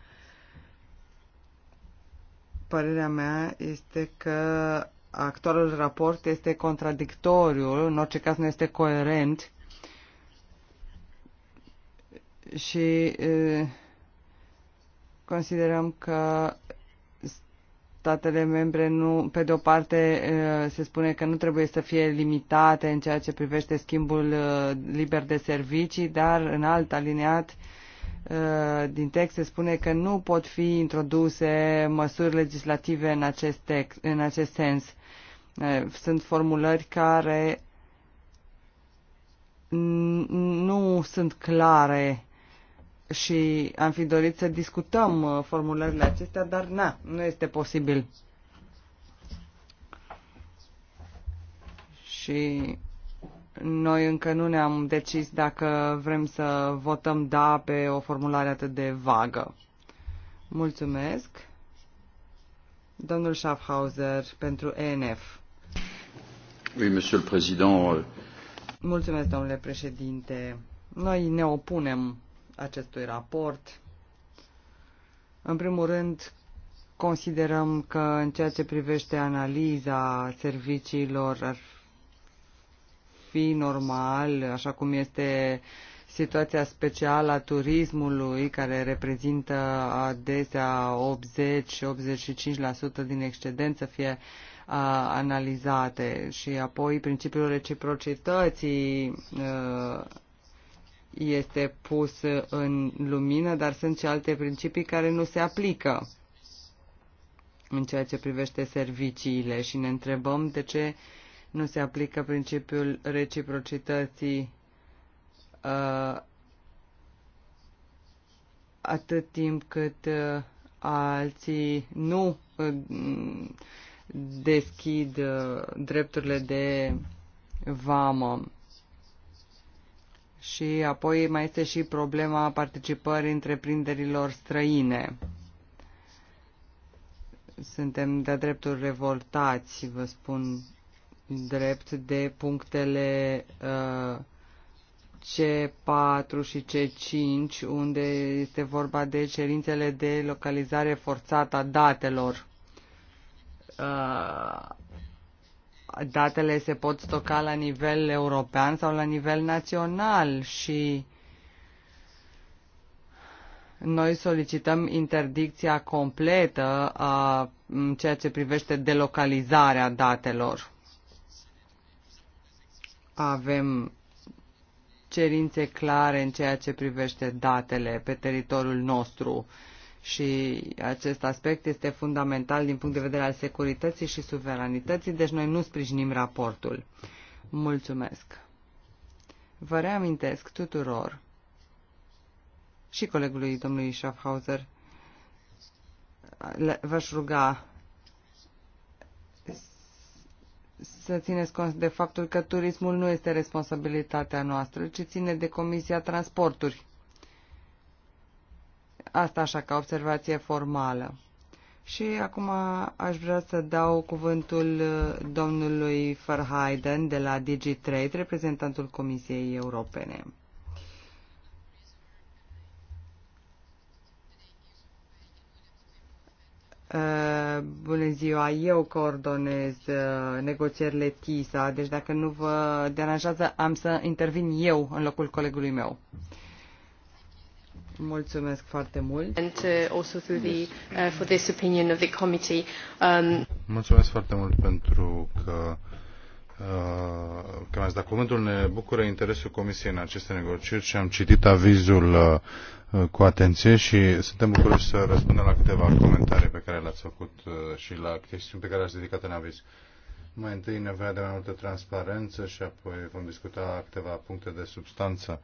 Părerea mea este că actualul raport este contradictoriu, în orice caz nu este coerent și considerăm că statele membre nu, pe de o parte se spune că nu trebuie să fie limitate în ceea ce privește schimbul liber de servicii, dar în alt aliniat Uh, din text se spune că nu pot fi introduse măsuri legislative în acest, text, în acest sens. Uh, sunt formulări care nu sunt clare și am fi dorit să discutăm uh, formulările acestea, dar na, nu este posibil. Și noi încă nu ne-am decis dacă vrem să votăm da pe o formulare atât de vagă. Mulțumesc. Domnul Schaffhauser pentru ENF. Oui, monsieur le président. Mulțumesc, domnule președinte. Noi ne opunem acestui raport. În primul rând, considerăm că în ceea ce privește analiza serviciilor ar fi normal, așa cum este situația specială a turismului, care reprezintă adesea 80-85% din excedență, să fie analizate și apoi principiul reciprocității este pus în lumină, dar sunt și alte principii care nu se aplică în ceea ce privește serviciile și ne întrebăm de ce uh, nu se aplică principiul reciprocității uh, atât timp cât uh, alții nu uh, deschid uh, drepturile de vamă. Și apoi mai este și problema participării întreprinderilor străine. Suntem de-a dreptul revoltați, vă spun drept de punctele uh, C4 și C5, unde este vorba de cerințele de localizare forțată a datelor. Uh, datele se pot stoca la nivel european sau la nivel național și noi solicităm interdicția completă a ceea ce privește delocalizarea datelor avem cerințe clare în ceea ce privește datele pe teritoriul nostru și acest aspect este fundamental din punct de vedere al securității și suveranității, deci noi nu sprijinim raportul. Mulțumesc! Vă reamintesc tuturor și colegului domnului Schaffhauser, v-aș ruga să țineți cont de faptul că turismul nu este responsabilitatea noastră, ci ține de Comisia Transporturi. Asta așa ca observație formală. Și acum aș vrea să dau cuvântul uh, domnului Verheiden de la DigiTrade, reprezentantul Comisiei Europene. Uh, bună ziua, eu coordonez uh, negocierile TISA, deci dacă nu vă deranjează, am să intervin eu în locul colegului meu. Mulțumesc foarte mult. And uh, also through the, uh, for this opinion of the committee. Um... Mulțumesc foarte mult pentru că că mi-ați dat cuvântul, ne bucură interesul Comisiei în aceste negocieri și am citit avizul Uh, cu atenție și suntem bucuroși să răspundem la câteva comentarii pe care le-ați făcut uh, și la chestiuni pe care le-ați dedicat în aviz. Mai întâi nevoia de mai multă transparență și apoi vom discuta câteva puncte de substanță,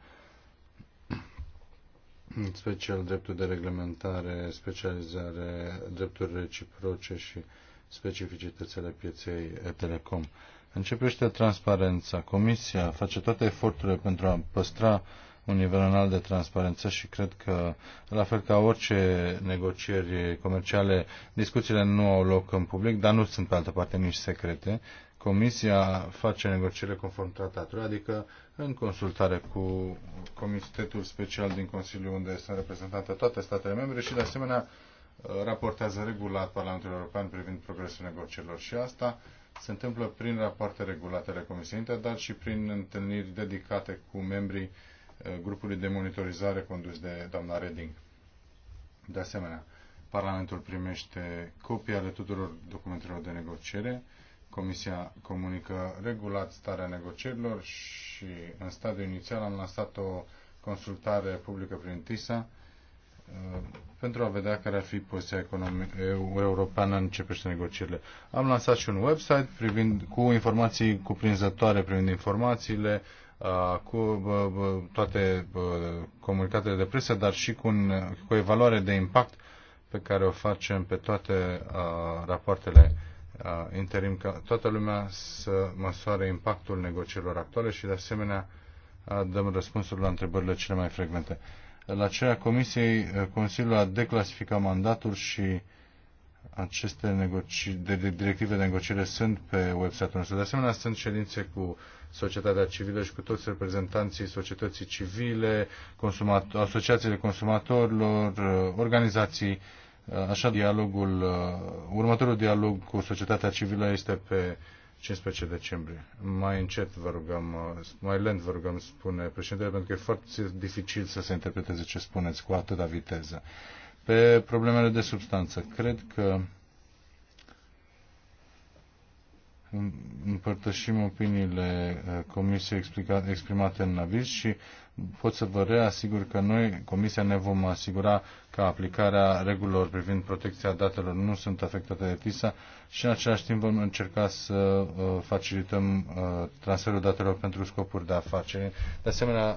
în special dreptul de reglementare, specializare, drepturi reciproce și specificitățile pieței telecom. Începește transparența. Comisia face toate eforturile pentru a păstra un nivel înalt de transparență și cred că, la fel ca orice negocieri comerciale, discuțiile nu au loc în public, dar nu sunt pe altă parte nici secrete. Comisia face negocierile conform tratatului, adică în consultare cu Comitetul Special din Consiliu, unde sunt reprezentate toate statele membre și, de asemenea, raportează regulat Parlamentul European privind progresul negocierilor și asta se întâmplă prin rapoarte regulate ale Comisiei Inter, dar și prin întâlniri dedicate cu membrii Eh, grupului de monitorizare condus de doamna Reding. De asemenea, Parlamentul primește copii ale tuturor documentelor de negociere, Comisia comunică regulat starea negocierilor și în stadiul inițial am lansat o consultare publică prin TISA eh, pentru a vedea care ar fi poziția europeană în ce privește negocierile. Am lansat și un website privind, cu informații cuprinzătoare privind informațiile, Uh, cu uh, uh, toate comunicatele de presă, dar și cu, un, cu o evaluare de impact pe care o facem pe toate rapoartele interim, ca toată lumea să măsoare impactul negocierilor actuale și, de asemenea, dăm răspunsuri la întrebările cele mai frecvente. La cererea Comisiei, Consiliul a declasificat mandatul și aceste negoci... de, de, directive de negociere sunt pe website-ul nostru. De asemenea, sunt ședințe cu societatea civilă și cu toți reprezentanții societății civile, consumator, asociațiile consumatorilor, uh, organizații. Uh, așa, dialogul, uh, următorul dialog cu societatea civilă este pe 15 decembrie. Mai încet vă rugăm, mai lent vă rugăm, spune președintele, pentru că e foarte dificil să se interpreteze ce spuneți cu atâta viteză. Pe problemele de substanță, cred că împărtășim opiniile uh, Comisiei exprimate în aviz și pot să vă reasigur că noi, Comisia, ne vom asigura că aplicarea regulilor privind protecția datelor nu sunt afectate de TISA și în același timp vom încerca să uh, facilităm uh, transferul datelor pentru scopuri de afaceri. De asemenea,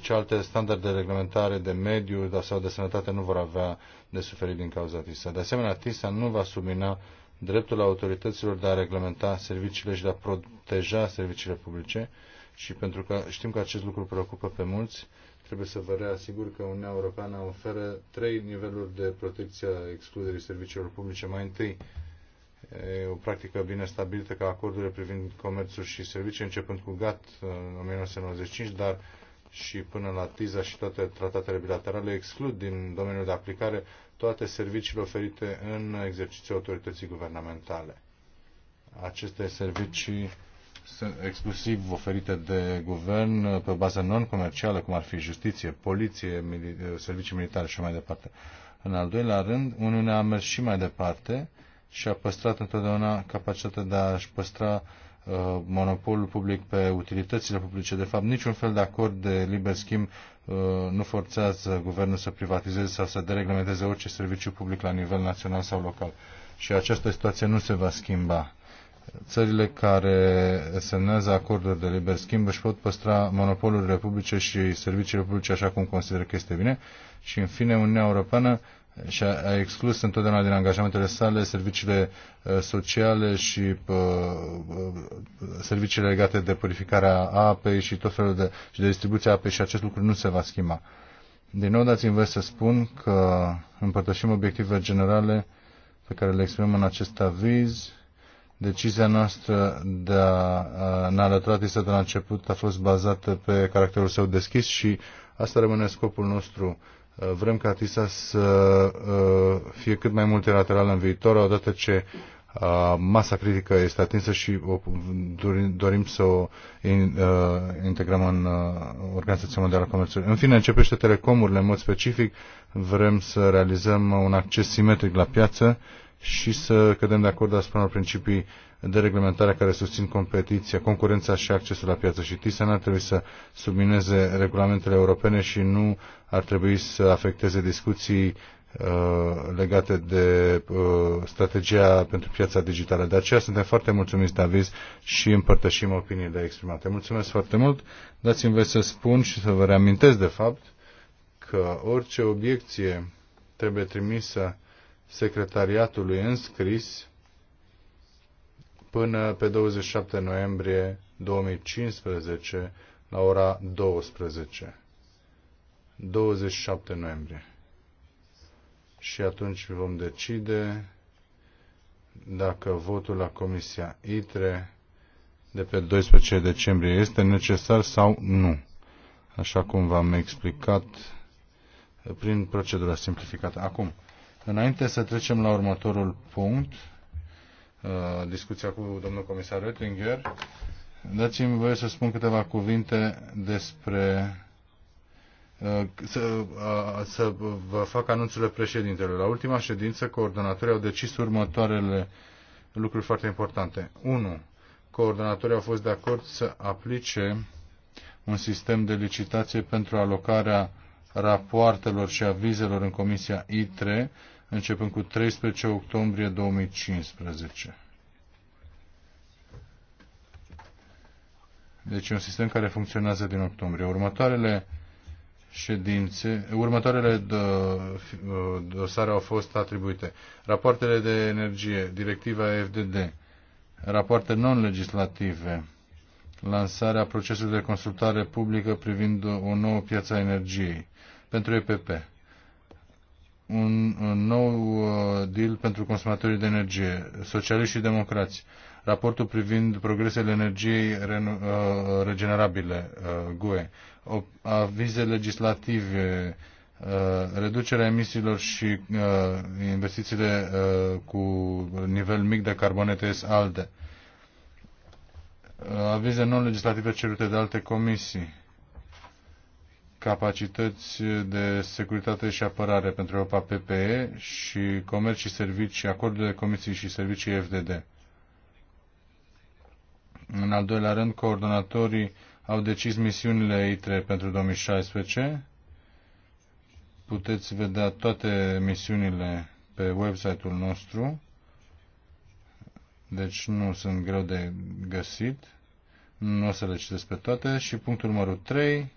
ce alte standarde de reglementare de mediu sau de sănătate nu vor avea de suferit din cauza TISA. De asemenea, TISA nu va submina dreptul autorităților de a reglementa serviciile și de a proteja serviciile publice și pentru că știm că acest lucru preocupă pe mulți, trebuie să vă reasigur că Uniunea Europeană oferă trei niveluri de protecție a excluderii serviciilor publice. Mai întâi, e o practică bine stabilită ca acordurile privind comerțul și servicii, începând cu GATT în 1995, dar și până la TISA și toate tratatele bilaterale exclud din domeniul de aplicare toate serviciile oferite în exercițiul autorității guvernamentale. Aceste servicii sunt exclusiv oferite de guvern pe bază non-comercială, cum ar fi justiție, poliție, servicii militare și mai departe. În al doilea rând, Uniunea a mers și mai departe și a păstrat întotdeauna capacitatea de a-și păstra Uh, monopolul public pe utilitățile publice. De fapt, niciun fel de acord de liber schimb uh, nu forțează guvernul să privatizeze sau să dereglementeze orice serviciu public la nivel național sau local. Și această situație nu se va schimba. Țările care semnează acorduri de liber schimb își pot păstra monopolurile publice și serviciile publice așa cum consideră că este bine și, în fine, Uniunea Europeană și a exclus întotdeauna din angajamentele sale serviciile uh, sociale și uh, uh, serviciile legate de purificarea apei și tot felul de, și de distribuția apei și acest lucru nu se va schimba. Din nou dați-mi voie să spun că împărtășim obiective generale pe care le exprimăm în acest aviz. Decizia noastră de a ne alătura de la început a fost bazată pe caracterul său deschis și asta rămâne scopul nostru Uh, vrem ca TISA să uh, fie cât mai multilaterală în viitor, odată ce uh, masa critică este atinsă și dorim să o integrăm în Organizația Mondială a Comerțului. În fine, începește telecomurile în mod specific. Vrem să realizăm un acces simetric la piață și să cădem de acord asupra unor principii de reglementare care susțin competiția, concurența și accesul la piață. Și TISA n-ar trebui să submineze regulamentele europene și nu ar trebui să afecteze discuții uh, legate de uh, strategia pentru piața digitală. De aceea suntem foarte mulțumiți de aviz și împărtășim opiniile exprimate. Mulțumesc foarte mult. Dați-mi voi să spun și să vă reamintesc de fapt că orice obiecție trebuie trimisă secretariatului înscris până pe 27 noiembrie 2015 la ora 12. 27 noiembrie. Și atunci vom decide dacă votul la Comisia ITRE de pe 12 decembrie este necesar sau nu. Așa cum v-am explicat prin procedura simplificată. Acum, Înainte să trecem la următorul punct, uh, discuția cu domnul comisar Oettinger, dați-mi voie să spun câteva cuvinte despre uh, să, uh, să vă fac anunțurile președintelui. La ultima ședință, coordonatorii au decis următoarele lucruri foarte importante. 1. Coordonatorii au fost de acord să aplice un sistem de licitație pentru alocarea rapoartelor și avizelor în Comisia I3 începând cu 13 octombrie 2015. Deci e un sistem care funcționează din octombrie. Următoarele ședințe, următoarele uh, dosare au fost atribuite. Rapoartele de energie, directiva FDD, rapoarte non-legislative, lansarea procesului de consultare publică privind o nouă piață a energiei pentru EPP un, un nou uh, deal pentru consumatorii de energie, socialiști și democrați, raportul privind progresele energiei uh, regenerabile, uh, GUE, avize legislative, reducerea emisiilor și investițiile cu nivel mic de carbon ETS ALDE, avize non-legislative cerute de alte comisii, capacități de securitate și apărare pentru Europa PPE și comerț și servicii, acordurile de comisii și servicii FDD. În al doilea rând, coordonatorii au decis misiunile ITRE pentru 2016. Puteți vedea toate misiunile pe website-ul nostru, deci nu sunt greu de găsit. Nu o să le citesc pe toate. Și punctul numărul 3,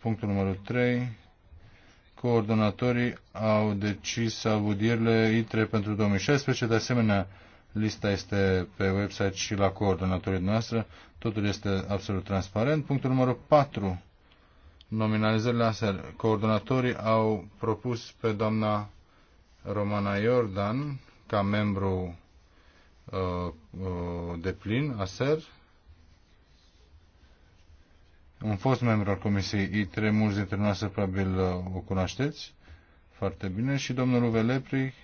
Punctul numărul 3. Coordonatorii au decis audierile ITRE pentru 2016. De asemenea, lista este pe website și la coordonatorii noastre. Totul este absolut transparent. Punctul numărul 4. Nominalizările astea. Coordonatorii au propus pe doamna Romana Iordan ca membru uh, uh, de plin, Uh, un fost membru al Comisiei ITRE, mulți dintre noi probabil uh, o cunoașteți foarte bine, și domnul Uwe Lepri,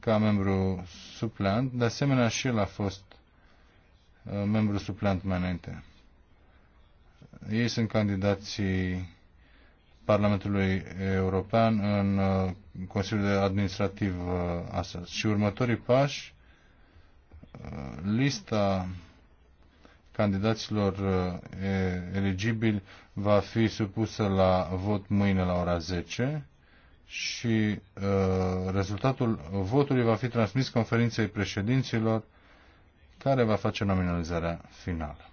ca membru suplant, de asemenea și el a fost uh, membru suplant mai înainte. Ei sunt candidații Parlamentului European în uh, Consiliul Administrativ astăzi. Și următorii pași, lista candidaților uh, eligibili va fi supusă la vot mâine la ora 10 și uh, rezultatul votului va fi transmis conferinței președinților care va face nominalizarea finală.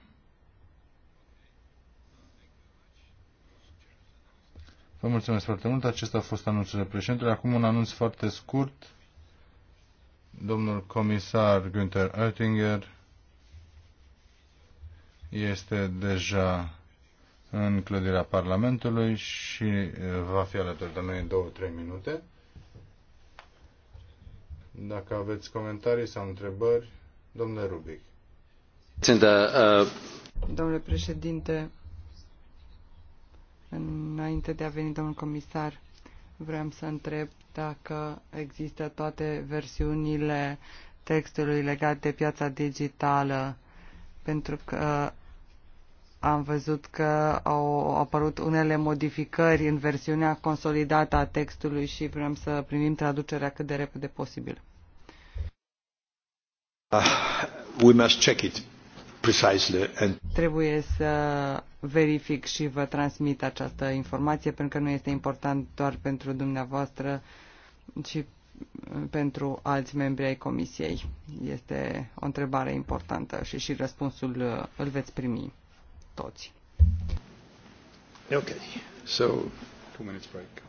Vă mulțumesc foarte mult. Acesta a fost anunțul de președinte. Acum un anunț foarte scurt. Domnul comisar Günther Oettinger este deja în clădirea Parlamentului și eh, va fi alături de noi în 2-3 minute. Dacă aveți comentarii sau întrebări, domnule Rubic. Eh, domnule președinte, înainte de a veni domnul comisar, vreau să întreb dacă există toate versiunile textului legat de piața digitală, pentru că am văzut că au apărut unele modificări în versiunea consolidată a textului și vrem să primim traducerea cât de repede posibil. Uh, we must check it precisely and... Trebuie să verific și vă transmit această informație pentru că nu este important doar pentru dumneavoastră, ci pentru alți membri ai comisiei. Este o întrebare importantă și și răspunsul uh, îl veți primi toți. Okay. So, two minutes break.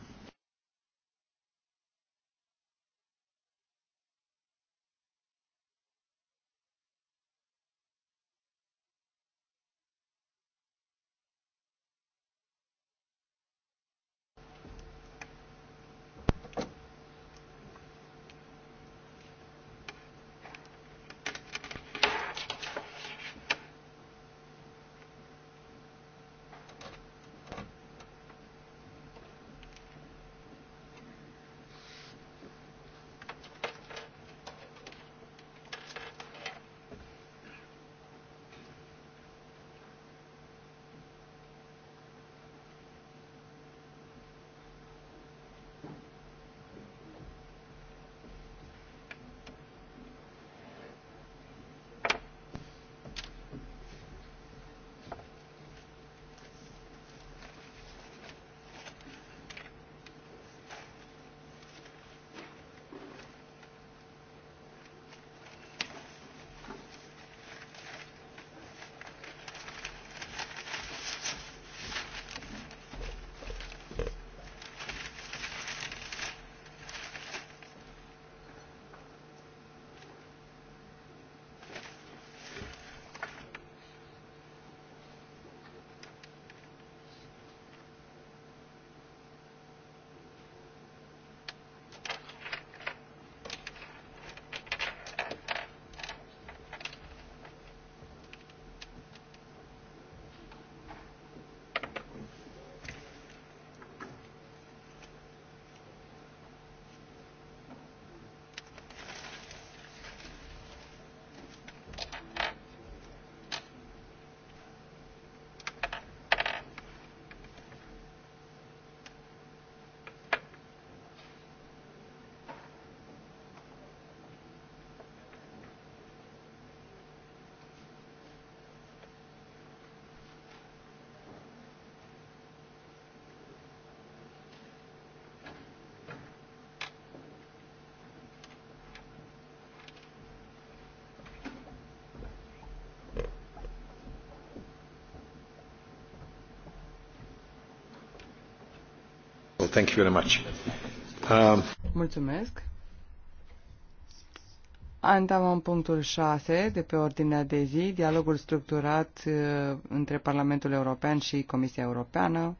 Thank you very much. Um... Mulțumesc. Antam în punctul 6 de pe ordinea de zi, dialogul structurat uh, între Parlamentul European și Comisia Europeană.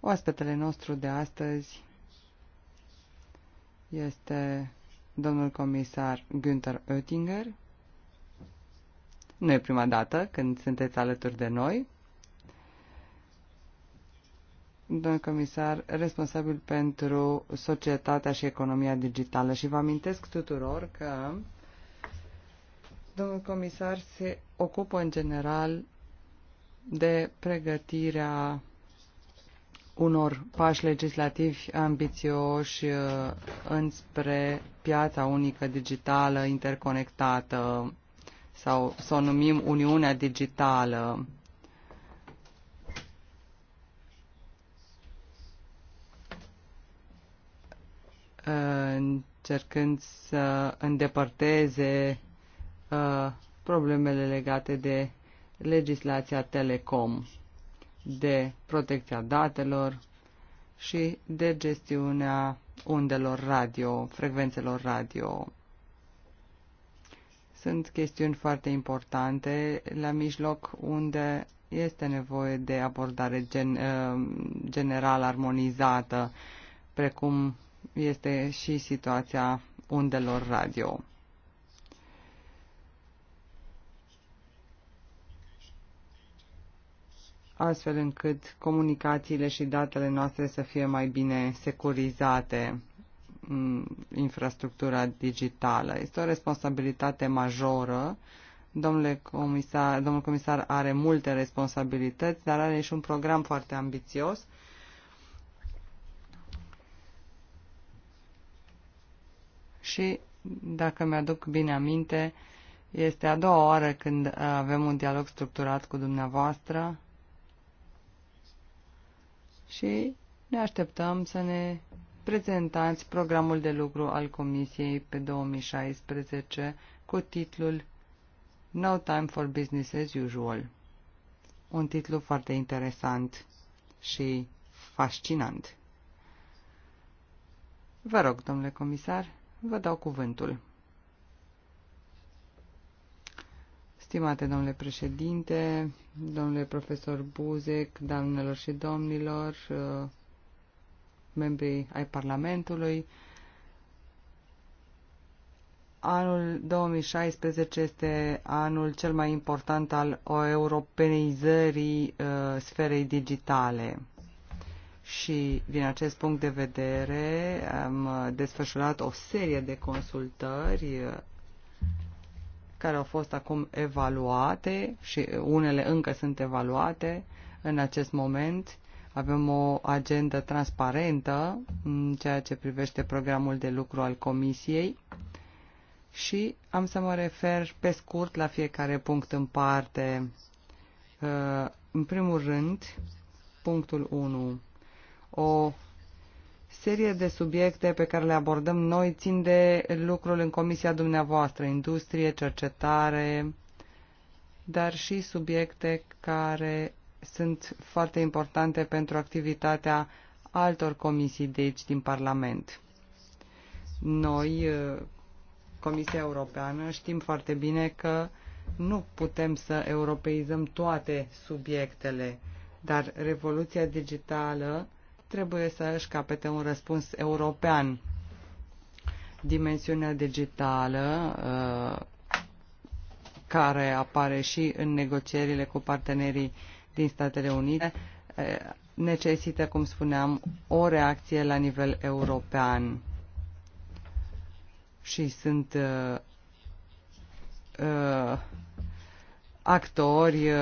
Oaspetele nostru de astăzi este domnul comisar Günther Oettinger. Nu e prima dată când sunteți alături de noi domnul comisar responsabil pentru societatea și economia digitală și vă amintesc tuturor că domnul comisar se ocupă în general de pregătirea unor pași legislativi ambițioși uh, înspre piața unică digitală interconectată sau să o numim Uniunea Digitală Uh, încercând să îndepărteze uh, problemele legate de legislația telecom, de protecția datelor și de gestiunea undelor radio, frecvențelor radio. Sunt chestiuni foarte importante la mijloc unde este nevoie de abordare gen, uh, general armonizată, precum este și situația undelor radio. astfel încât comunicațiile și datele noastre să fie mai bine securizate în infrastructura digitală. Este o responsabilitate majoră. Domnule comisar, domnul comisar are multe responsabilități, dar are și un program foarte ambițios și, dacă mi-aduc bine aminte, este a doua oară când uh, avem un dialog structurat cu dumneavoastră și ne așteptăm să ne prezentați programul de lucru al Comisiei pe 2016 cu titlul No Time for Business as Usual. Un titlu foarte interesant și fascinant. Vă rog, domnule comisar vă dau cuvântul. Stimate domnule președinte, domnule profesor Buzec, doamnelor și domnilor, uh, membrii ai Parlamentului, anul 2016 este anul cel mai important al europeneizării uh, sferei digitale și din acest punct de vedere am desfășurat o serie de consultări uh, care au fost acum evaluate și unele încă sunt evaluate în acest moment. Avem o agendă transparentă în ceea ce privește programul de lucru al Comisiei și am să mă refer pe scurt la fiecare punct în parte. Uh, în primul rând, punctul 1 o serie de subiecte pe care le abordăm noi țin de lucrul în comisia dumneavoastră, industrie, cercetare, dar și subiecte care sunt foarte importante pentru activitatea altor comisii de aici din Parlament. Noi, uh, Comisia Europeană, știm foarte bine că nu putem să europeizăm toate subiectele, dar revoluția digitală trebuie să își capete un răspuns european. Dimensiunea digitală uh, care apare și în negocierile cu partenerii din Statele Unite uh, necesită, cum spuneam, o reacție la nivel european. Și sunt uh, uh, actori uh,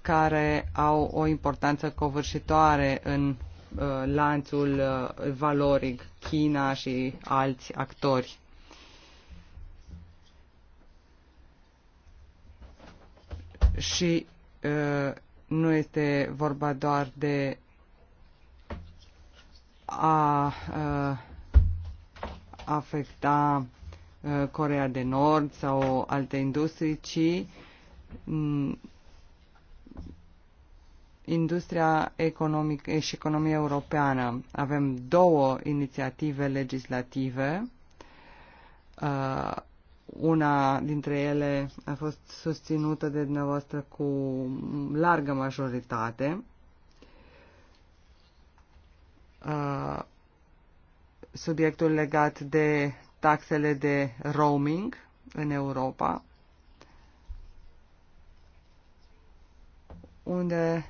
care au o importanță covârșitoare în Uh, lanțul uh, valoric, China și alți actori. Și uh, nu este vorba doar de a afecta Corea de Nord sau alte industrii, ci mm, industria economică și economia europeană. Avem două inițiative legislative. Uh, una dintre ele a fost susținută de dumneavoastră cu largă majoritate. Uh, subiectul legat de taxele de roaming în Europa, unde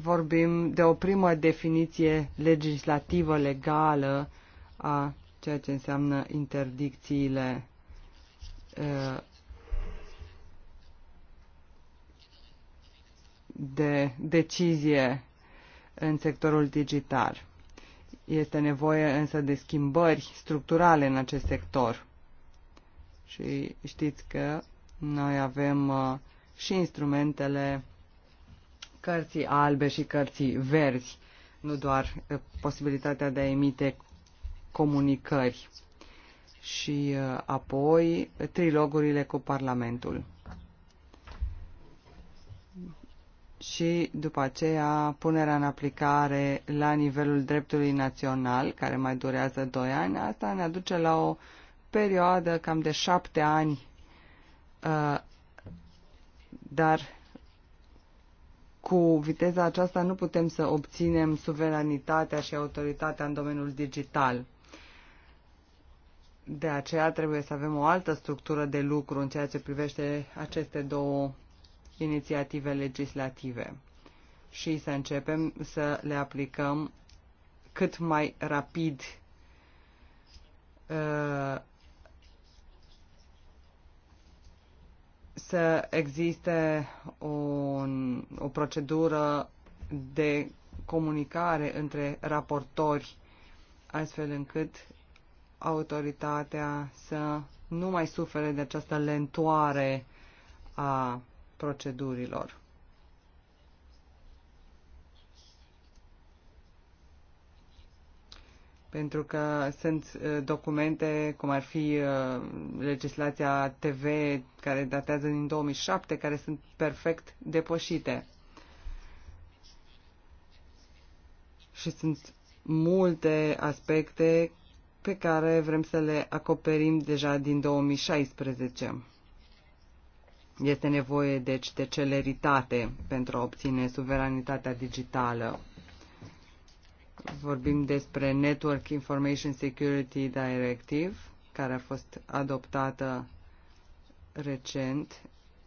vorbim de o primă definiție legislativă, legală a ceea ce înseamnă interdicțiile uh, de decizie în sectorul digital. Este nevoie însă de schimbări structurale în acest sector. Și știți că noi avem uh, și instrumentele cărții albe și cărții verzi, nu doar eh, posibilitatea de a emite comunicări și eh, apoi trilogurile cu Parlamentul. Și după aceea punerea în aplicare la nivelul dreptului național, care mai durează 2 ani, asta ne aduce la o perioadă cam de 7 ani, eh, dar cu viteza aceasta nu putem să obținem suveranitatea și autoritatea în domeniul digital. De aceea trebuie să avem o altă structură de lucru în ceea ce privește aceste două inițiative legislative și să începem să le aplicăm cât mai rapid uh, să existe un, o procedură de comunicare între raportori, astfel încât autoritatea să nu mai sufere de această lentoare a procedurilor. pentru că sunt uh, documente, cum ar fi uh, legislația TV, care datează din 2007, care sunt perfect depășite. Și sunt multe aspecte pe care vrem să le acoperim deja din 2016. Este nevoie, deci, de celeritate pentru a obține suveranitatea digitală vorbim despre Network Information Security Directive, care a fost adoptată recent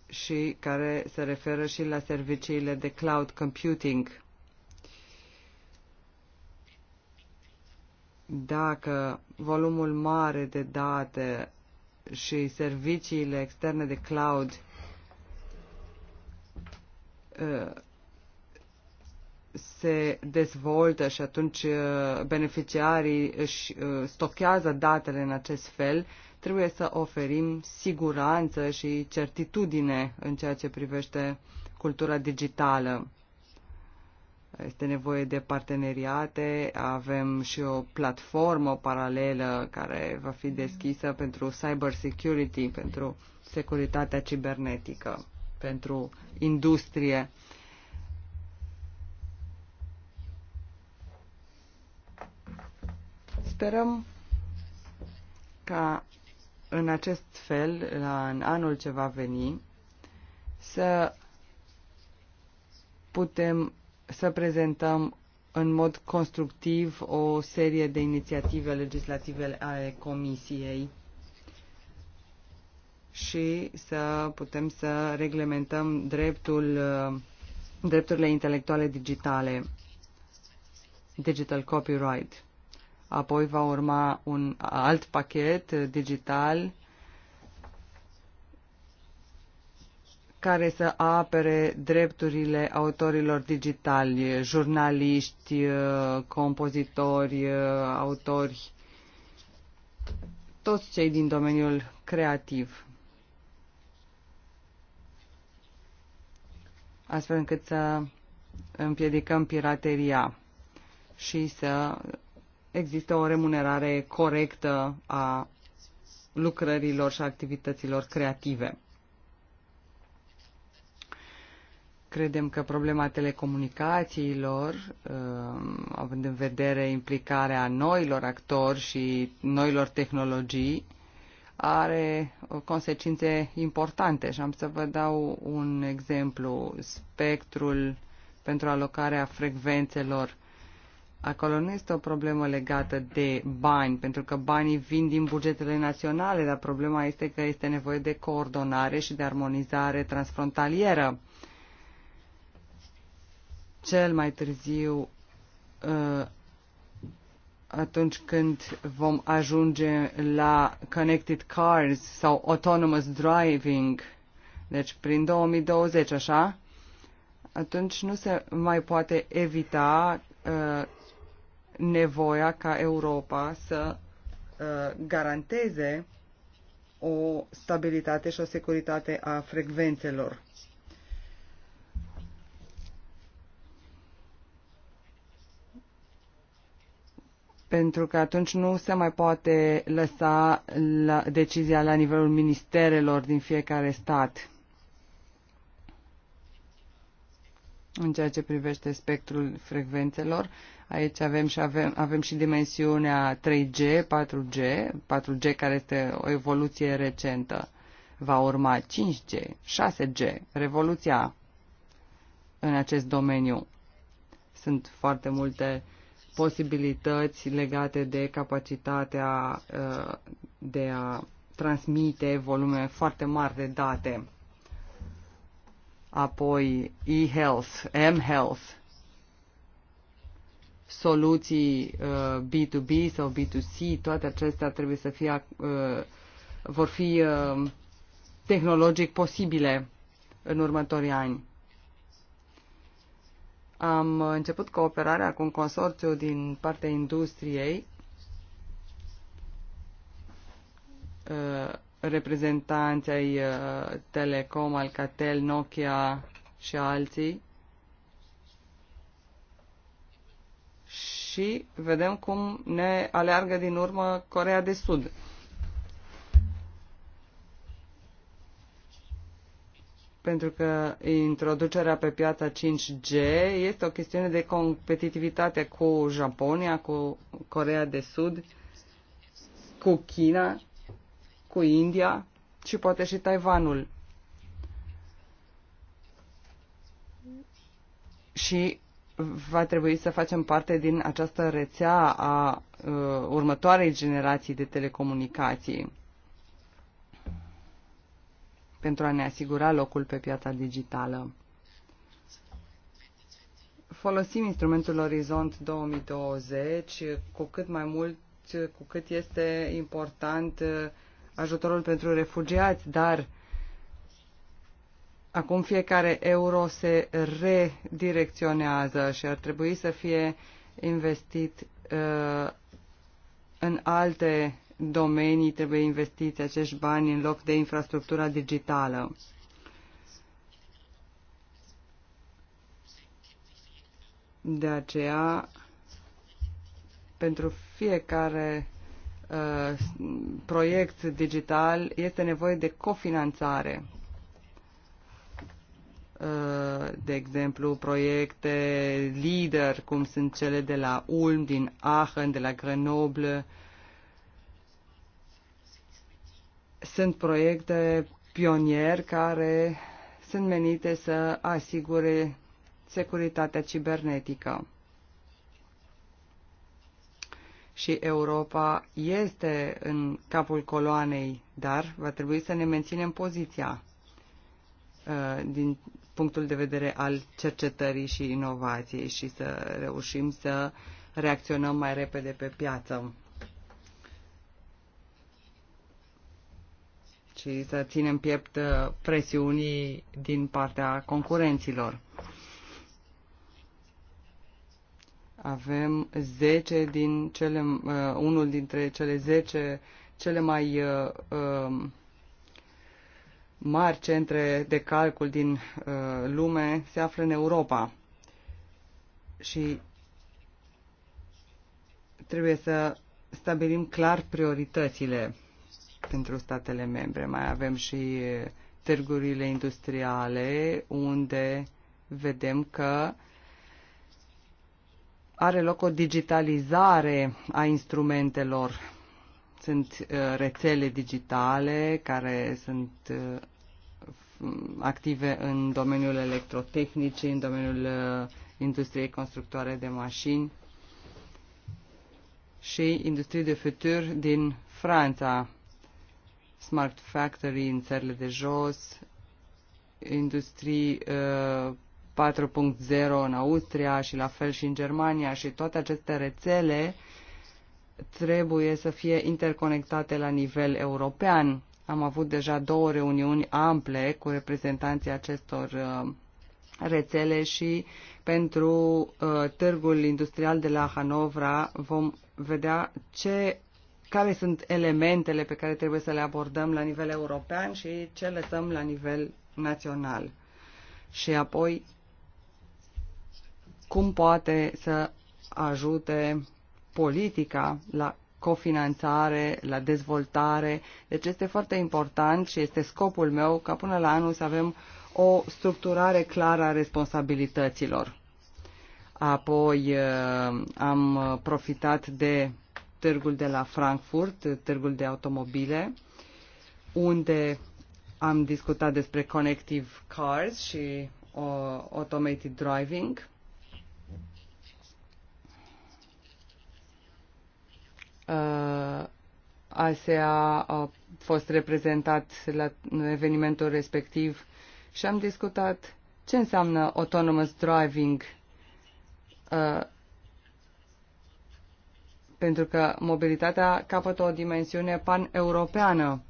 și care se referă și la serviciile de cloud computing. Dacă volumul mare de date și serviciile externe de cloud uh, se dezvoltă și atunci uh, beneficiarii își uh, stochează datele în acest fel, trebuie să oferim siguranță și certitudine în ceea ce privește cultura digitală. Este nevoie de parteneriate, avem și o platformă paralelă care va fi deschisă pentru cyber security, pentru securitatea cibernetică, pentru industrie Sperăm ca în acest fel, la, în anul ce va veni, să putem să prezentăm în mod constructiv o serie de inițiative legislative ale Comisiei și să putem să reglementăm dreptul, drepturile intelectuale digitale, digital copyright apoi va urma un alt pachet digital care să apere drepturile autorilor digitali, jurnaliști, uh, compozitori, uh, autori, toți cei din domeniul creativ. astfel încât să împiedicăm pirateria și să există o remunerare corectă a lucrărilor și activităților creative. Credem că problema telecomunicațiilor, uh, având în vedere implicarea noilor actori și noilor tehnologii, are consecințe importante și am să vă dau un exemplu. Spectrul pentru alocarea frecvențelor Acolo nu este o problemă legată de bani, pentru că banii vin din bugetele naționale, dar problema este că este nevoie de coordonare și de armonizare transfrontalieră. Cel mai târziu, uh, atunci când vom ajunge la Connected Cars sau Autonomous Driving, deci prin 2020, așa, atunci nu se mai poate evita uh, nevoia ca Europa să uh, garanteze o stabilitate și o securitate a frecvențelor. pentru că atunci nu se mai poate lăsa la decizia la nivelul ministerelor din fiecare stat în ceea ce privește spectrul frecvențelor. Uh, Aici avem și, avem, avem și dimensiunea 3G, 4G, 4G care este o evoluție recentă. Va urma 5G, 6G, revoluția în acest domeniu. Sunt foarte multe posibilități legate de capacitatea uh, de a transmite volume foarte mari de date. Apoi e-health, m-health, soluții B2B uh, sau B2C, toate acestea trebuie să fie, uh, vor fi uh, tehnologic posibile în următorii ani. Am început cooperarea cu un consorțiu din partea industriei, reprezentanții Telecom, Alcatel, Nokia și alții, și vedem cum ne aleargă din urmă Corea de Sud. Pentru că introducerea pe piața 5G este o chestiune de competitivitate cu Japonia, cu Corea de Sud, cu China, cu India și poate și Taiwanul. Și va trebui să facem parte din această rețea a uh, următoarei generații de telecomunicații pentru a ne asigura locul pe piața digitală. Folosim instrumentul Orizont 2020 cu cât mai mult, cu cât este important uh, ajutorul pentru refugiați, dar Acum fiecare euro se redirecționează și ar trebui să fie investit uh, în alte domenii, trebuie investiți acești bani în loc de infrastructura digitală. De aceea, pentru fiecare uh, proiect digital este nevoie de cofinanțare. Uh, de exemplu, proiecte lider, cum sunt cele de la Ulm, din Aachen, de la Grenoble. Sunt proiecte pionier care sunt menite să asigure securitatea cibernetică. Și Europa este în capul coloanei, dar va trebui să ne menținem poziția uh, din punctul de vedere al cercetării și inovației și să reușim să reacționăm mai repede pe piață. și să ținem piept uh, presiunii din partea concurenților. Avem 10 din cele, uh, unul dintre cele 10 cele mai uh, uh, mari centre de calcul din uh, lume se află în Europa. Și trebuie să stabilim clar prioritățile pentru statele membre. Mai avem și târgurile industriale unde vedem că are loc o digitalizare a instrumentelor sunt uh, rețele digitale care sunt uh, active în domeniul electrotehnicii, în domeniul uh, industriei constructoare de mașini și industrie de futur din Franța, Smart Factory în țările de jos, industrie uh, 4.0 în Austria și la fel și în Germania și toate aceste rețele uh, trebuie să fie interconectate la nivel european. Am avut deja două reuniuni ample cu reprezentanții acestor uh, rețele și pentru uh, târgul industrial de la Hanovra vom vedea ce, care sunt elementele pe care trebuie să le abordăm la nivel european și ce lăsăm la nivel național. Și apoi cum poate să ajute politica la cofinanțare, la dezvoltare. Deci este foarte important și este scopul meu ca până la anul să avem o structurare clară a responsabilităților. Apoi uh, am profitat de târgul de la Frankfurt, târgul de automobile, unde am discutat despre Connective Cars și uh, Automated Driving. Uh, ASEA a fost reprezentat la evenimentul respectiv și am discutat ce înseamnă autonomous driving uh, pentru că mobilitatea capătă o dimensiune pan-europeană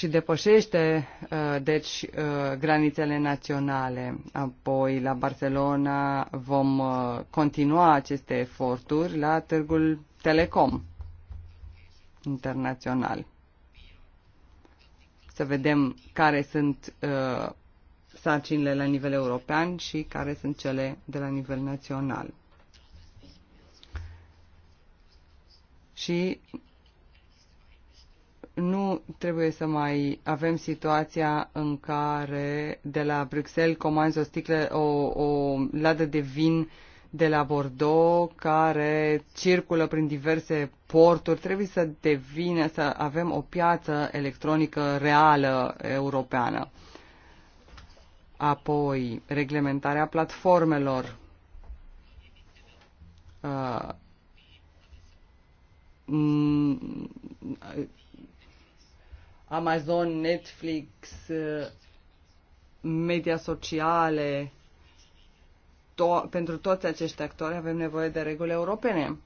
și depășește uh, deci uh, granițele naționale. Apoi la Barcelona vom uh, continua aceste eforturi la târgul Telecom internațional. Să vedem care sunt sarcinile la nivel european și care sunt cele de la nivel național. Și nu trebuie să mai avem situația în care de la Bruxelles comanzi o sticlă, o, o ladă de vin de la Bordeaux care circulă prin diverse porturi. Trebuie să devină, să avem o piață electronică reală europeană. Apoi, reglementarea platformelor. Uh, Amazon, Netflix, eh, media sociale, to- pentru toți acești actori avem nevoie de reguli europene,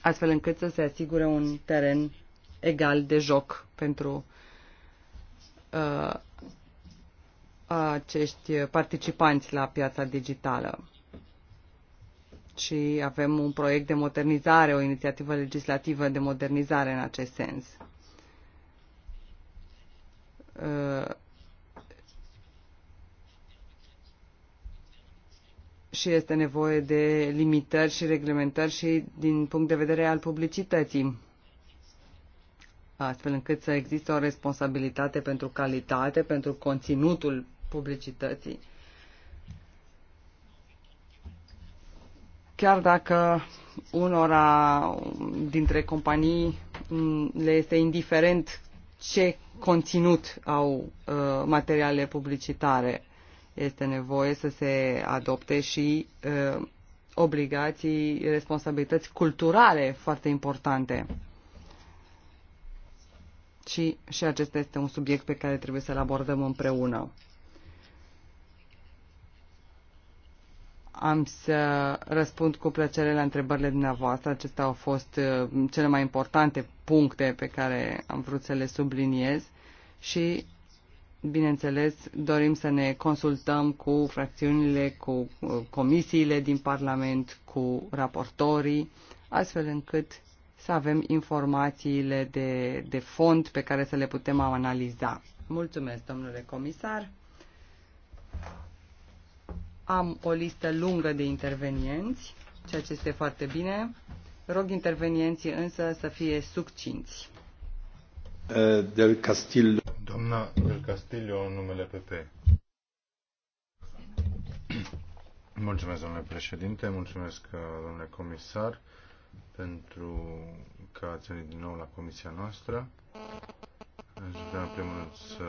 astfel încât să se asigure un teren egal de joc pentru uh, acești participanți la piața digitală. Și avem un proiect de modernizare, o inițiativă legislativă de modernizare în acest sens. Uh, și este nevoie de limitări și reglementări și din punct de vedere al publicității, astfel încât să existe o responsabilitate pentru calitate, pentru conținutul publicității. Chiar dacă unora dintre companii le este indiferent ce conținut au uh, materiale publicitare. Este nevoie să se adopte și uh, obligații, responsabilități culturale foarte importante. Și, și acesta este un subiect pe care trebuie să-l abordăm împreună. Am să răspund cu plăcere la întrebările dumneavoastră. Acestea au fost uh, cele mai importante puncte pe care am vrut să le subliniez și, bineînțeles, dorim să ne consultăm cu fracțiunile, cu uh, comisiile din Parlament, cu raportorii, astfel încât să avem informațiile de, de fond pe care să le putem analiza. Mulțumesc, domnule comisar. Am o listă lungă de intervenienți, ceea ce este foarte bine. Rog intervenienții însă să fie succinți. Eh, del Castillo. Doamna Del Castillo, numele PP. Mulțumesc, domnule președinte, mulțumesc, eh, domnule comisar, pentru că ați venit din nou la comisia noastră. Aș vrea, în primul rând, să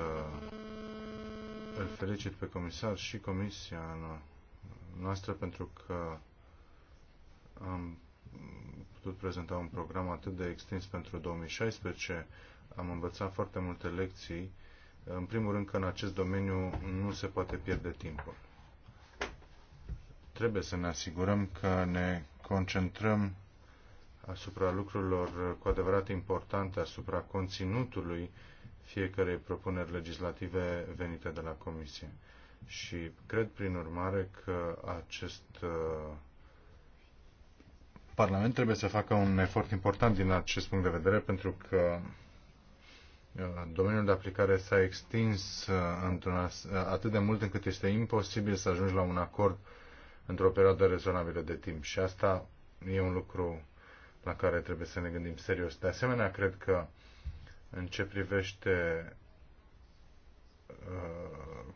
îl felicit pe comisar și comisia noastră pentru că am putut prezenta un program atât de extins pentru 2016. Am învățat foarte multe lecții. În primul rând că în acest domeniu nu se poate pierde timpul. Trebuie să ne asigurăm că ne concentrăm asupra lucrurilor cu adevărat importante, asupra conținutului fiecarei propuneri legislative venite de la Comisie și cred prin urmare că acest uh, Parlament trebuie să facă un efort important din acest punct de vedere pentru că uh, domeniul de aplicare s-a extins uh, atât de mult încât este imposibil să ajungi la un acord într-o perioadă rezonabilă de timp. Și asta e un lucru la care trebuie să ne gândim serios. De asemenea, cred că în ce privește Uh,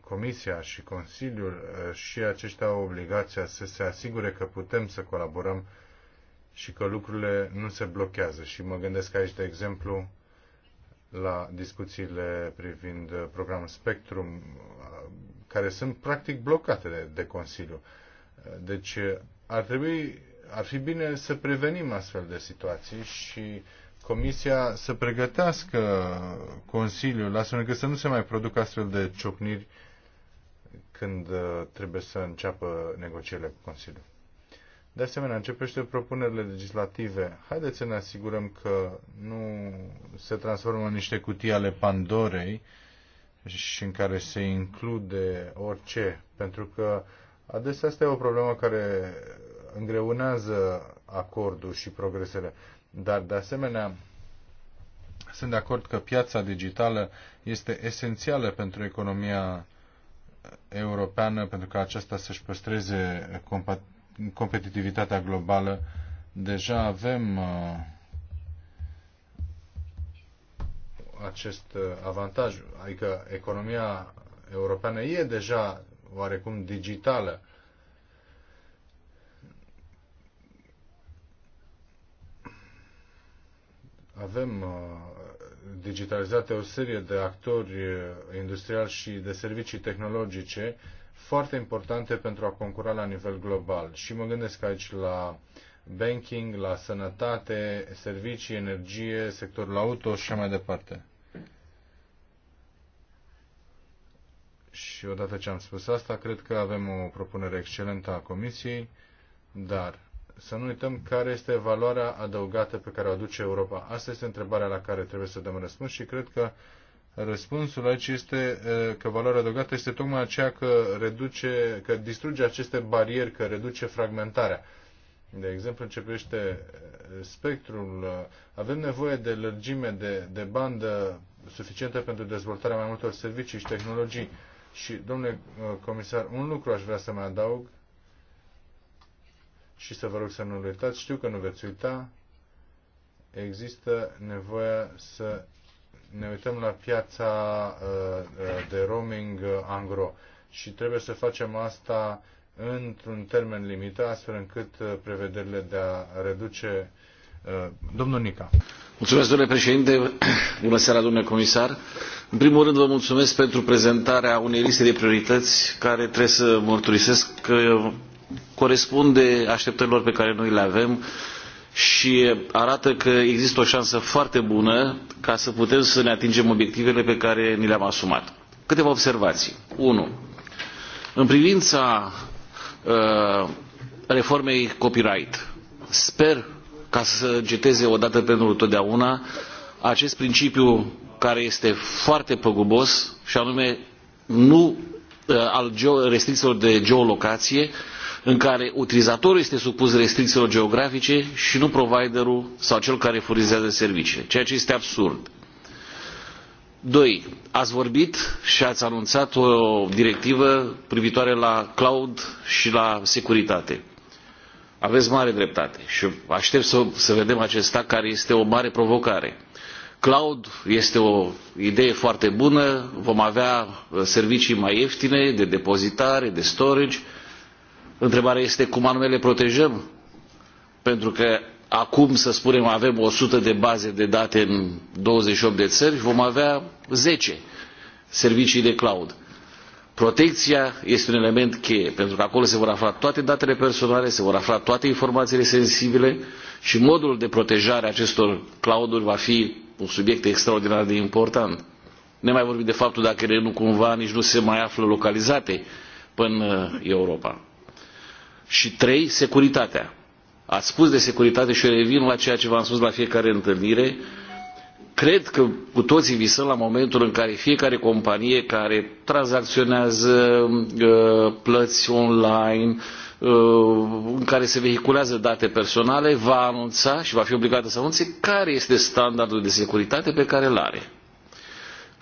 Comisia și Consiliul uh, și aceștia au obligația să se asigure că putem să colaborăm și că lucrurile nu se blochează. Și mă gândesc aici, de exemplu, la discuțiile privind programul Spectrum, uh, care sunt practic blocate de, de Consiliu. Deci ar trebui, ar fi bine să prevenim astfel de situații și uh, Comisia să pregătească Consiliul astfel încât să nu se mai producă astfel de ciocniri când uh, trebuie să înceapă negocierile cu Consiliul. De asemenea, începește propunerile legislative. Haideți să ne asigurăm că nu se transformă în niște cutii ale Pandorei și în care se include orice, pentru că adesea asta e o problemă care îngreunează acordul și progresele. Dar, de asemenea, sunt de acord că piața digitală este esențială pentru economia europeană, pentru că aceasta să-și păstreze competitivitatea globală. Deja avem uh, acest uh, avantaj, adică economia europeană e deja oarecum digitală Avem uh, digitalizate o serie de actori uh, industriali și de servicii tehnologice foarte importante pentru a concura la nivel global. Și mă gândesc aici la banking, la sănătate, servicii, energie, sectorul auto și așa mai departe. Și odată ce am spus asta, cred că avem o propunere excelentă a Comisiei, dar să nu uităm care este valoarea adăugată pe care o aduce Europa. Asta este întrebarea la care trebuie să dăm răspuns și cred că răspunsul aici este că valoarea adăugată este tocmai aceea că, reduce, că distruge aceste barieri, că reduce fragmentarea. De exemplu, începește spectrul. Avem nevoie de lărgime de, de bandă suficientă pentru dezvoltarea mai multor servicii și tehnologii. Și, domnule comisar, un lucru aș vrea să mai adaug și să vă rog să nu-l uitați. Știu că nu veți uita. Există nevoia să ne uităm la piața uh, uh, de roaming uh, angro și trebuie să facem asta într-un termen limitat, astfel încât prevederile de a reduce. Domnul Nica. Mulțumesc, domnule președinte. Bună seara, domnule comisar. În primul rând, vă mulțumesc pentru prezentarea unei liste de priorități care trebuie să mărturisesc că corespunde așteptărilor pe care noi le avem și arată că există o șansă foarte bună ca să putem să ne atingem obiectivele pe care ni le-am asumat. Câteva observații. 1. În privința uh, reformei copyright, sper ca să geteze odată pentru totdeauna acest principiu care este foarte păgubos și anume nu uh, al restricțiilor de geolocație, în care utilizatorul este supus restricțiilor geografice și nu providerul sau cel care furnizează serviciile, ceea ce este absurd. Doi, ați vorbit și ați anunțat o directivă privitoare la cloud și la securitate. Aveți mare dreptate și aștept să, să vedem acesta care este o mare provocare. Cloud este o idee foarte bună, vom avea uh, servicii mai ieftine de depozitare, de storage, Întrebarea este cum anume le protejăm? Pentru că acum, să spunem, avem 100 de baze de date în 28 de țări, vom avea 10 servicii de cloud. Protecția este un element cheie, pentru că acolo se vor afla toate datele personale, se vor afla toate informațiile sensibile și modul de protejare a acestor clouduri va fi un subiect extraordinar de important. Ne mai vorbim de faptul dacă ele nu cumva nici nu se mai află localizate până Europa. Și trei, securitatea. Ați spus de securitate și eu revin la ceea ce v-am spus la fiecare întâlnire. Cred că cu toții visăm la momentul în care fiecare companie care tranzacționează uh, plăți online, uh, în care se vehiculează date personale va anunța și va fi obligată să anunțe care este standardul de securitate pe care îl are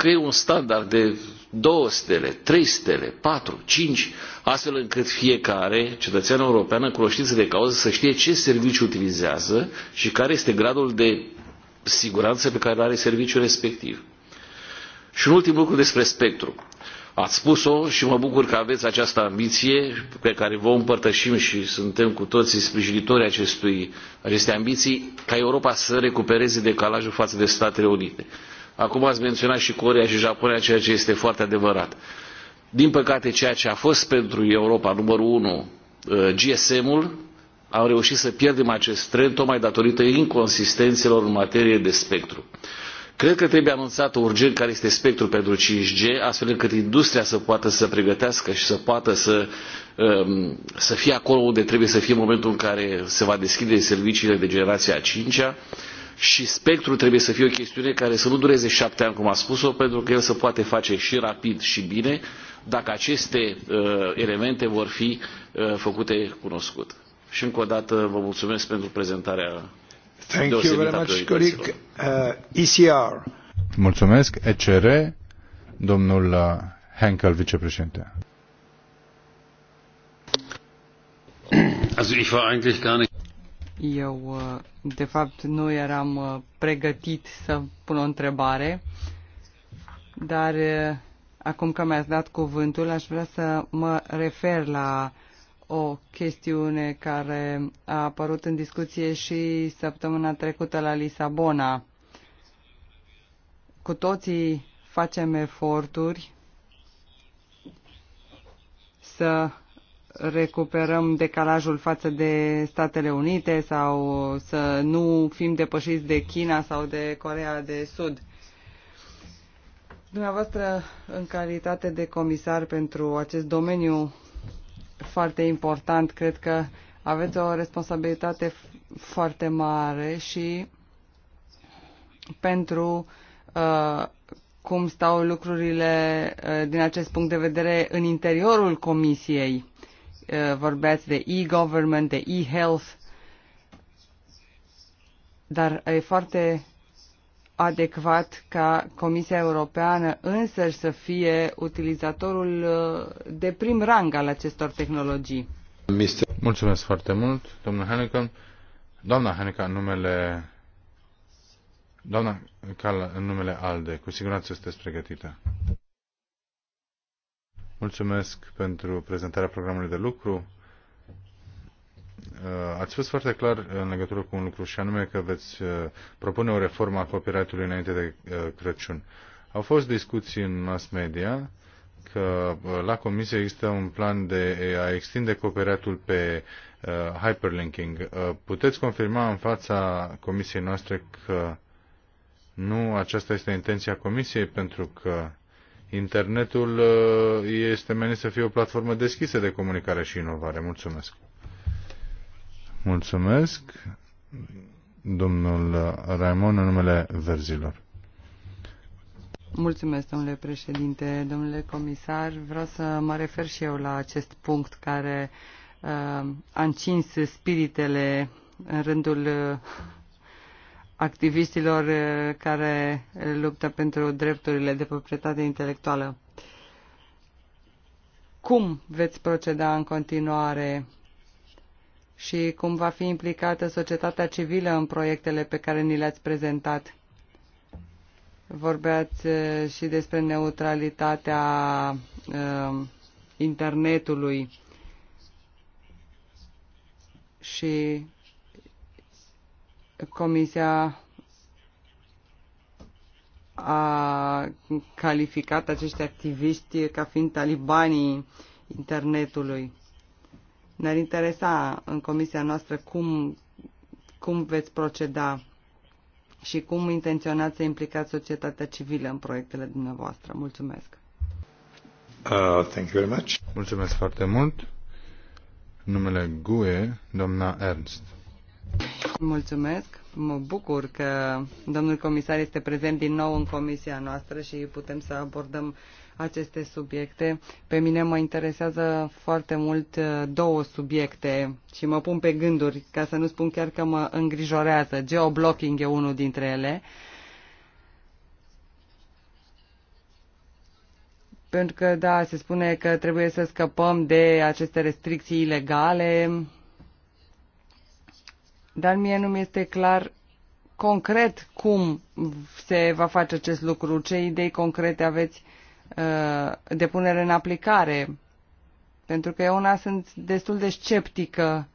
scriu un standard de două stele, trei stele, patru, cinci, astfel încât fiecare cetățean european în cunoștință de cauză să știe ce serviciu utilizează și care este gradul de siguranță pe care îl are serviciul respectiv. Și un ultim lucru despre spectru. Ați spus-o și mă bucur că aveți această ambiție pe care vă împărtășim și suntem cu toții sprijinitori acestui, acestei ambiții ca Europa să recupereze decalajul față de Statele Unite Acum ați menționat și Corea și Japonia, ceea ce este foarte adevărat. Din păcate, ceea ce a fost pentru Europa numărul 1, uh, GSM-ul, am reușit să pierdem acest trend tocmai datorită inconsistențelor în materie de spectru. Cred că trebuie anunțat urgent care este spectrul pentru 5G, astfel încât industria să poată să pregătească și să poată să, um, să fie acolo unde trebuie să fie în momentul în care se va deschide serviciile de generația a 5-a și spectrul trebuie să fie o chestiune care să nu dureze șapte ani, cum a spus-o, pentru că el se poate face și rapid și bine dacă aceste uh, elemente vor fi uh, făcute cunoscut. Și încă o dată vă mulțumesc pentru prezentarea Thank you very much, colleague. Uh, ECR. Mulțumesc. ECR, domnul uh, Henkel, vicepreședinte. Also ich war eigentlich gar nicht eu, uh, de fapt, nu eram uh, pregătit să pun o întrebare, dar uh, acum că mi-ați dat cuvântul, aș vrea să mă refer la o chestiune care a apărut în discuție și săptămâna trecută la Lisabona. Cu toții facem eforturi să recuperăm decalajul față de Statele Unite sau să nu fim depășiți de China sau de Corea de Sud. Dumneavoastră, în calitate de comisar pentru acest domeniu foarte important, cred că aveți o responsabilitate foarte mare și pentru uh, cum stau lucrurile uh, din acest punct de vedere în interiorul comisiei Eh, vorbeați de e-government, de e-health, dar e foarte adecvat ca Comisia Europeană însăși să fie utilizatorul eh, de prim rang al acestor tehnologii. Mulțumesc foarte mult, domnul Hanecan. Doamna Hanecan, numele... Doamna Cal, în numele ALDE, cu siguranță sunteți pregătită. Mulțumesc pentru prezentarea programului de lucru. Uh, ați fost foarte clar în legătură cu un lucru și anume că veți uh, propune o reformă a copyright-ului înainte de uh, Crăciun. Au fost discuții în mass media că la comisie există un plan de a extinde copyright-ul pe hyperlinking. Puteți confirma în fața comisiei noastre că nu aceasta este intenția comisiei pentru că Internetul uh, este menit să fie o platformă deschisă de comunicare și inovare. Mulțumesc. Mulțumesc, domnul Raimon, în numele verzilor. Mulțumesc, domnule președinte, domnule comisar. Vreau să mă refer și eu la acest punct care uh, a încins spiritele în rândul uh, activiștilor uh, care luptă pentru drepturile de proprietate intelectuală. Cum veți proceda în continuare și cum va fi implicată societatea civilă în proiectele pe care ni le-ați prezentat? Vorbeați uh, și despre neutralitatea uh, internetului și Comisia a calificat acești activiști ca fiind talibanii internetului. Ne-ar interesa în comisia noastră cum, cum veți proceda și cum intenționați să implicați societatea civilă în proiectele dumneavoastră. Mulțumesc! Uh, thank you very much. Mulțumesc foarte mult. Numele GUE, doamna Ernst. Mulțumesc. Mă bucur că domnul comisar este prezent din nou în comisia noastră și putem să abordăm aceste subiecte. Pe mine mă interesează foarte mult uh, două subiecte și mă pun pe gânduri, ca să nu spun chiar că mă îngrijorează. Geoblocking e unul dintre ele. Pentru că, da, se spune că trebuie să scăpăm de aceste restricții ilegale, dar mie nu mi-este clar concret cum se va face acest lucru, ce idei concrete aveți uh, de punere în aplicare. Pentru că eu una sunt destul de sceptică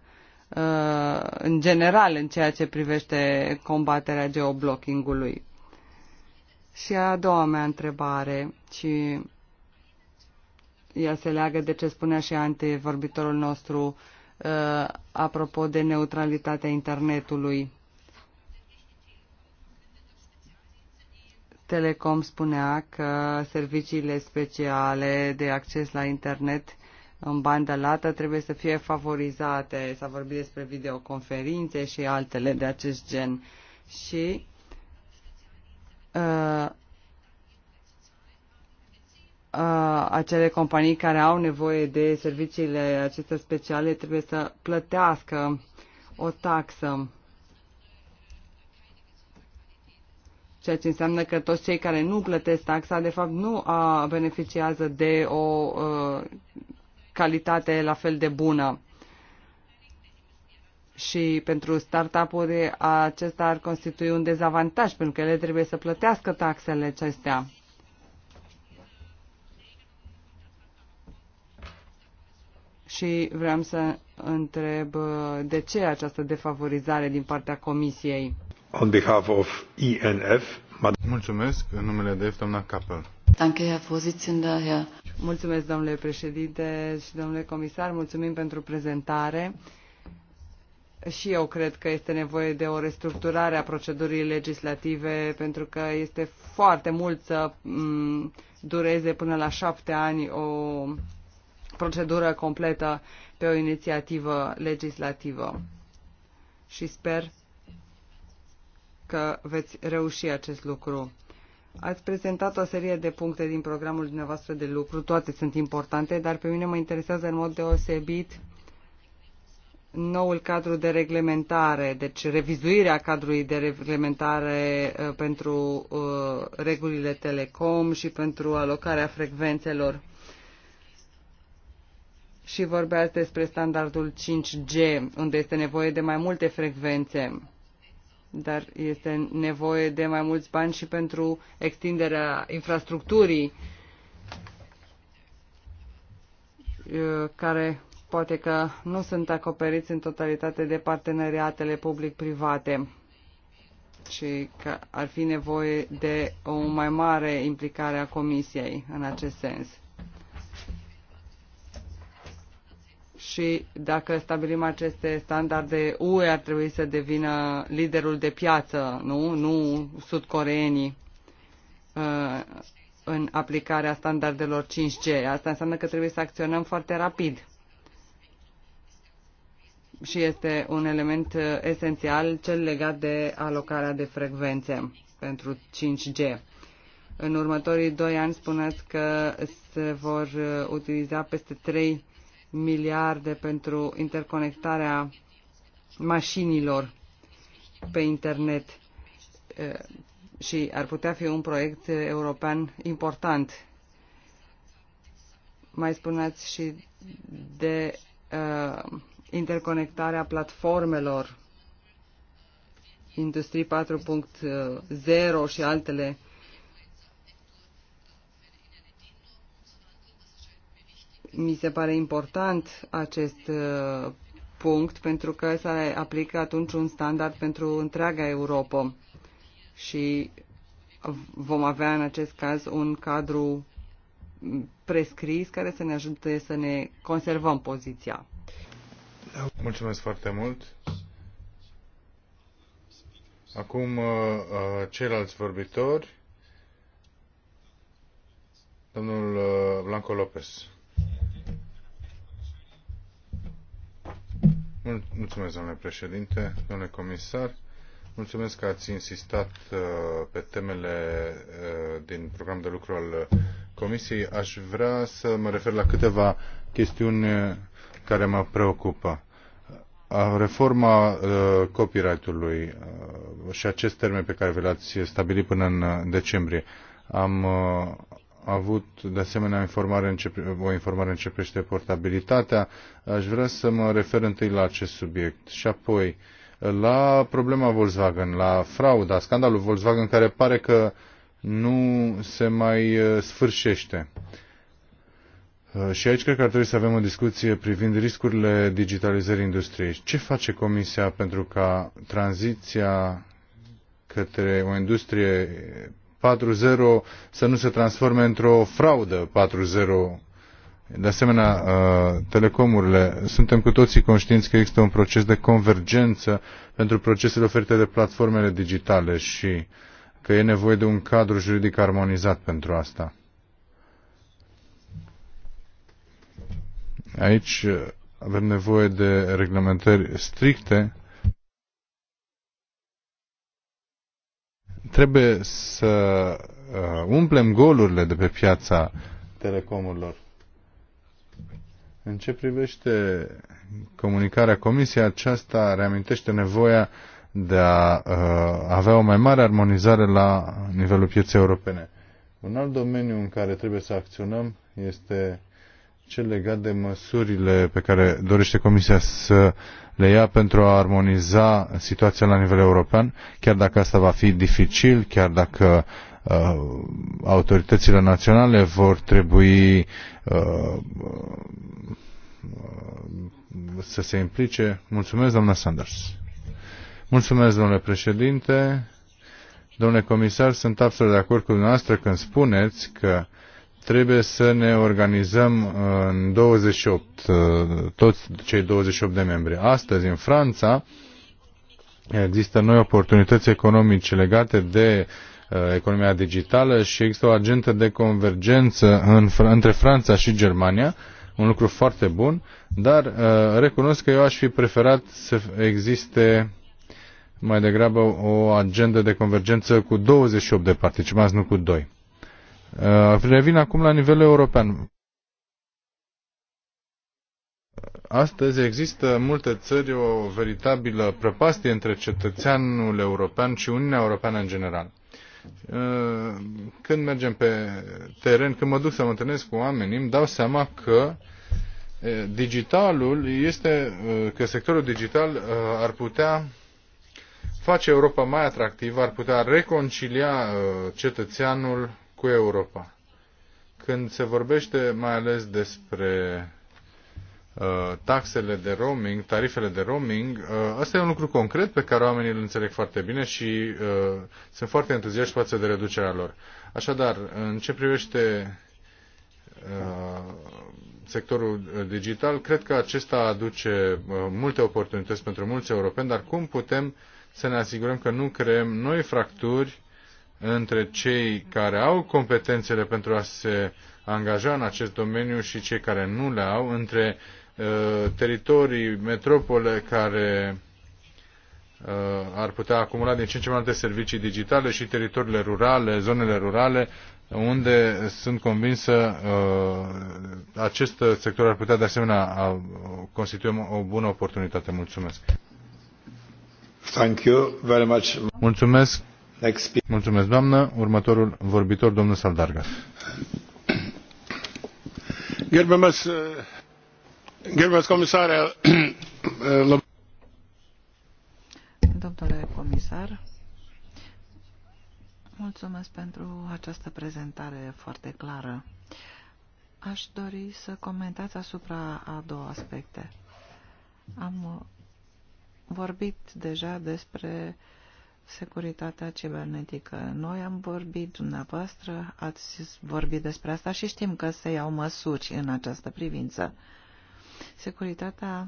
uh, în general în ceea ce privește combaterea geoblocking-ului. Și a doua mea întrebare, și ea se leagă de ce spunea și antevorbitorul nostru, Uh, apropo de neutralitatea internetului. Telecom spunea că serviciile speciale de acces la internet în bandă lată trebuie să fie favorizate. S-a vorbit despre videoconferințe și altele de acest gen. Și uh, acele companii care au nevoie de serviciile acestea speciale trebuie să plătească o taxă. Ceea ce înseamnă că toți cei care nu plătesc taxa, de fapt, nu a, beneficiază de o a, calitate la fel de bună. Și pentru startup-uri acesta ar constitui un dezavantaj, pentru că ele trebuie să plătească taxele acestea. și vreau să întreb uh, de ce această defavorizare din partea Comisiei. On behalf of ENF, Mulțumesc. În numele de doamna Kappel. Danke, Herr Vorsitzender, Herr. Mulțumesc, domnule președinte și domnule comisar. Mulțumim pentru prezentare. Și eu cred că este nevoie de o restructurare a procedurii legislative, pentru că este foarte mult să mm, dureze până la șapte ani o procedură completă pe o inițiativă legislativă. Și sper că veți reuși acest lucru. Ați prezentat o serie de puncte din programul dumneavoastră de lucru, toate sunt importante, dar pe mine mă interesează în mod deosebit noul cadru de reglementare, deci revizuirea cadrului de reglementare uh, pentru uh, regulile telecom și pentru alocarea frecvențelor și vorbeați despre standardul 5G, unde este nevoie de mai multe frecvențe, dar este nevoie de mai mulți bani și pentru extinderea infrastructurii uh, care poate că nu sunt acoperiți în totalitate de parteneriatele public-private și că ar fi nevoie de o mai mare implicare a Comisiei în acest sens. și dacă stabilim aceste standarde, UE ar trebui să devină liderul de piață, nu, nu sudcoreenii uh, în aplicarea standardelor 5G. Asta înseamnă că trebuie să acționăm foarte rapid. Și este un element uh, esențial cel legat de alocarea de frecvențe pentru 5G. În următorii doi ani spuneți că se vor uh, utiliza peste 3 miliarde pentru interconectarea mașinilor pe internet și ar putea fi un proiect european important. Mai spuneați și de uh, interconectarea platformelor Industrie 4.0 și altele Mi se pare important acest uh, punct pentru că se aplică atunci un standard pentru întreaga Europa și vom avea în acest caz un cadru prescris care să ne ajute să ne conservăm poziția. Mulțumesc foarte mult. Acum uh, uh, ceilalți vorbitori. Domnul Blanco Lopez. Mulțumesc, domnule președinte, domnule comisar. Mulțumesc că ați insistat uh, pe temele uh, din programul de lucru al Comisiei. Aș vrea să mă refer la câteva chestiuni uh, care mă preocupă. Reforma copyright-ului și acest termen pe care vi l-ați stabilit până în decembrie. Am avut de asemenea informare în ce, o informare în ce privește portabilitatea. Aș vrea să mă refer întâi la acest subiect și apoi la problema Volkswagen, la frauda, scandalul Volkswagen care pare că nu se mai uh, sfârșește. Uh, și aici cred că ar trebui să avem o discuție privind riscurile digitalizării industriei. Ce face Comisia pentru ca tranziția către o industrie 4.0 să nu se transforme într-o fraudă 4.0. De asemenea, uh, telecomurile, suntem cu toții conștienți că există un proces de convergență pentru procesele oferite de platformele digitale și că e nevoie de un cadru juridic armonizat pentru asta. Aici avem nevoie de reglementări stricte Trebuie să uh, umplem golurile de pe piața telecomurilor. În ce privește comunicarea Comisiei, aceasta reamintește nevoia de a uh, avea o mai mare armonizare la nivelul pieței europene. Un alt domeniu în care trebuie să acționăm este cel legat de măsurile pe care dorește Comisia să le ia pentru a armoniza situația la nivel european, chiar dacă asta va fi dificil, chiar dacă uh, autoritățile naționale vor trebui uh, să se implice. Mulțumesc, doamna Sanders. Mulțumesc, domnule președinte. Domnule comisar, sunt absolut de acord cu dumneavoastră când spuneți că trebuie să ne organizăm uh, în 28, uh, toți cei 28 de membri. Astăzi, în Franța, există noi oportunități economice legate de uh, economia digitală și există o agentă de convergență în, între Franța și Germania, un lucru foarte bun, dar recunosc că eu aș fi preferat să existe mai degrabă o agendă de convergență cu 28 de participanți, nu cu 2. Uh, revin acum la nivel european. Astăzi există multe țări o veritabilă prăpastie între cetățeanul european și Uniunea Europeană în general. Uh, când mergem pe teren, când mă duc să mă întâlnesc cu oamenii, îmi dau seama că digitalul este, uh, că sectorul digital ar putea face Europa mai atractivă, ar putea reconcilia cetățeanul cu Europa. Când se vorbește mai ales despre uh, taxele de roaming, tarifele de roaming, uh, asta e un lucru concret pe care oamenii îl înțeleg foarte bine și uh, sunt foarte entuziaști față de reducerea lor. Așadar, în ce privește sectorul digital, cred că acesta aduce multe oportunități pentru mulți europeni, dar cum putem să ne asigurăm că nu creăm noi fracturi între cei care au competențele pentru a se angaja în acest domeniu și cei care nu le au, între uh, teritorii, metropole care uh, ar putea acumula din ce în ce mai multe servicii digitale și teritoriile rurale, zonele rurale, unde sunt convinsă uh, acest sector ar putea de asemenea uh, constitui o bună oportunitate. Mulțumesc! Thank you very much. Mulțumesc! Mulțumesc, doamnă. Următorul vorbitor, domnul Saldarga. Gerbemes, Gerbemes comisare, Domnule comisar, mulțumesc pentru această prezentare foarte clară. Aș dori să comentați asupra a două aspecte. Am vorbit deja despre securitatea cibernetică. Noi am vorbit, dumneavoastră ați vorbit despre asta și știm că se iau măsuri în această privință. Securitatea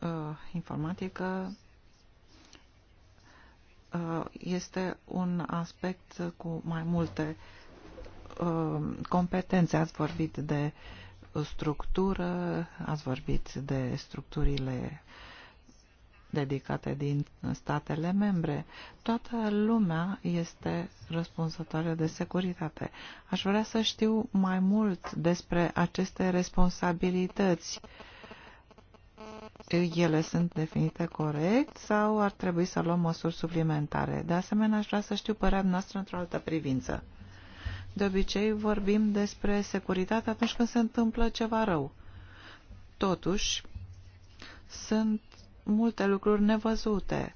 uh, informatică uh, este un aspect cu mai multe uh, competențe. Ați vorbit de structură, ați vorbit de structurile uh, dedicate din statele membre. Toată lumea este răspunsătoare de securitate. Aș vrea să știu mai mult despre aceste responsabilități. Ele sunt definite corect sau ar trebui să luăm măsuri suplimentare? De asemenea, aș vrea să știu părerea noastră într-o altă privință. De obicei vorbim despre securitate atunci când se întâmplă ceva rău. Totuși, sunt multe lucruri nevăzute.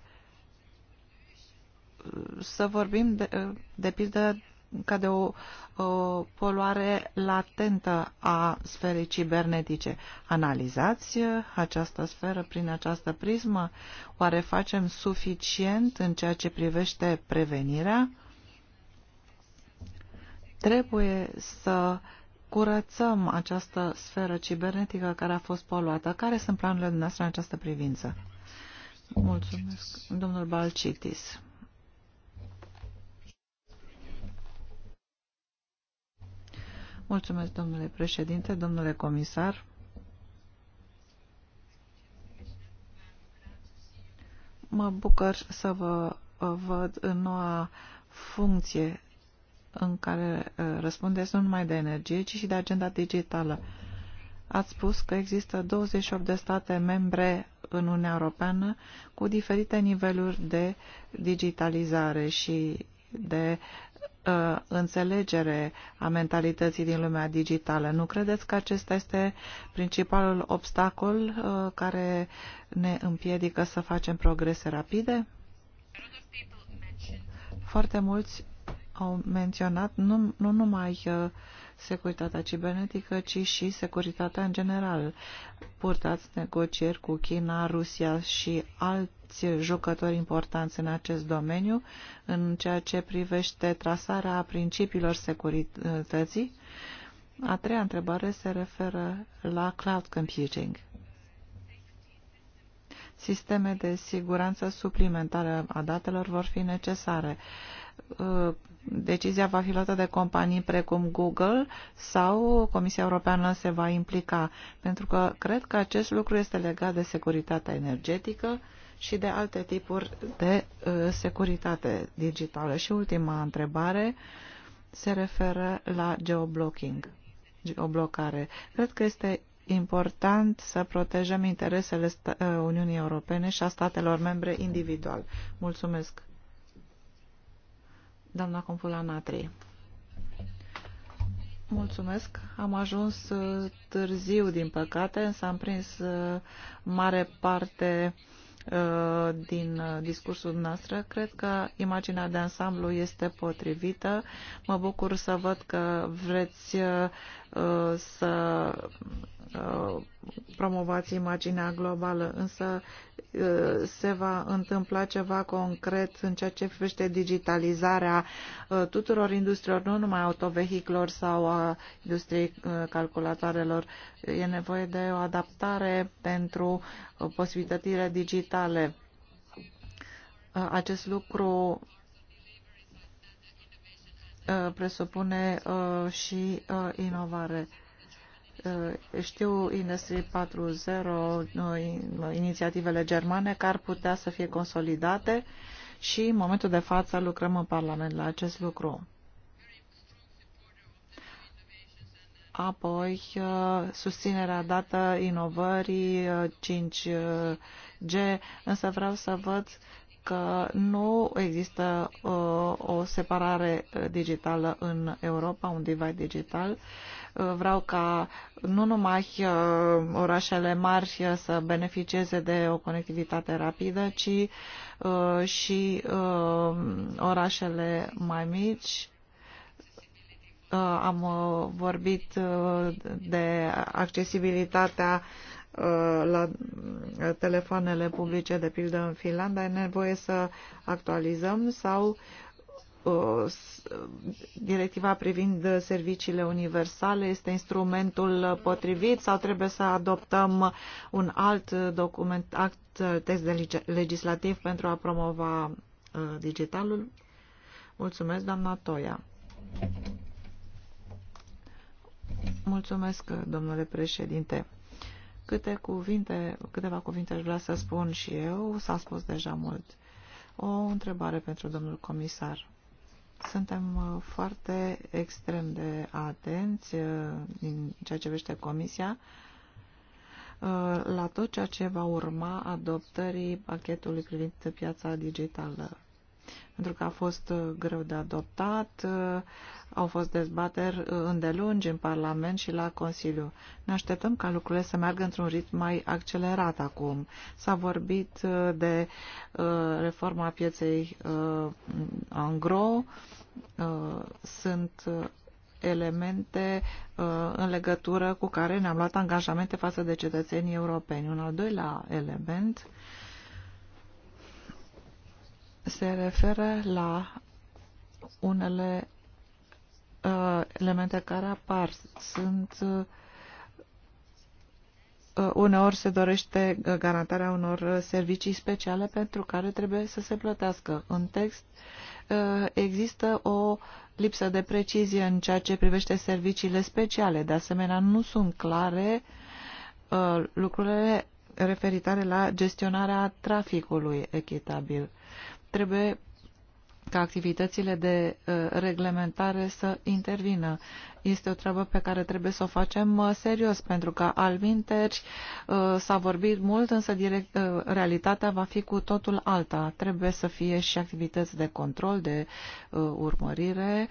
Să vorbim, de, de pildă, ca de o, o poluare latentă a sferei cibernetice. Analizați această sferă prin această prismă? Oare facem suficient în ceea ce privește prevenirea? Trebuie să curățăm această sferă cibernetică care a fost poluată. Care sunt planurile dumneavoastră în această privință? Mulțumesc. Domnul Balcitis. Mulțumesc, domnule președinte, domnule comisar. Mă bucur să vă văd în noua funcție în care răspundeți nu numai de energie, ci și de agenda digitală. Ați spus că există 28 de state membre în Uniunea Europeană cu diferite niveluri de digitalizare și de uh, înțelegere a mentalității din lumea digitală. Nu credeți că acesta este principalul obstacol uh, care ne împiedică să facem progrese rapide? Foarte mulți au menționat nu, nu numai uh, securitatea cibernetică, ci și securitatea în general. Purtați negocieri cu China, Rusia și alți jucători importanți în acest domeniu, în ceea ce privește trasarea principiilor securității. A treia întrebare se referă la cloud computing sisteme de siguranță suplimentare a datelor vor fi necesare. Uh, decizia va fi luată de companii precum Google sau Comisia Europeană se va implica, pentru că cred că acest lucru este legat de securitatea energetică și de alte tipuri de uh, securitate digitală. Și ultima întrebare se referă la geoblocking, geoblocare. Cred că este important să protejăm interesele uh, Uniunii Europene și a statelor membre individual. Mulțumesc! Doamna Compula Natri. Mulțumesc. Am ajuns uh, târziu, din păcate, însă am prins uh, mare parte uh, din discursul noastră. Cred că imaginea de ansamblu este potrivită. Mă bucur să văd că vreți să promovați imaginea globală, însă Uh, se va întâmpla ceva concret în ceea ce privește digitalizarea uh, tuturor industriilor, nu numai autovehiclor sau a industriei uh, calculatoarelor. E nevoie de o adaptare pentru posibilitățile digitale. Acest lucru presupune și inovare. Eh, știu Industrie 4.0, eh, inițiativele germane, care ar putea să fie consolidate și în momentul de față lucrăm în Parlament la acest lucru. Apoi, eh, susținerea dată inovării 5G, însă vreau să văd că nu există o separare digitală în Europa, un divide digital. Vreau ca nu numai uh, orașele mari uh, să beneficieze de o conectivitate rapidă, ci uh, și orașele mai mici am vorbit de accesibilitatea la telefoanele publice, de pildă în Finlanda, e nevoie să actualizăm sau Uh, directiva privind serviciile universale este instrumentul potrivit sau trebuie să adoptăm un alt document, act, text de legislativ pentru a promova uh, digitalul? Mulțumesc, doamna Toia. Mulțumesc, domnule președinte. Câte cuvinte, câteva cuvinte aș vrea să spun și eu, s-a spus deja mult. O întrebare pentru domnul comisar. Suntem uh, foarte extrem de atenți uh, din ceea ce vește Comisia uh, la tot ceea ce va urma adoptării pachetului privind piața digitală pentru că a fost uh, greu de adoptat, uh, au fost dezbateri uh, îndelungi în Parlament și la Consiliu. Ne așteptăm ca lucrurile să meargă într-un ritm mai accelerat acum. S-a vorbit de reforma pieței angro, sunt elemente în legătură cu care ne-am luat angajamente față de cetățenii europeni. Un al doilea element se referă la unele uh, elemente care apar. Sunt uh, uneori se dorește uh, garantarea unor uh, servicii speciale pentru care trebuie să se plătească. În text uh, există o lipsă de precizie în ceea ce privește serviciile speciale. De asemenea, nu sunt clare uh, lucrurile referitoare la gestionarea traficului echitabil. Uh, trebuie ca activitățile de uh, reglementare să intervină. Este o treabă pe care trebuie să o facem uh, serios, pentru că alminteri uh, s-a vorbit mult, însă direct, realitatea va fi cu totul alta. Trebuie să fie și activități de control, de urmărire,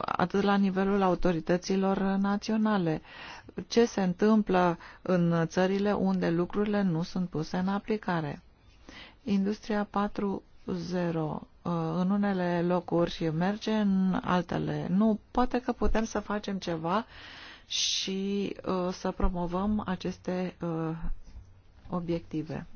atât la nivelul autorităților naționale. Ce se întâmplă în țările unde lucrurile nu sunt puse în aplicare? Industria 4.0 uh, în unele locuri merge, în altele nu. Poate că putem să facem ceva și uh, să promovăm aceste uh, obiective.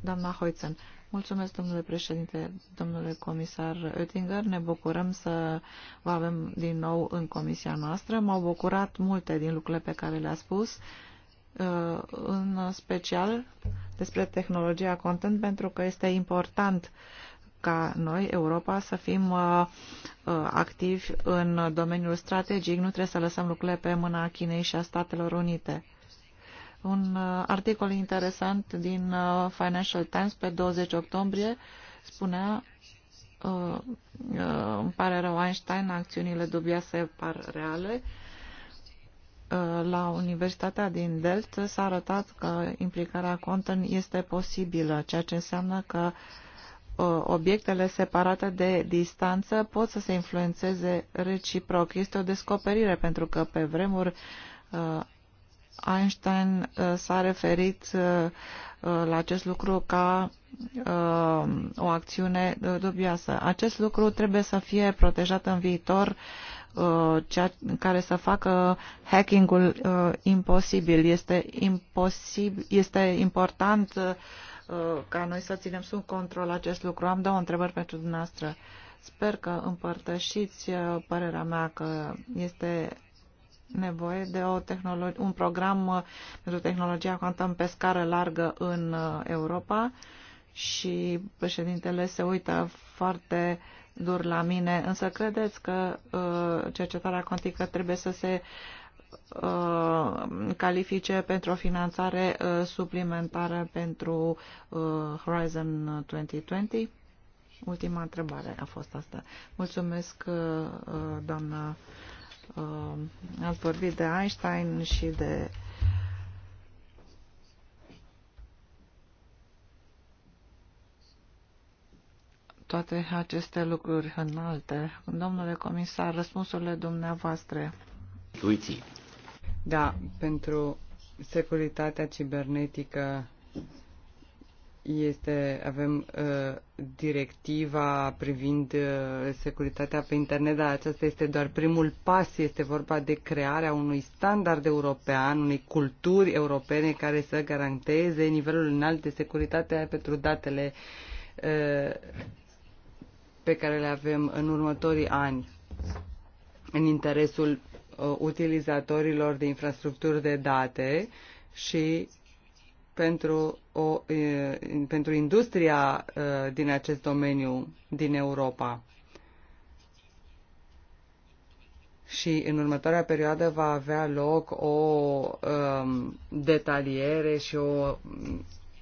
Doamna Hoitzen, mulțumesc domnule președinte, domnule comisar Oettinger, ne bucurăm să vă avem din nou în comisia noastră. M-au bucurat multe din lucrurile pe care le-a spus. Uh, în special despre tehnologia content, pentru că este important ca noi, Europa, să fim uh, uh, activi în domeniul strategic. Nu trebuie să lăsăm lucrurile pe mâna Chinei și a Statelor Unite. Un articol interesant din Financial Times pe 20 octombrie spunea îmi pare rău Einstein, acțiunile dubioase par reale Uh, la Universitatea din Delft s-a arătat că implicarea Conten este posibilă, ceea ce înseamnă că uh, obiectele separate de distanță pot să se influențeze reciproc. Este o descoperire pentru că pe vremuri uh, Einstein s-a referit la acest lucru ca o acțiune dubioasă. Acest lucru trebuie să fie protejat în viitor Uh, ceea care să facă hacking-ul uh, imposibil. Este, imposibil, este important uh, ca noi să ținem sub control acest lucru. Am două întrebări pentru dumneavoastră. Sper că împărtășiți părerea mea că este nevoie de o un program pentru tehnologia quantum pe scară largă în Europa și președintele se uită foarte uh, dur la mine, însă credeți că uh, cercetarea contică trebuie să se uh, califice pentru o finanțare uh, suplimentară pentru Horizon 2020? Ultima întrebare a fost asta. Mulțumesc, doamnă. Ați vorbit de Einstein și de toate aceste lucruri înalte. Domnule comisar, răspunsurile dumneavoastră. Luiții. Da, pentru securitatea cibernetică este, avem uh, directiva privind uh, securitatea pe internet, dar acesta este doar primul pas. Este vorba de crearea unui standard european, unei culturi europene care să garanteze nivelul înalt de securitate pentru datele uh, pe care le avem în următorii ani în interesul uh, utilizatorilor de infrastructuri de date și pentru, o, uh, pentru industria uh, din acest domeniu din Europa. și în următoarea perioadă va avea loc o um, detaliere și o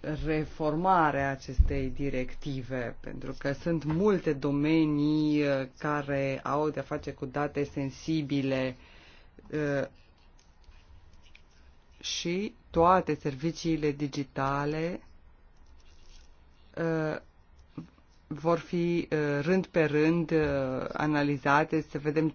reformare a acestei directive, pentru că sunt multe domenii uh, care au de-a face cu date sensibile uh, și toate serviciile digitale uh, vor fi rând pe rând analizate, să vedem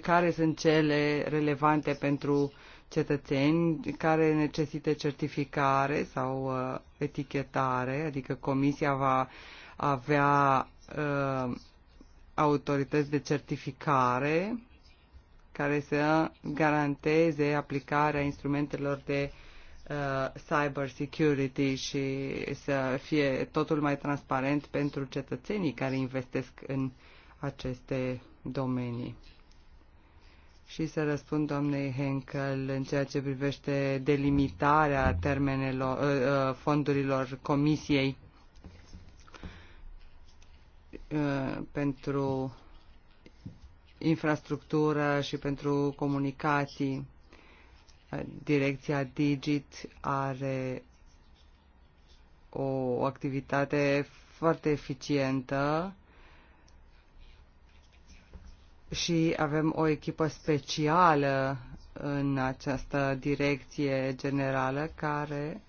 care sunt cele relevante pentru uh, cetățeni care necesită certificare sau uh, etichetare, adică comisia va avea uh, autorități de certificare care să garanteze aplicarea instrumentelor de uh, cyber security și să fie totul mai transparent pentru cetățenii care investesc în aceste domenii și să răspund doamnei Henkel în ceea ce privește delimitarea termenelor, ă, ă, fondurilor comisiei ă, pentru infrastructură și pentru comunicații. Direcția Digit are o activitate foarte eficientă și avem o echipă specială în această direcție generală care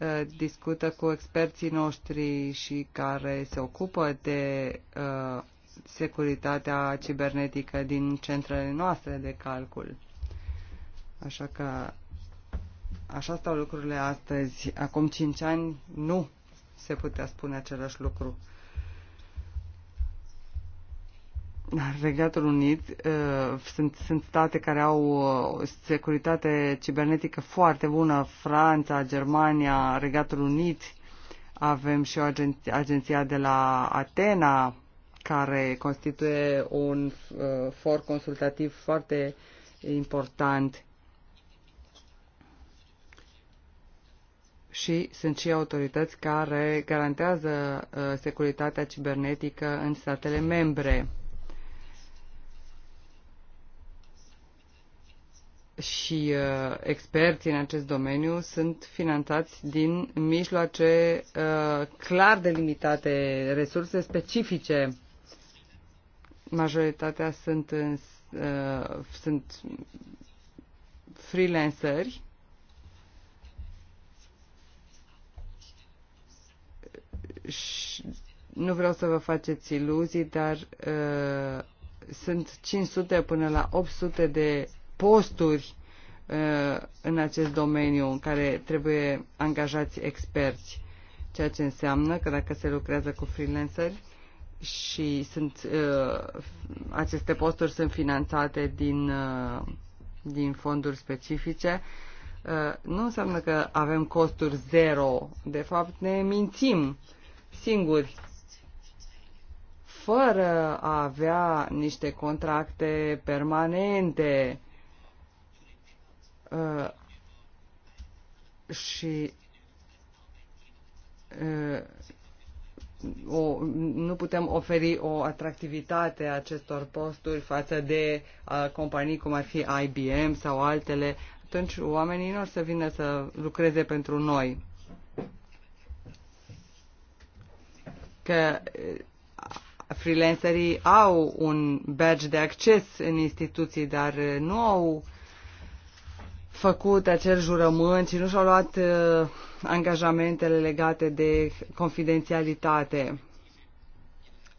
uh, discută cu experții noștri și care se ocupă de uh, securitatea cibernetică din centrele noastre de calcul. Așa că așa stau lucrurile astăzi. Acum 5 ani nu se putea spune același lucru. Regatul Unit uh, sunt, sunt state care au uh, securitate cibernetică foarte bună, Franța, Germania, Regatul Unit. Avem și o agenție, agenția de la Atena care constituie un uh, for consultativ foarte important. Și sunt și autorități care garantează uh, securitatea cibernetică în statele membre. și uh, experții în acest domeniu sunt finanțați din mijloace uh, clar delimitate, resurse specifice. Majoritatea sunt, în, uh, sunt freelanceri și nu vreau să vă faceți iluzii, dar uh, sunt 500 până la 800 de posturi uh, în acest domeniu în care trebuie angajați experți, ceea ce înseamnă că dacă se lucrează cu freelanceri și sunt, uh, aceste posturi sunt finanțate din, uh, din fonduri specifice, nu înseamnă că avem costuri zero. De fapt, ne mințim singuri fără a avea niște contracte permanente Uh, și uh, o, nu putem oferi o atractivitate a acestor posturi față de uh, companii cum ar fi IBM sau altele, atunci oamenii nu o să vină să lucreze pentru noi. Că uh, freelancerii au un badge de acces în instituții, dar uh, nu au uh, făcut acel jurământ și nu și-au luat uh, angajamentele legate de confidențialitate.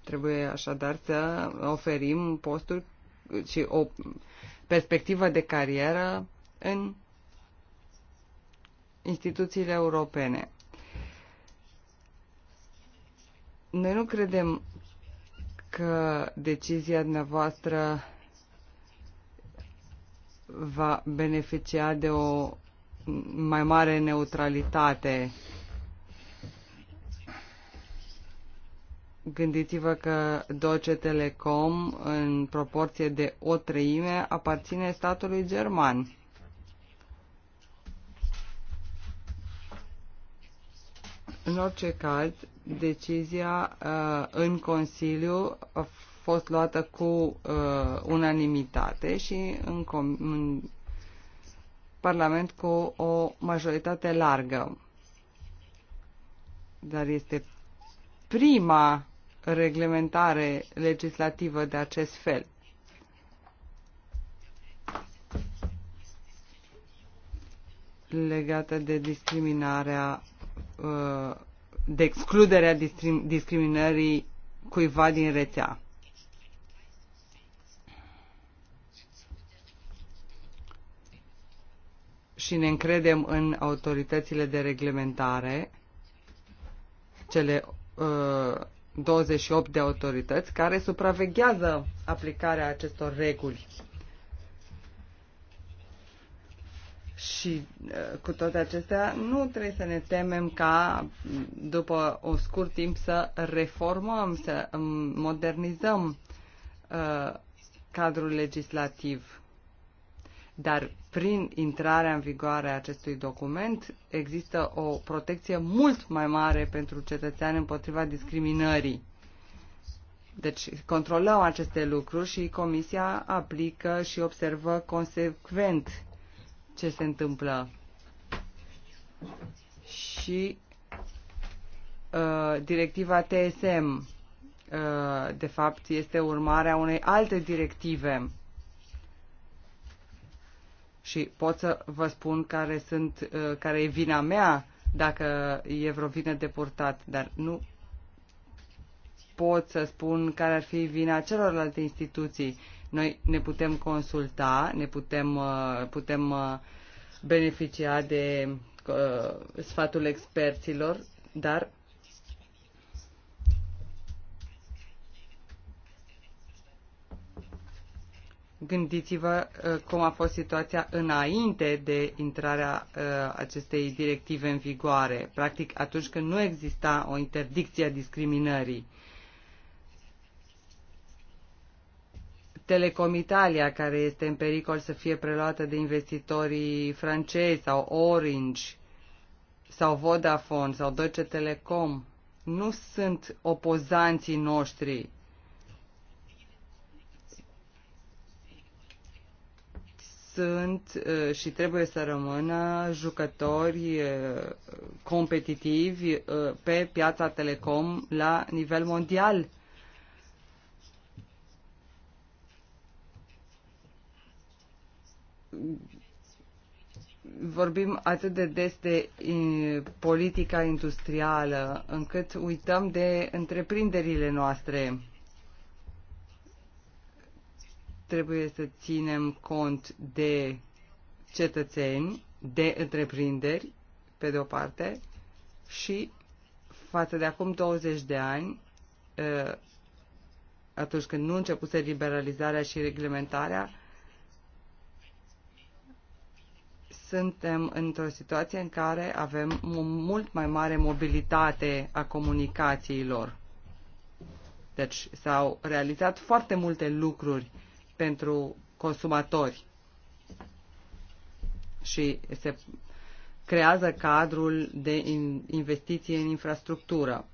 Trebuie așadar să oferim posturi și o perspectivă de carieră în instituțiile europene. Noi nu credem că decizia dumneavoastră va beneficia de o mai mare neutralitate. Gândiți-vă că Deutsche Telekom, în proporție de o treime, aparține statului german. În orice caz, decizia uh, în Consiliu fost luată cu uh, unanimitate și în, în Parlament cu o majoritate largă. Dar este prima reglementare legislativă de acest fel. legată de discriminarea, uh, de excluderea discriminării cuiva din rețea. și ne încredem în autoritățile de reglementare, cele uh, 28 de autorități care supraveghează aplicarea acestor reguli. Și uh, cu toate acestea, nu trebuie să ne temem ca după o scurt timp să reformăm, să modernizăm uh, cadrul legislativ. Dar prin intrarea în vigoare a acestui document există o protecție mult mai mare pentru cetățean împotriva discriminării. Deci controlăm aceste lucruri și Comisia aplică și observă consecvent ce se întâmplă. Și uh, directiva TSM, uh, de fapt, este urmarea unei alte directive și pot să vă spun care, sunt, uh, care e vina mea dacă e vreo vină deportat, dar nu pot să spun care ar fi vina celorlalte instituții. Noi ne putem consulta, ne putem, uh, putem uh, beneficia de sfatul experților, dar Gândiți-vă uh, cum a fost situația înainte de intrarea uh, acestei directive în vigoare, practic atunci când nu exista o interdicție a discriminării. Telecom Italia, care este în pericol să fie preluată de investitorii francezi sau Orange sau Vodafone sau Deutsche Telecom, nu sunt opozanții noștri sunt uh, și trebuie să rămână jucători uh, competitivi uh, pe piața telecom la nivel mondial. Vorbim atât de des de politica industrială încât uităm de întreprinderile noastre Trebuie să ținem cont de cetățeni, de întreprinderi, pe de o parte, și față de acum 20 de ani, ă, atunci când nu începuse liberalizarea și reglementarea, suntem într-o situație în care avem o mult mai mare mobilitate a comunicațiilor. Deci s-au realizat foarte multe lucruri pentru consumatori și se creează cadrul de investiție în infrastructură.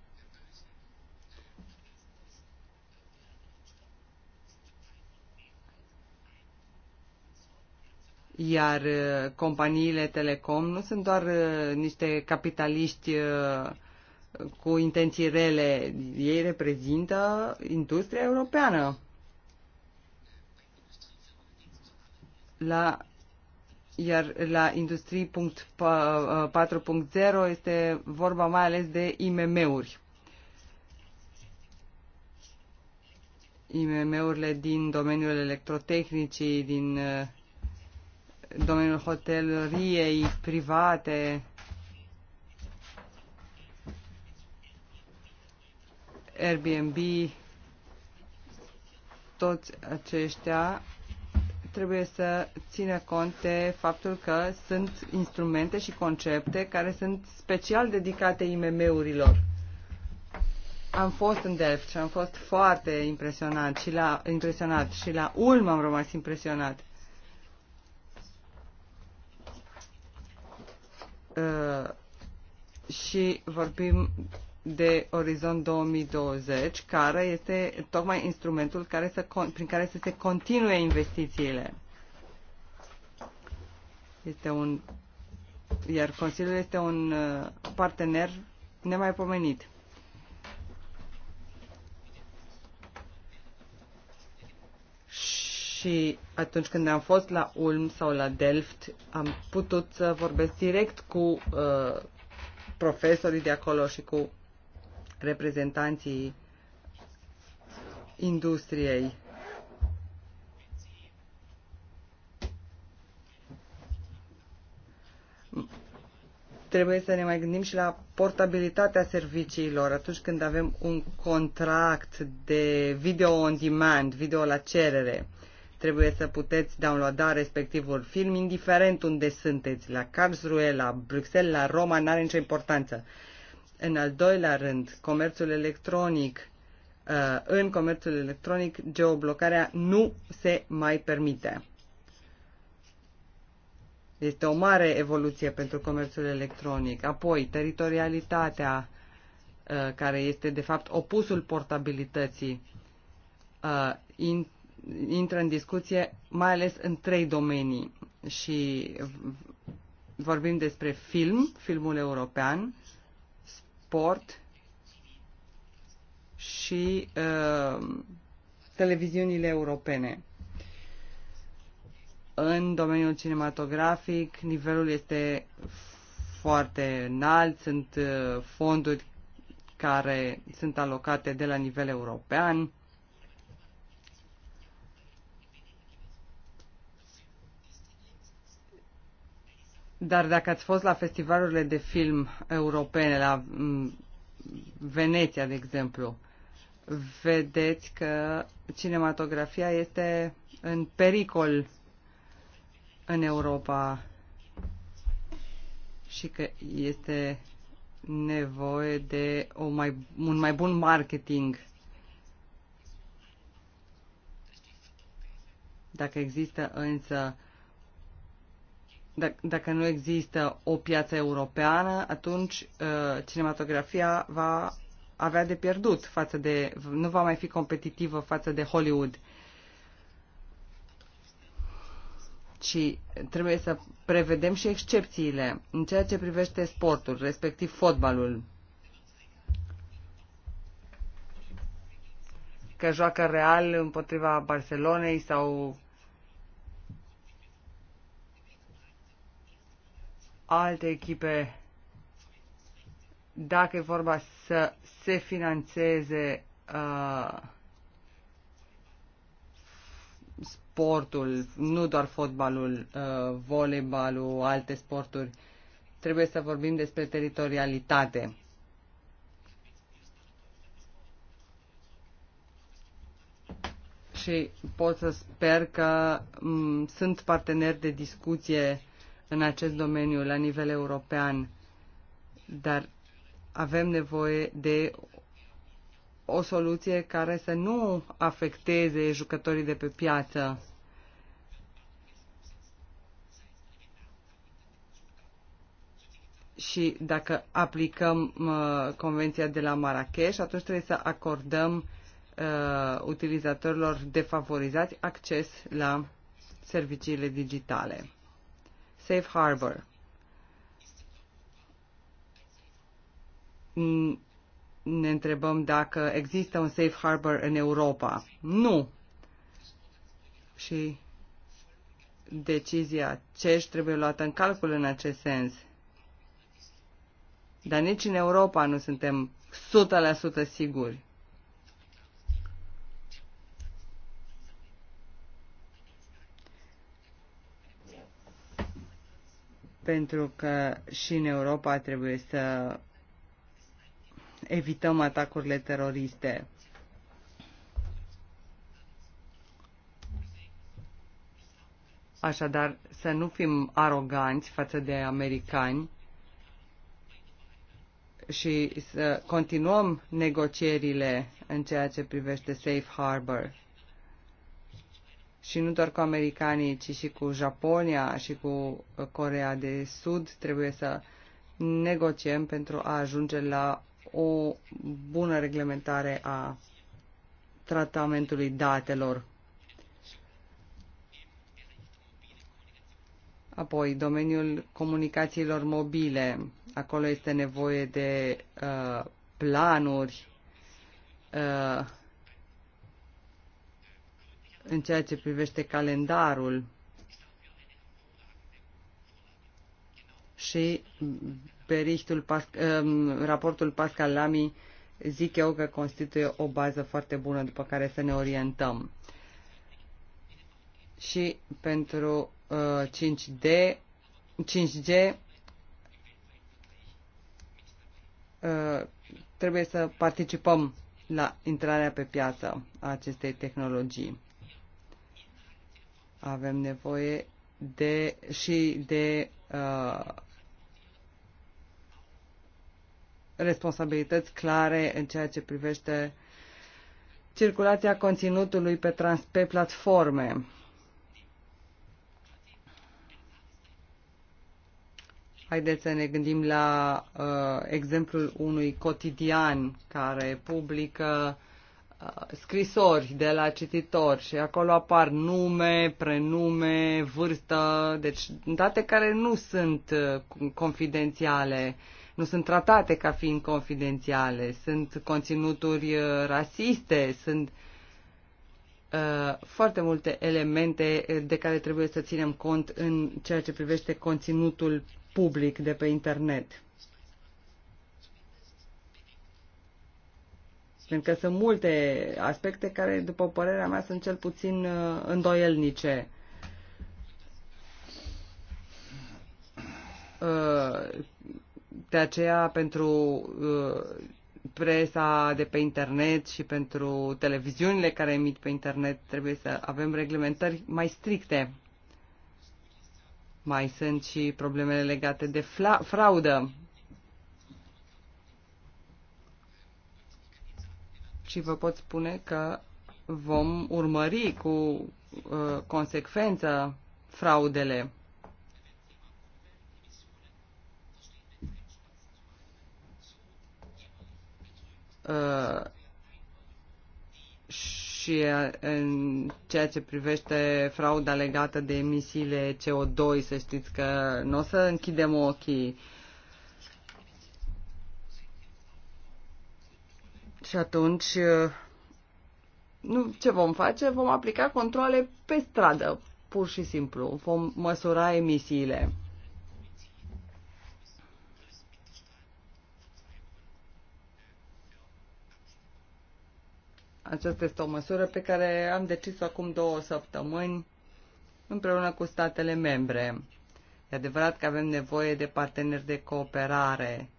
Iar uh, companiile telecom nu sunt doar uh, niște capitaliști uh, cu intenții rele, ei reprezintă industria europeană. la iar la industrie.4.0 uh, uh, 4.0 este vorba mai ales de IMM-uri. IMM-urile din domeniul electrotehnicii, din uh, domeniul hoteleriei private. Airbnb, toți aceștia trebuie să țină cont de faptul că sunt instrumente și concepte care sunt special dedicate IMM-urilor. Am fost în Delft și am fost foarte impresionat și la, impresionat și la Ulm am rămas impresionat. Uh, și vorbim de Orizont 2020, care este tocmai instrumentul care să, prin care să se continue investițiile. Este un, iar Consiliul este un uh, partener nemaipomenit. și atunci când am fost la Ulm sau la Delft, am putut să vorbesc direct cu uh, profesorii de acolo și cu reprezentanții industriei. Trebuie să ne mai gândim și la portabilitatea serviciilor atunci când avem un contract de video on demand, video la cerere. Trebuie să puteți downloada respectivul film, indiferent unde sunteți, la Karlsruhe, la Bruxelles, la Roma, n-are nicio importanță în al doilea rând, comerțul electronic. Uh, în comerțul electronic, geoblocarea nu se mai permite. Este o mare evoluție pentru comerțul electronic. Apoi, teritorialitatea, uh, care este de fapt opusul portabilității, uh, intră în discuție mai ales în trei domenii și vorbim despre film, filmul european, sport și uh, televiziunile europene. În domeniul cinematografic, nivelul este foarte înalt, sunt uh, fonduri care sunt alocate de la nivel european Dar dacă ați fost la festivalurile de film europene, la mm, Veneția, de exemplu, vedeți că cinematografia este în pericol în Europa și că este nevoie de o mai, un mai bun marketing. Dacă există însă dacă nu există o piață europeană, atunci uh, cinematografia va avea de pierdut față de, nu va mai fi competitivă față de Hollywood. Și trebuie să prevedem și excepțiile în ceea ce privește sportul, respectiv fotbalul. Că joacă Real împotriva Barcelonei sau alte echipe, dacă e vorba să se financeze uh, sportul, nu doar fotbalul, uh, voleibalul, alte sporturi, trebuie să vorbim despre teritorialitate. și pot să sper că m- mm, sunt parteneri de discuție în acest domeniu la nivel european, dar avem nevoie de o soluție care să nu afecteze jucătorii de pe piață. Și dacă aplicăm uh, convenția de la Marrakesh, atunci trebuie să acordăm uh, utilizatorilor defavorizați acces la serviciile digitale. Safe Harbor. Ne întrebăm dacă există un Safe Harbor în Europa. Nu. Și decizia își trebuie luată în calcul în acest sens. Dar nici în Europa nu suntem 100% siguri. pentru că și în Europa trebuie să evităm atacurile teroriste. Așadar, să nu fim aroganți față de americani și să continuăm negocierile în ceea ce privește Safe Harbor și nu doar cu americanii, ci și cu Japonia și cu uh, Corea de Sud trebuie să negociem pentru a ajunge la o bună reglementare a tratamentului datelor. Apoi, domeniul comunicațiilor mobile. Acolo este nevoie de uh, planuri uh, în ceea ce privește calendarul și berichtul um, raportul Pascal Lamy zic eu că constituie o bază foarte bună după care să ne orientăm. Și pentru 5D, uh, 5G uh, trebuie să participăm la intrarea pe piață a acestei tehnologii. Avem nevoie de, și de uh, responsabilități clare în ceea ce privește circulația conținutului pe, trans, pe platforme. Haideți să ne gândim la uh, exemplul unui cotidian care publică uh, Uh, scrisori de la cititori și acolo apar nume, prenume, vârstă, deci date care nu sunt uh, confidențiale, nu sunt tratate ca fiind confidențiale, sunt conținuturi uh, rasiste, sunt foarte multe elemente de care trebuie să ținem cont în ceea ce privește conținutul public de pe internet. Pentru că sunt multe aspecte care, după părerea mea, sunt cel puțin uh, îndoielnice. Uh, de aceea, pentru uh, presa de pe internet și pentru televiziunile care emit pe internet, trebuie să avem reglementări mai stricte. Mai sunt și problemele legate de fraudă și vă pot spune că vom urmări cu uh, consecvență fraudele. Uh, și uh, în ceea ce privește frauda legată de emisiile CO2, să știți că nu o să închidem ochii Și atunci, uh, nu, ce vom face? Vom aplica controle pe stradă, pur și simplu. Vom măsura emisiile. Aceasta este o măsură pe care am decis-o acum două săptămâni împreună cu statele membre. E adevărat că avem nevoie de parteneri de cooperare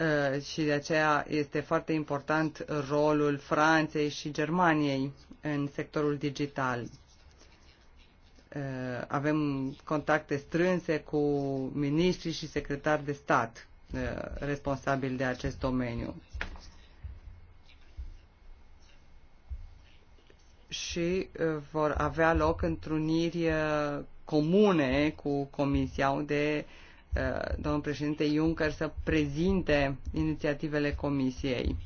Uh, și de aceea este foarte important rolul Franței și Germaniei în sectorul digital. Uh, avem contacte strânse cu miniștri și secretari de stat uh, responsabili de acest domeniu. Și vor avea loc întruniri comune cu Comisia, unde uh, Uh, domnul președinte Juncker să prezinte inițiativele Comisiei.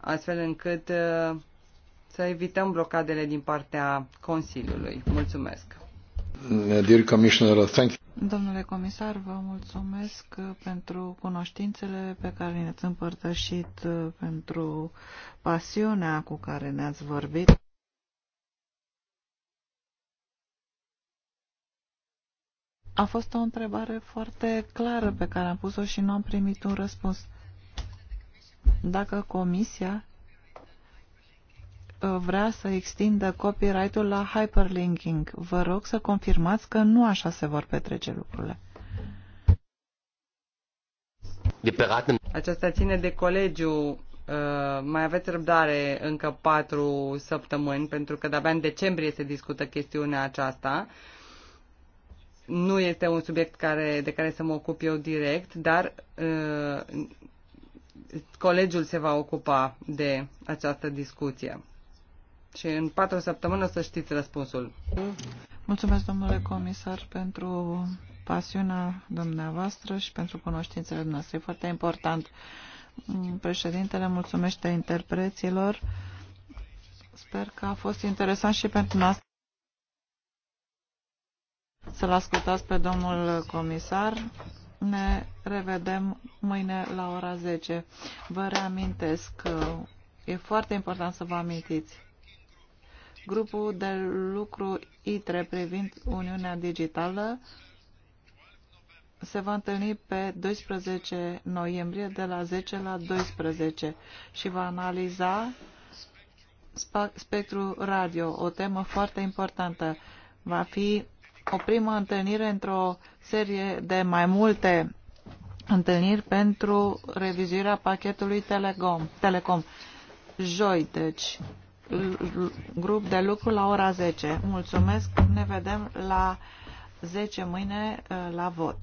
astfel încât uh, să evităm blocadele din partea Consiliului. Mulțumesc! Uh, dear Commissioner, thank you. Domnule comisar, vă mulțumesc pentru cunoștințele pe care ne-ați împărtășit, pentru pasiunea cu care ne-ați vorbit. A fost o întrebare foarte clară pe care am pus-o și nu am primit un răspuns. Dacă Comisia uh, vrea să extindă copyright-ul la hyperlinking, vă rog să confirmați că nu așa se vor petrece lucrurile. Aceasta ține de colegiu. Uh, mai aveți răbdare încă patru săptămâni, pentru că de-abia în decembrie se discută chestiunea aceasta. Uh, nu este un subiect care, de care să mă ocup eu direct, dar uh, colegiul se va ocupa de această discuție. Și în patru săptămâni o să știți răspunsul. Mulțumesc, domnule comisar, pentru pasiunea dumneavoastră și pentru cunoștințele noastre. E foarte important. Președintele mulțumește interpreților. Sper că a fost interesant și pentru noastră să-l ascultați pe domnul comisar. Ne revedem mâine la ora 10. Vă reamintesc că e foarte important să vă amintiți. Grupul de lucru ITRE privind Uniunea Digitală se va întâlni pe 12 noiembrie de la 10 la 12 și va analiza spectru radio, o temă foarte importantă. Va fi o primă întâlnire într-o serie de mai multe întâlniri pentru revizuirea pachetului Telecom. Telecom. Joi, deci, grup de lucru la ora 10. Mulțumesc, ne vedem la 10 mâine uh, la vot.